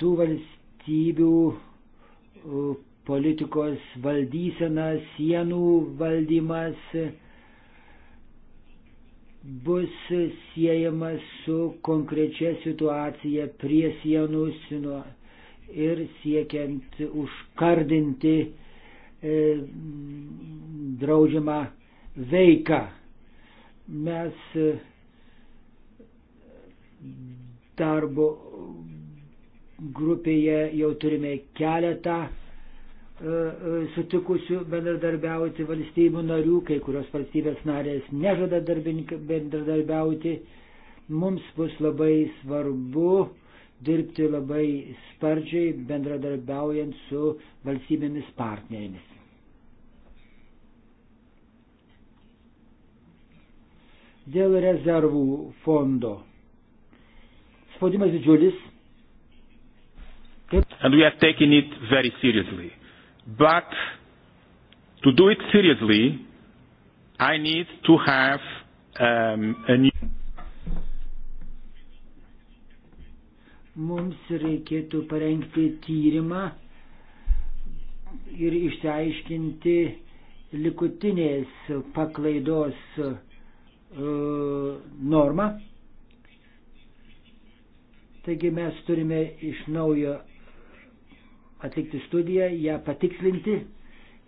Tų valstybių uh, politikos valdysena, sienų valdymas, bus siejamas su konkrečia situacija prie sienų sino, ir siekiant užkardinti e, draudžiamą veiką. Mes e, darbo grupėje jau turime keletą E, e, sutikusių bendradarbiauti valstybių narių, kai kurios valstybės narės nežada bendradarbiauti. Mums bus labai svarbu dirbti labai sparčiai bendradarbiaujant su valstybėmis partnerėmis. Dėl rezervų fondo. Spaudimas didžiulis. Kaip... And we are taking it very seriously. But to do it seriously, I need to have um, a new. Mums reikėtų parengti tyrimą ir išsiaiškinti likutinės paklaidos uh, normą. Taigi mes turime iš naujo atlikti studiją, ją patikslinti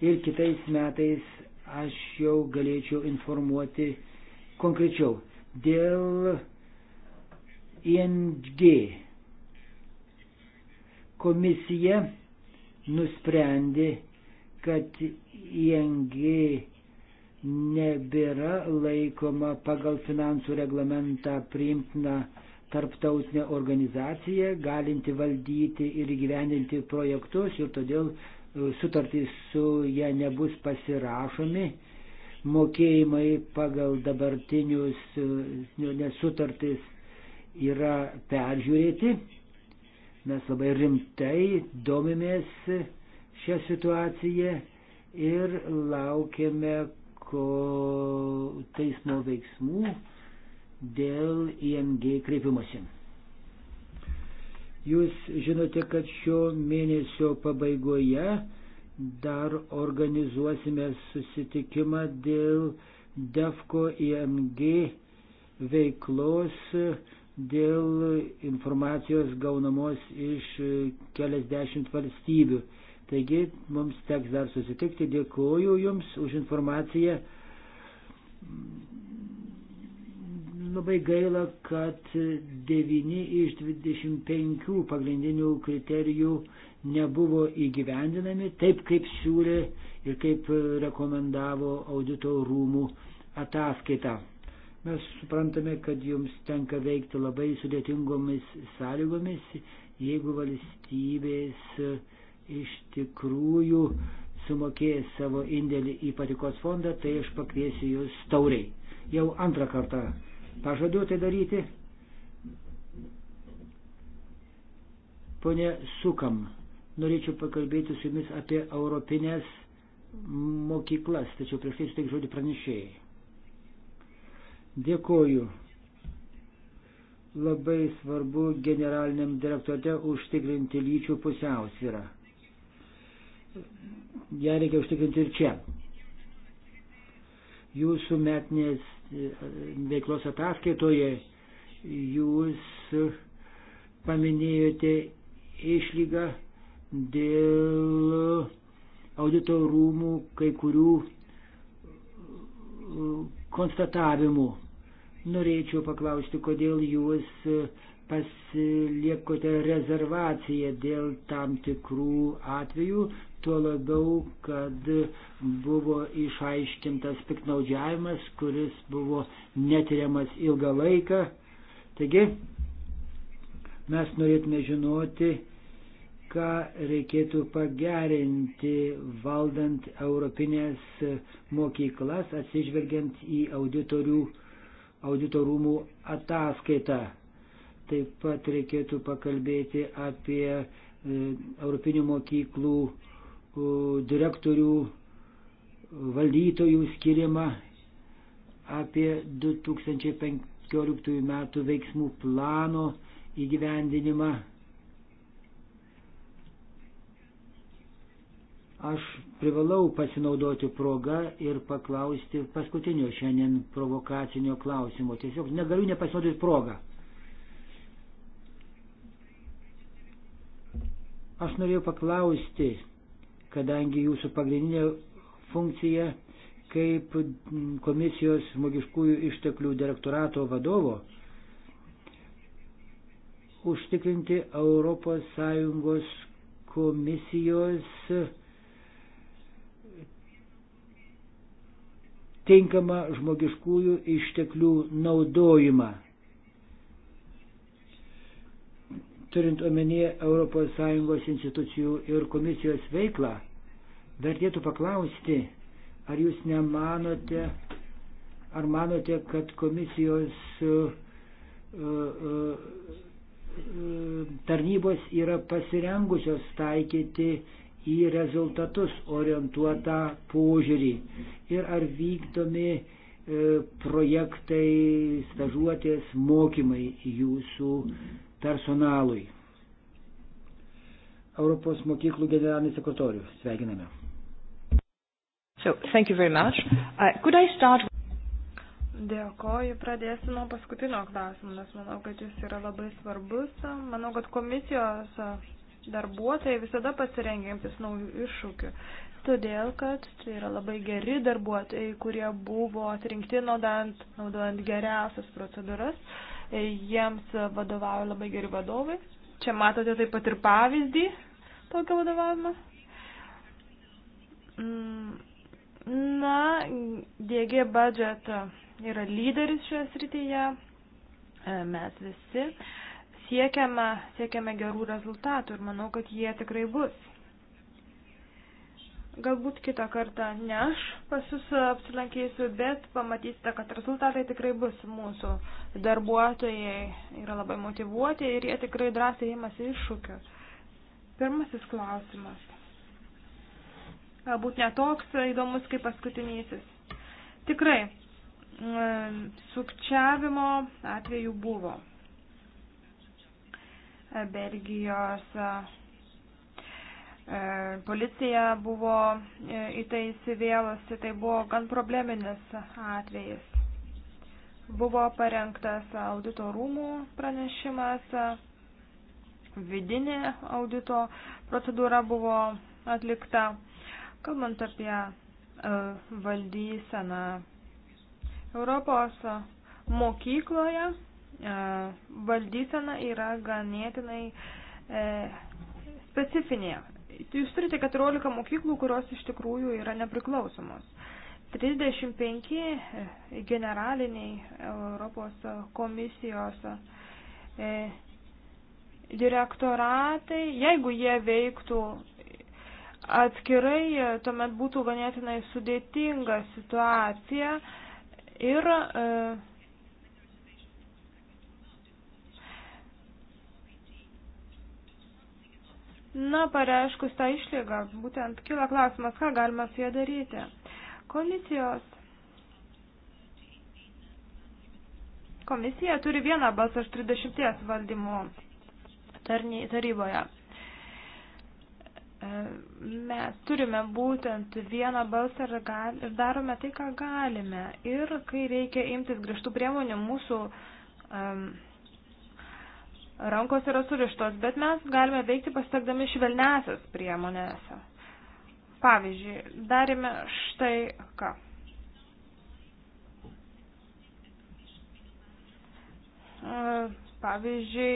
ir kitais metais aš jau galėčiau informuoti konkrečiau dėl ING. Komisija nusprendė, kad ING nebėra laikoma pagal finansų reglamentą priimtina tarptautinė organizacija, galinti valdyti ir gyveninti projektus ir todėl e, sutartys su ją nebus pasirašomi, mokėjimai pagal dabartinius e, nesutartys yra peržiūrėti. Mes labai rimtai domimės šią situaciją ir laukiame ko teismo veiksmų dėl IMG kreipimosi. Jūs žinote, kad šio mėnesio pabaigoje dar organizuosime susitikimą dėl DEFCO IMG veiklos, dėl informacijos gaunamos iš keliasdešimt valstybių. Taigi mums teks dar susitikti. Dėkuoju Jums už informaciją. Labai gaila, kad 9 iš 25 pagrindinių kriterijų nebuvo įgyvendinami taip, kaip siūlė ir kaip rekomendavo audito rūmų ataskaita. Mes suprantame, kad jums tenka veikti labai sudėtingomis sąlygomis, jeigu valstybės iš tikrųjų sumokės savo indėlį į patikos fondą, tai aš pakviesiu jūs tauriai. Jau antrą kartą pažadu tai daryti. Pone Sukam, norėčiau pakalbėti su jumis apie europinės mokyklas, tačiau prieš tai suteik žodį pranešėjai. Dėkoju. Labai svarbu generaliniam direktorate užtikrinti lyčių pusiausvyrą. Ja reikia užtikrinti ir čia. Jūsų metinės veiklos ataskaitoje jūs paminėjote išlygą dėl audito rūmų kai kurių e, konstatavimų. Norėčiau paklausti, kodėl jūs pasiliekote rezervaciją dėl tam tikrų atvejų, tuo labiau, kad buvo išaiškintas piknaudžiavimas, kuris buvo netiriamas ilgą laiką. Taigi, mes norėtume žinoti, ką reikėtų pagerinti valdant Europinės mokyklas, atsižvelgiant į auditorių, auditorumų ataskaitą. Taip pat reikėtų pakalbėti apie e, Europinių mokyklų direktorių valdytojų skirimą apie 2015 metų veiksmų plano įgyvendinimą. Aš privalau pasinaudoti progą ir paklausti paskutinio šiandien provokacinio klausimo. Tiesiog negaliu nepasinaudoti progą. Aš norėjau paklausti kadangi jūsų pagrindinė funkcija kaip komisijos žmogiškųjų išteklių direktorato vadovo užtikrinti ES komisijos tinkamą žmogiškųjų išteklių naudojimą. turint omenyje ES institucijų ir komisijos veiklą, vertėtų paklausti, ar jūs nemanote, ar manote, kad komisijos uh, uh, uh, tarnybos yra pasirengusios taikyti į rezultatus orientuotą požiūrį ir ar vykdomi e, projektai, stažuotės, mokymai jūsų personalui. Europos mokyklų generalinį sekretorių. Sveikiname. So, thank you very much. Uh, could I start... Dėkoju, pradėsiu nuo paskutinio klausimo, nes manau, kad jis yra labai svarbus. Manau, kad komisijos darbuotojai visada pasirengiantis naujų iššūkių. Todėl, kad tai yra labai geri darbuotojai, kurie buvo atrinkti naudant, naudojant geriausias procedūras. Uh, jiems vadovauja labai geri vadovai. Čia matote taip pat ir pavyzdį tokio vadovavimo. Mm, na, DG budget yra lyderis šioje srityje, e, mes visi siekiame, siekiame gerų rezultatų ir manau, kad jie tikrai bus. Galbūt kitą kartą ne aš pas jūs apsilankysiu, bet pamatysite, kad rezultatai tikrai bus mūsų. Darbuotojai yra labai motivuoti ir jie tikrai drąsiai įmasi iššūkių. Pirmasis klausimas. Galbūt netoks įdomus kaip paskutinysis. Tikrai, mm, sukčiavimo atveju buvo. Belgijos E, policija buvo e, į tai įsivėlusi, tai buvo gan probleminis atvejis. Buvo parengtas audito rūmų pranešimas, vidinė audito procedūra buvo atlikta. Kalbant apie e, valdyseną Europos mokykloje, valdysena yra ganėtinai specifinė Jūs turite 14 mokyklų, kurios iš tikrųjų yra nepriklausomos. 35 e, generaliniai Europos komisijos e, direktoratai, jeigu jie veiktų atskirai, tuomet būtų ganėtinai sudėtinga situacija ir e, Na, pareiškus tą išlygą, būtent kila klausimas, ką galima su ja daryti. Komisijos. Komisija turi vieną balsą iš 30 valdymų taryboje. E, mes turime būtent vieną balsą ir, gal, ir darome tai, ką galime. Ir kai reikia imtis grįžtų priemonių, mūsų um, rankos yra surištos, bet mes galime veikti pasitekdami švelnesias priemonėse. Pavyzdžiui, darėme štai ką. Pavyzdžiui,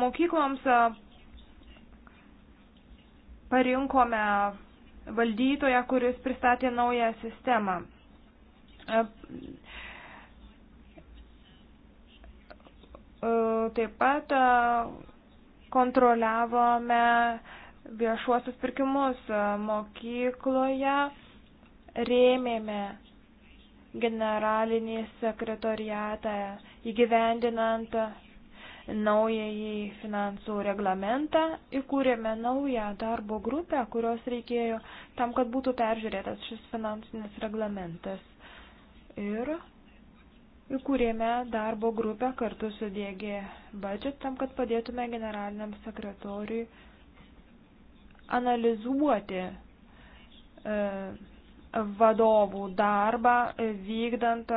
mokykloms parinkome valdytoją, kuris pristatė naują sistemą E, taip pat e, kontroliavome viešuosius pirkimus e, mokykloje, rėmėme generalinį sekretoriatą įgyvendinant naująjį finansų reglamentą, įkūrėme naują darbo grupę, kurios reikėjo tam, kad būtų peržiūrėtas šis finansinis reglamentas. Ir Įkūrėme darbo grupę kartu su DG Budget tam, kad padėtume generaliniam sekretoriui analizuoti e, vadovų darbą e, vykdant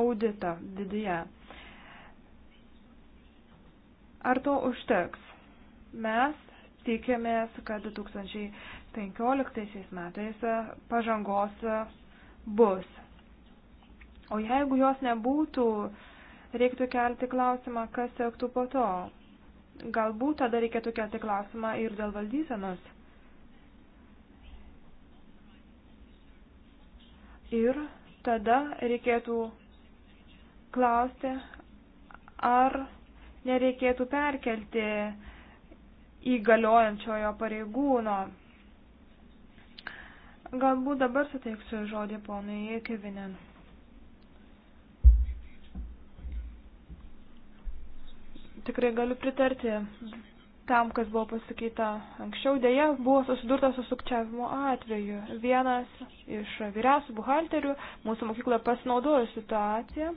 auditą viduje. Ar to užteks? Mes tikėmės, kad 2015 metais pažangos bus. O jeigu jos nebūtų, reiktų kelti klausimą, kas sektų po to. Galbūt tada reikėtų kelti klausimą ir dėl valdysenos. Ir tada reikėtų klausti, ar nereikėtų perkelti įgaliojančiojo pareigūno. Galbūt dabar suteiksiu žodį ponui Kevinin. tikrai galiu pritarti tam, kas buvo pasakyta anksčiau. Deja, buvo susidurta su sukčiavimo atveju. Vienas iš vyriausių buhalterių mūsų mokykloje pasinaudojo situaciją,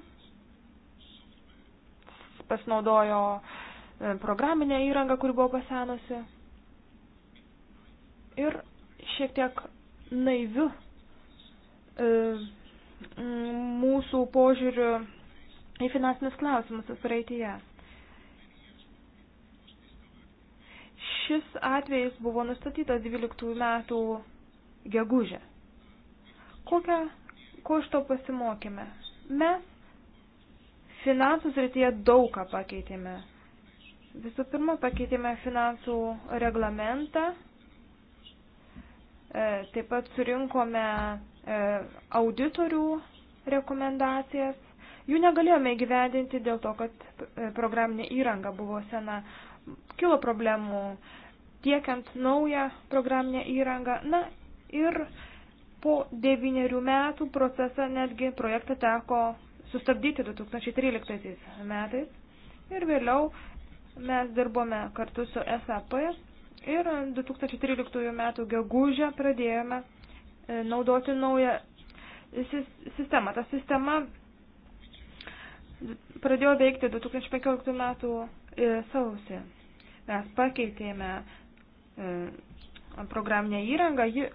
pasinaudojo e, programinę įrangą, kuri buvo pasenusi. Ir šiek tiek naiviu e, mūsų požiūriu į finansinius klausimus praeityje. Šis atvejis buvo nustatytas 12 metų gegužę. Kokią, ko iš to pasimokėme? Mes finansų srityje daug ką pakeitėme. Visų pirma, pakeitėme finansų reglamentą, e, taip pat surinkome e, auditorių rekomendacijas. Jų negalėjome įgyvendinti dėl to, kad e, programinė įranga buvo sena kilo problemų tiekiant naują programinę įrangą. Na ir po devyniarių metų procesą netgi projektą teko sustabdyti 2013 metais ir vėliau mes dirbome kartu su SAP ir 2013 metų gegužę pradėjome e, naudoti naują sistemą. Ta sistema pradėjo veikti 2015 metų e, sausį. Mes pakeitėme e, programinę įrangą, ji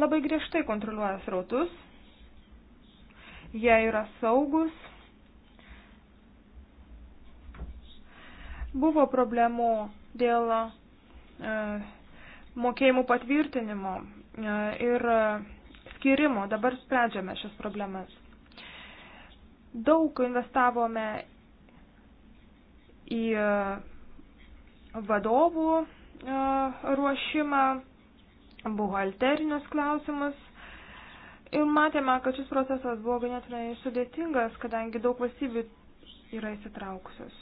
labai griežtai kontroliuoja srautus, jie yra saugus. Buvo problemų dėl e, mokėjimų patvirtinimo e, ir skirimo. Dabar sprendžiame šias problemas. Daug investavome į e, vadovų e, ruošimą, buhalterinius klausimus. Ir matėme, kad šis procesas buvo ganėtinai sudėtingas, kadangi daug valstybių yra įsitraukusios.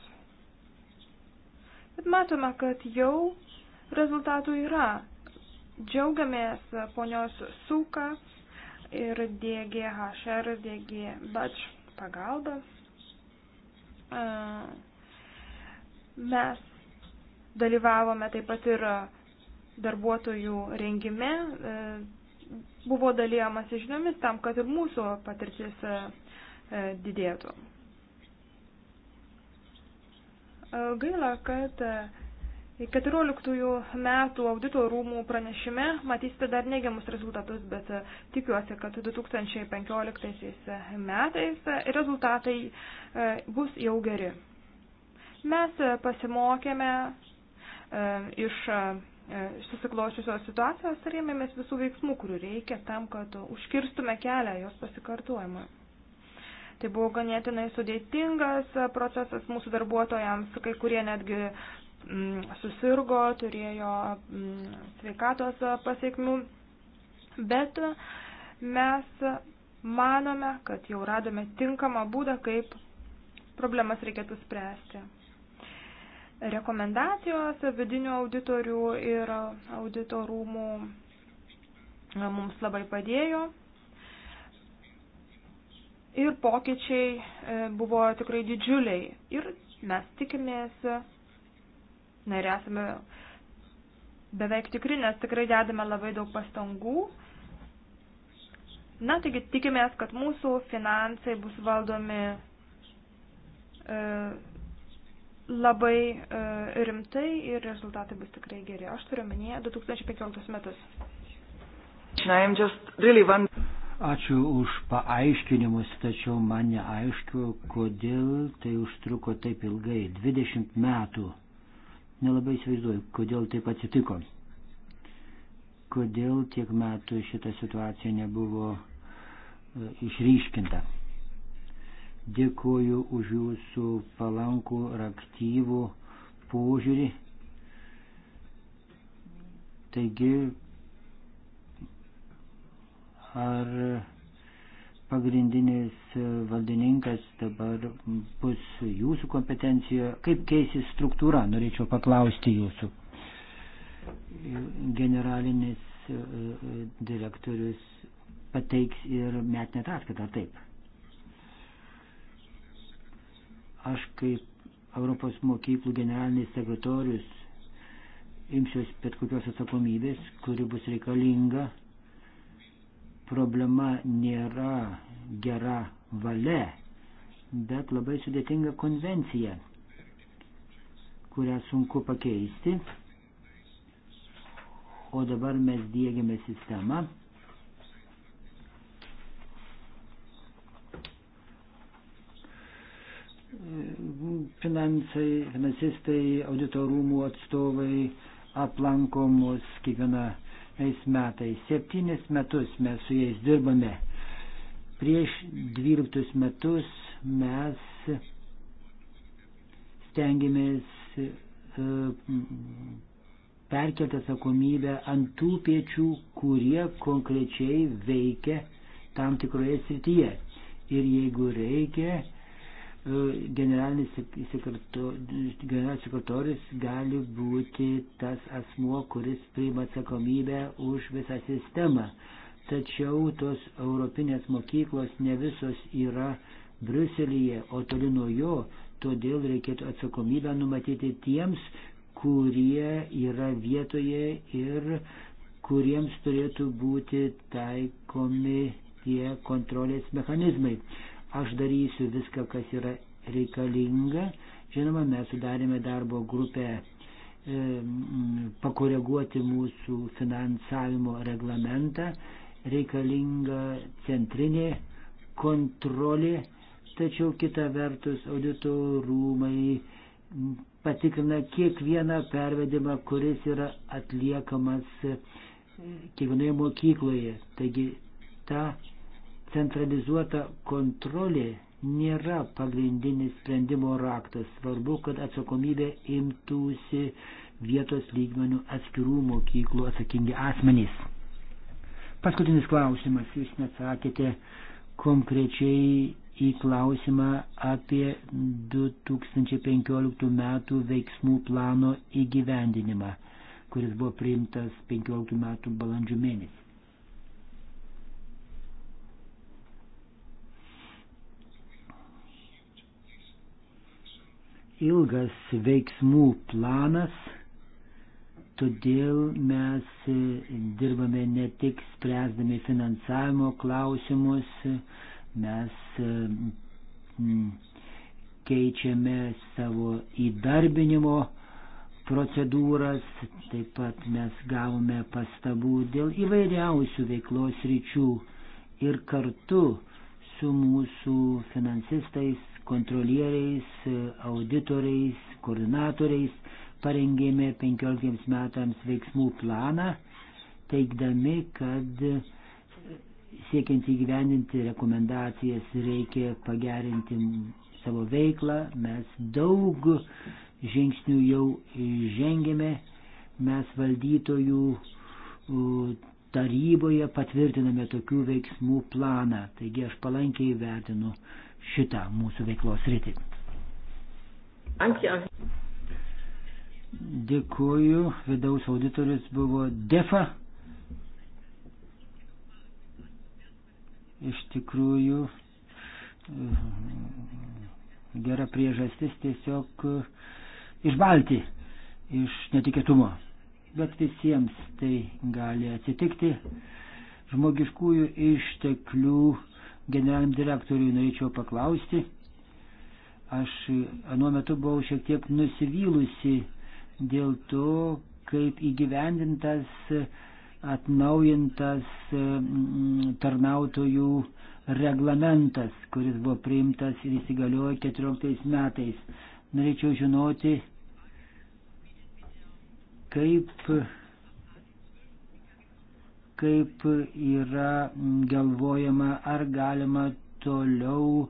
Bet matome, kad jau rezultatų yra. Džiaugiamės ponios Suka ir DGHR, DG Batch pagalba. E, mes dalyvavome taip pat ir darbuotojų rengime, e, buvo dalyjamas žiniomis tam, kad ir mūsų patirtis e, e, didėtų. Gaila, kad 14 metų audito rūmų pranešime matysite dar neigiamus rezultatus, bet tikiuosi, kad 2015 metais rezultatai bus jau geri. Mes pasimokėme E, iš e, susiklošiusios situacijos rėmėmės visų veiksmų, kurių reikia tam, kad užkirstume kelią jos pasikartojimą. Tai buvo ganėtinai sudėtingas e, procesas mūsų darbuotojams, kai kurie netgi mm, susirgo, turėjo mm, sveikatos pasiekmių, bet mes manome, kad jau radome tinkamą būdą, kaip problemas reikėtų spręsti rekomendacijos vidinių auditorių ir auditorumų e, mums labai padėjo. Ir pokyčiai e, buvo tikrai didžiuliai. Ir mes tikimės, na ir esame beveik tikri, nes tikrai dedame labai daug pastangų. Na, taigi tikimės, kad mūsų finansai bus valdomi e, labai e, rimtai ir rezultatai bus tikrai geri. Aš turiu minėję 2015 metus. Really one... Ačiū už paaiškinimus, tačiau man neaišku, kodėl tai užtruko taip ilgai - 20 metų. Nelabai įsivaizduoju, kodėl taip atsitiko. Kodėl tiek metų šita situacija nebuvo e, išryškinta. Dėkuoju už jūsų palankų ir aktyvų požiūrį. Taigi, ar pagrindinis valdininkas dabar bus jūsų kompetencijoje? Kaip keisys struktūra, norėčiau paklausti jūsų. Generalinis e, e, direktorius pateiks ir metinę ataskaitą, taip? Aš kaip Europos mokyklų generalinis sekretorius imsiuosi bet kokios atsakomybės, kuri bus reikalinga. Problema nėra gera valia, bet labai sudėtinga konvencija, kurią sunku pakeisti. O dabar mes dėgiame sistemą Finansai, finansistai, auditorumų atstovai aplanko mus kiekvienais metais. Septynis metus mes su jais dirbame. Prieš dvyliktus metus mes stengiamės e, perkelti atsakomybę ant tų piečių, kurie konkrečiai veikia tam tikroje srityje. Ir jeigu reikia, generalinis sekretorius gali būti tas asmuo, kuris priima atsakomybę už visą sistemą. Tačiau tos europinės mokyklos ne visos yra Briuselyje, o toli nuo jo, todėl reikėtų atsakomybę numatyti tiems, kurie yra vietoje ir kuriems turėtų būti taikomi tie kontrolės mechanizmai. Aš darysiu viską, kas yra reikalinga. Žinoma, mes sudarėme darbo grupę e, pakoreguoti mūsų finansavimo reglamentą, reikalinga centrinė kontrolė, tačiau kita vertus audito rūmai patikrina kiekvieną pervedimą, kuris yra atliekamas e, kiekvienoje mokykloje. Taigi ta centralizuota kontrolė nėra pagrindinis sprendimo raktas. Svarbu, kad atsakomybė imtųsi vietos lygmenių atskirų mokyklų atsakingi asmenys. Paskutinis klausimas. Jūs nesakėte konkrečiai į klausimą apie 2015 metų veiksmų plano įgyvendinimą, kuris buvo priimtas 15 metų balandžio mėnesį. ilgas veiksmų planas, todėl mes dirbame ne tik spręsdami finansavimo klausimus, mes mm, keičiame savo įdarbinimo procedūras, taip pat mes gavome pastabų dėl įvairiausių veiklos ryčių ir kartu su mūsų finansistais kontrolieriais, auditoriais, koordinatoriais parengėme 15 metams veiksmų planą, teikdami, kad siekiant įgyvendinti rekomendacijas reikia pagerinti savo veiklą. Mes daug žingsnių jau žengėme, mes valdytojų taryboje patvirtiname tokių veiksmų planą. Taigi aš palankiai vertinu šitą mūsų veiklos rytį. Dėkuoju, vidaus auditorius buvo DEFA. Iš tikrųjų, gera priežastis tiesiog e, išbalti iš netikėtumo. Bet visiems tai gali atsitikti. Žmogiškųjų išteklių generaliniam direktoriui norėčiau paklausti. Aš anuo metu buvau šiek tiek nusivylusi dėl to, kaip įgyvendintas atnaujintas mm, tarnautojų reglamentas, kuris buvo priimtas ir įsigaliojo 14 metais. Norėčiau žinoti, kaip kaip yra galvojama, ar galima toliau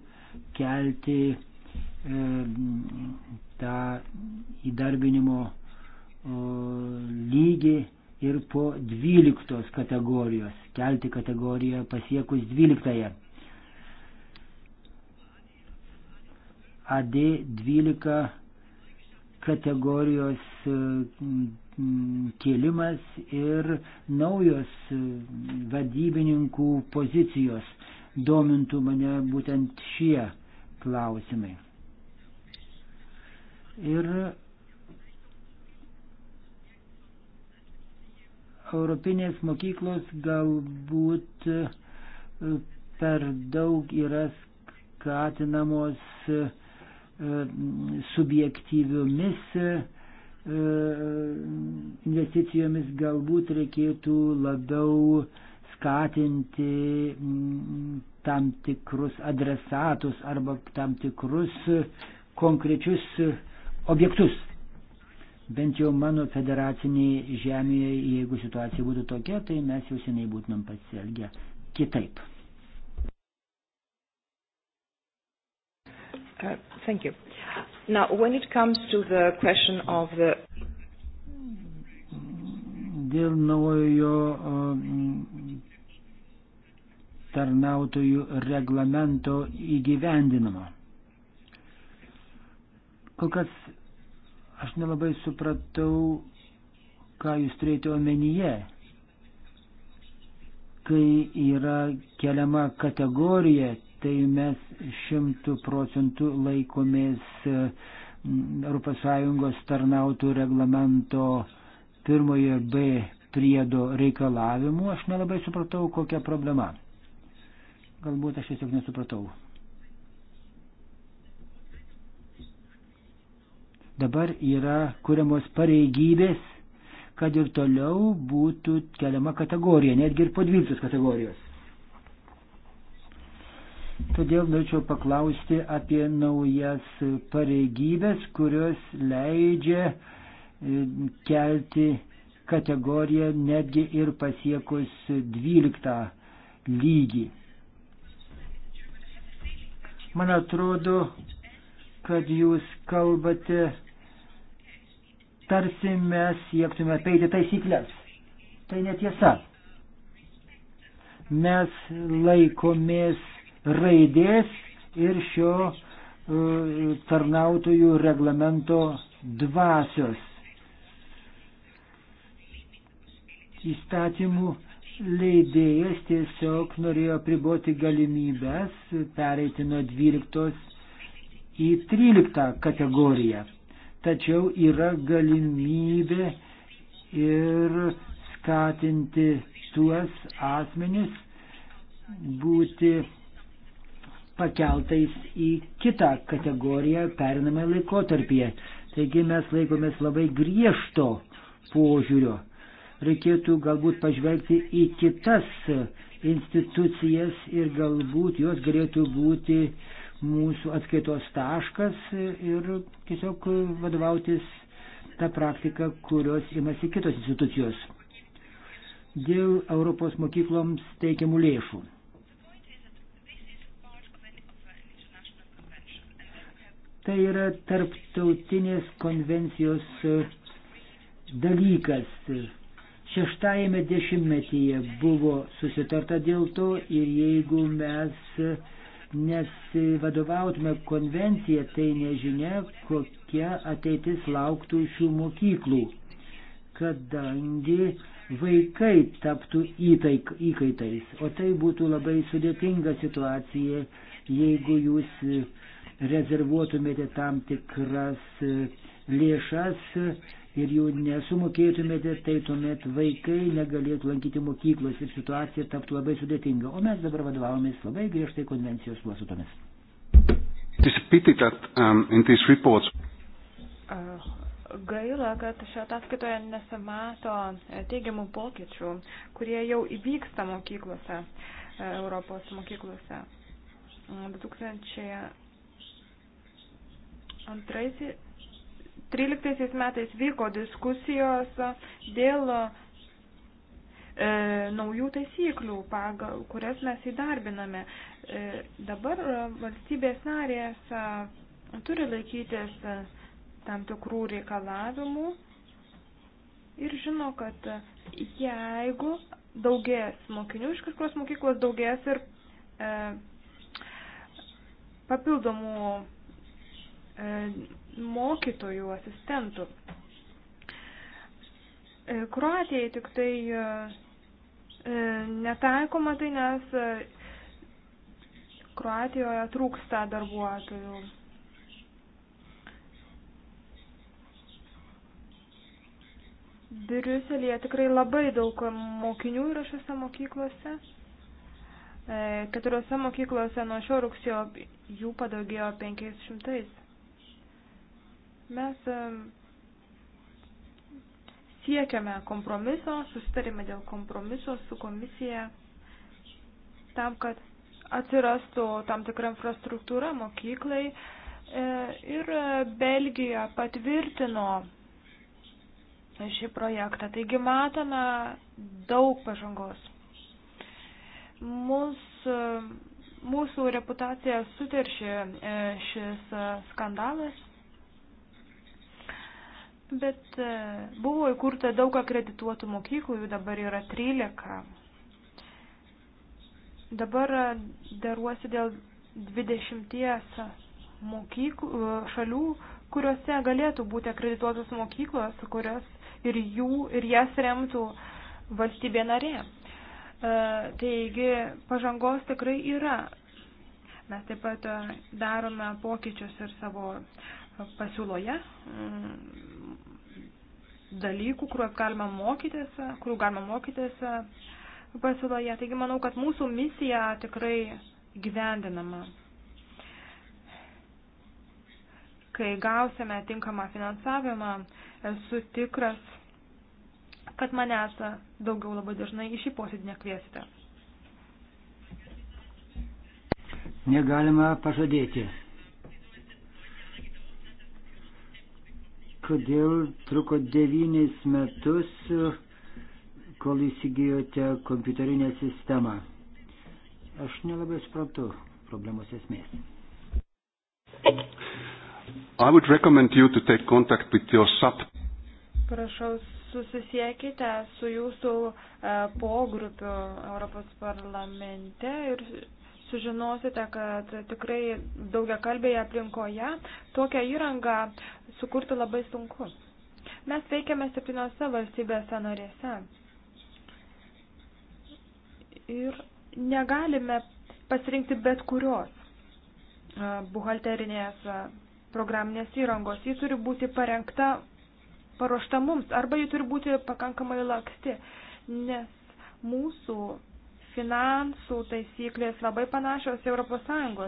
kelti e, tą įdarbinimo o, lygį ir po 12 kategorijos, kelti kategoriją pasiekus 12. AD 12 kategorijos e, Mm, kėlimas ir naujos e, vadybininkų pozicijos domintų mane būtent šie klausimai. Ir Europinės mokyklos galbūt e, per daug yra skatinamos e, subjektyviomis E, investicijomis galbūt reikėtų labiau skatinti mm, tam tikrus adresatus arba tam tikrus konkrečius objektus. Bent jau mano federaciniai žemėje, jeigu situacija būtų tokia, tai mes jau seniai būtumėm pasielgę kitaip. Uh, thank you. Now, when it comes to the question of the dėl naujo mm, tarnautojų reglamento įgyvendinimo. Kol kas aš nelabai supratau, ką jūs turėjote omenyje, kai yra keliama kategorija tai mes šimtų procentų laikomės ES tarnautų reglamento pirmojo B priedo reikalavimų. Aš nelabai supratau, kokia problema. Galbūt aš tiesiog nesupratau. Dabar yra kuriamos pareigybės, kad ir toliau būtų keliama kategorija, netgi ir po 12 kategorijos. Todėl norėčiau paklausti apie naujas pareigybės, kurios leidžia e, kelti kategoriją netgi ir pasiekus 12 lygį. Man atrodo, kad jūs kalbate, tarsi mes siektume apeiti taisyklės. Tai netiesa. Mes laikomės raidės ir šio e, tarnautojų reglamento dvasios. Įstatymų leidėjas tiesiog norėjo priboti galimybės pereiti nuo 12 į 13 kategoriją. Tačiau yra galimybė ir skatinti tuos asmenis būti pakeltais į kitą kategoriją perinamąjį laikotarpyje. Taigi mes laikomės labai griežto požiūrio. Reikėtų galbūt pažvelgti į kitas institucijas ir galbūt jos galėtų būti mūsų atskaitos taškas ir tiesiog vadovautis tą praktiką, kurios imasi kitos institucijos. Dėl Europos mokykloms teikiamų lėšų. Tai yra tarptautinės konvencijos e, dalykas. Šeštajame dešimtmetyje buvo susitarta dėl to ir jeigu mes nesivadovautume konvenciją, tai nežinia, kokia ateitis lauktų šių mokyklų, kadangi vaikai taptų įtaik, įkaitais. O tai būtų labai sudėtinga situacija, jeigu jūs rezervuotumėte tam tikras e, lėšas ir jų nesumokėtumėte, tai tuomet vaikai negalėtų lankyti mokyklos ir situacija taptų labai sudėtinga. O mes dabar vadovavomės labai griežtai konvencijos nuostatomis. Um, gaila, kad šio ataskaitoje nesimato e, teigiamų pokyčių, kurie jau įvyksta mokyklose, e, Europos mokyklose. 2000 mm, Antraisiais, 13 metais vyko diskusijos dėl e, naujų taisyklių, pagal kurias mes įdarbiname. E, dabar valstybės narės e, turi laikytis e, tam tikrų reikalavimų ir žino, kad e, jeigu daugės mokinių iš kažkokios mokyklos, daugės ir e, papildomų E, mokytojų, asistentų. E, Kroatijai tik tai e, netaikoma tai, nes Kroatijoje trūksta darbuotojų. Briuselėje tikrai labai daug mokinių yra šiose mokyklose. Keturiose mokyklose nuo šio rugsėjo jų padaugėjo 500. Mes e, siekiame kompromiso, susitarėme dėl kompromiso su komisija tam, kad atsirastų tam tikra infrastruktūra mokyklai e, ir Belgija patvirtino šį projektą. Taigi matome daug pažangos. Mūsų, e, mūsų reputaciją suteršė šis skandalas Bet e, buvo įkurta daug akredituotų mokyklų, jų dabar yra 13. Dabar e, daruosi dėl 20 mokyklų, e, šalių, kuriuose galėtų būti akredituotos mokyklos, kurios ir jų, ir jas remtų valstybė narė. Taigi pažangos tikrai yra. Mes taip pat darome pokyčius ir savo pasiūloje mm, dalykų, kuriuos galima mokytis, kurių galima mokytis pasiūloje. Taigi manau, kad mūsų misija tikrai gyvendinama. Kai gausime tinkamą finansavimą, esu tikras, kad manęs daugiau labai dažnai iš į posėdį nekviesite. Negalima pažadėti. kodėl truko devynis metus, kol įsigijote kompiuterinę sistemą? Aš nelabai suprantu problemos esmės. I would recommend you to take contact with your sub. Prašau, susisiekite su jūsų e, pogrupiu Europos parlamente ir sužinosite, kad tikrai daugia kalbėje aplinkoje tokią įrangą sukurti labai sunku. Mes veikiame septyniose valstybėse narėse. Ir negalime pasirinkti bet kurios buhalterinės programinės įrangos. Ji turi būti parengta, paruošta mums, arba ji turi būti pakankamai laksti, nes mūsų finansų taisyklės labai panašios ES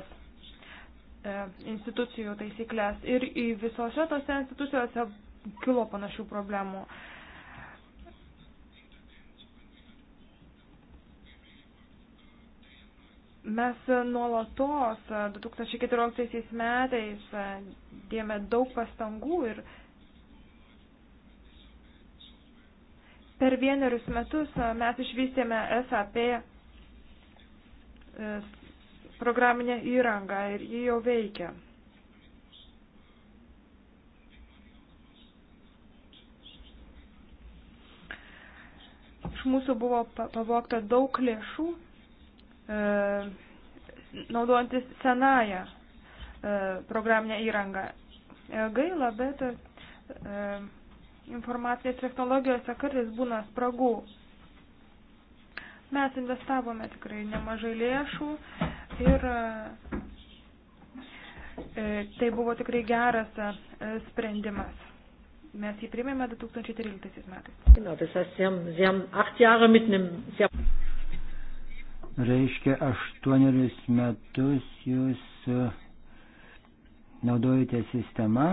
e, institucijų taisyklės ir visose tose institucijose kilo panašių problemų. Mes nuolatos 2014 e, metais e, dėmė daug pastangų ir per vienerius metus mes išvystėme SAP E, programinę įrangą ir ji jau veikia. Iš mūsų buvo pavokta daug lėšų, e, naudojantis senąją e, programinę įrangą. Gaila, bet informacinės technologijose kartais būna spragų. Mes investavome tikrai nemažai lėšų ir e, tai buvo tikrai geras e, sprendimas. Mes jį priėmėme 2013 metais. Reiškia, aštuonerius metus jūs e, naudojate sistemą,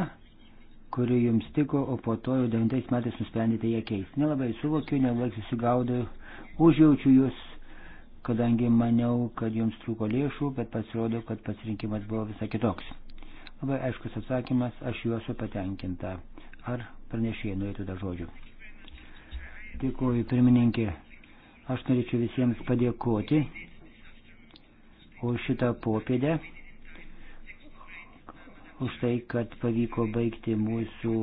kuri jums tiko, o po to jau devintais metais nusprendėte ją keisti. Nelabai suvokiu, nelabai susigaudau užjaučiu jūs, kadangi maniau, kad jums trūko lėšų, bet pasirodo, kad pasirinkimas buvo visai kitoks. Labai aiškus atsakymas, aš juo esu patenkinta. Ar pranešėjai norėtų dar žodžių? Dėkuoju, pirmininkė. Aš norėčiau visiems padėkoti už šitą popiedę, už tai, kad pavyko baigti mūsų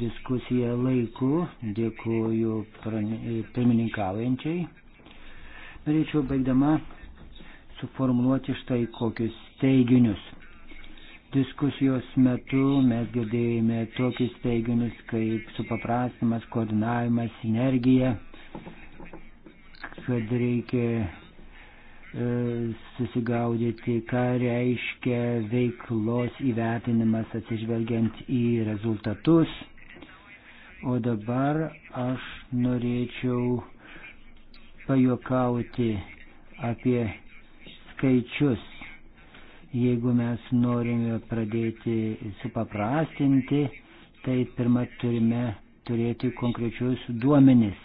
diskusiją laiku. Dėkuoju pirmininkaujančiai. Norėčiau baigdama suformuoluoti štai kokius teiginius. Diskusijos metu mes girdėjome tokius teiginius kaip supaprastimas, koordinavimas, sinergija, kad reikia e, susigaudyti, ką reiškia veiklos įvertinimas atsižvelgiant į rezultatus. O dabar aš norėčiau pajokauti apie skaičius. Jeigu mes norime pradėti supaprastinti, tai pirmą turime turėti konkrečius duomenis.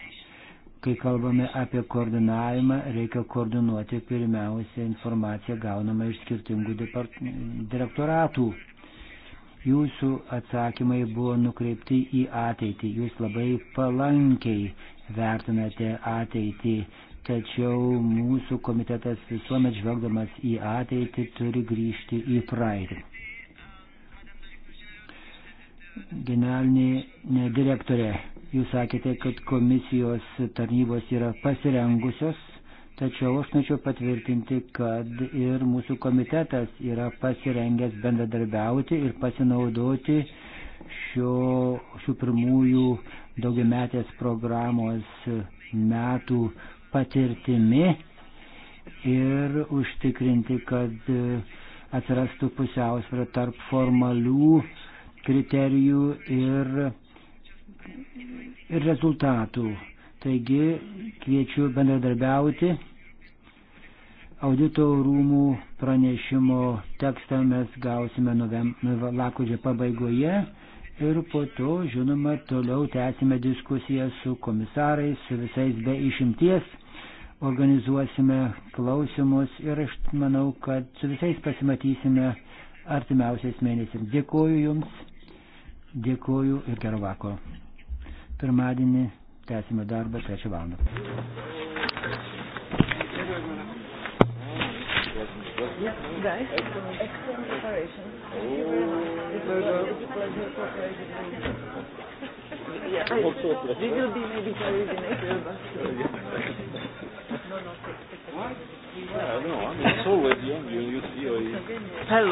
Kai kalbame apie koordinavimą, reikia koordinuoti pirmiausia informaciją gaunamą iš skirtingų direktoratų. Jūsų atsakymai buvo nukreipti į ateitį. Jūs labai palankiai vertinate ateitį, tačiau mūsų komitetas visuomet žvelgdamas į ateitį turi grįžti į praeitį. Generalinė direktorė, jūs sakėte, kad komisijos tarnybos yra pasirengusios Tačiau aš norėčiau patvirtinti, kad ir mūsų komitetas yra pasirengęs bendradarbiauti ir pasinaudoti šio, šių pirmųjų daugiametės programos metų patirtimi ir užtikrinti, kad atsirastų pusiausvėra tarp formalių kriterijų ir, ir rezultatų. Taigi kviečiu bendradarbiauti. Audito rūmų pranešimo tekstą mes gausime lakudžio pabaigoje ir po to, žinoma, toliau tęsime diskusiją su komisarais, su visais be išimties organizuosime klausimus ir aš manau, kad su visais pasimatysime artimiausiais mėnesiais. Dėkuoju Jums, dėkuoju ir gero vakaro. Pirmadienį tęsime darbą trečią valandą. Guys, excellent preparation. Thank you very much. It was a pleasure cooperating with you. Yeah, I, we will be maybe carried in April, but... no, no, take, take, take. What? Yeah, no, I mean, it's always young. You, you see... Hello.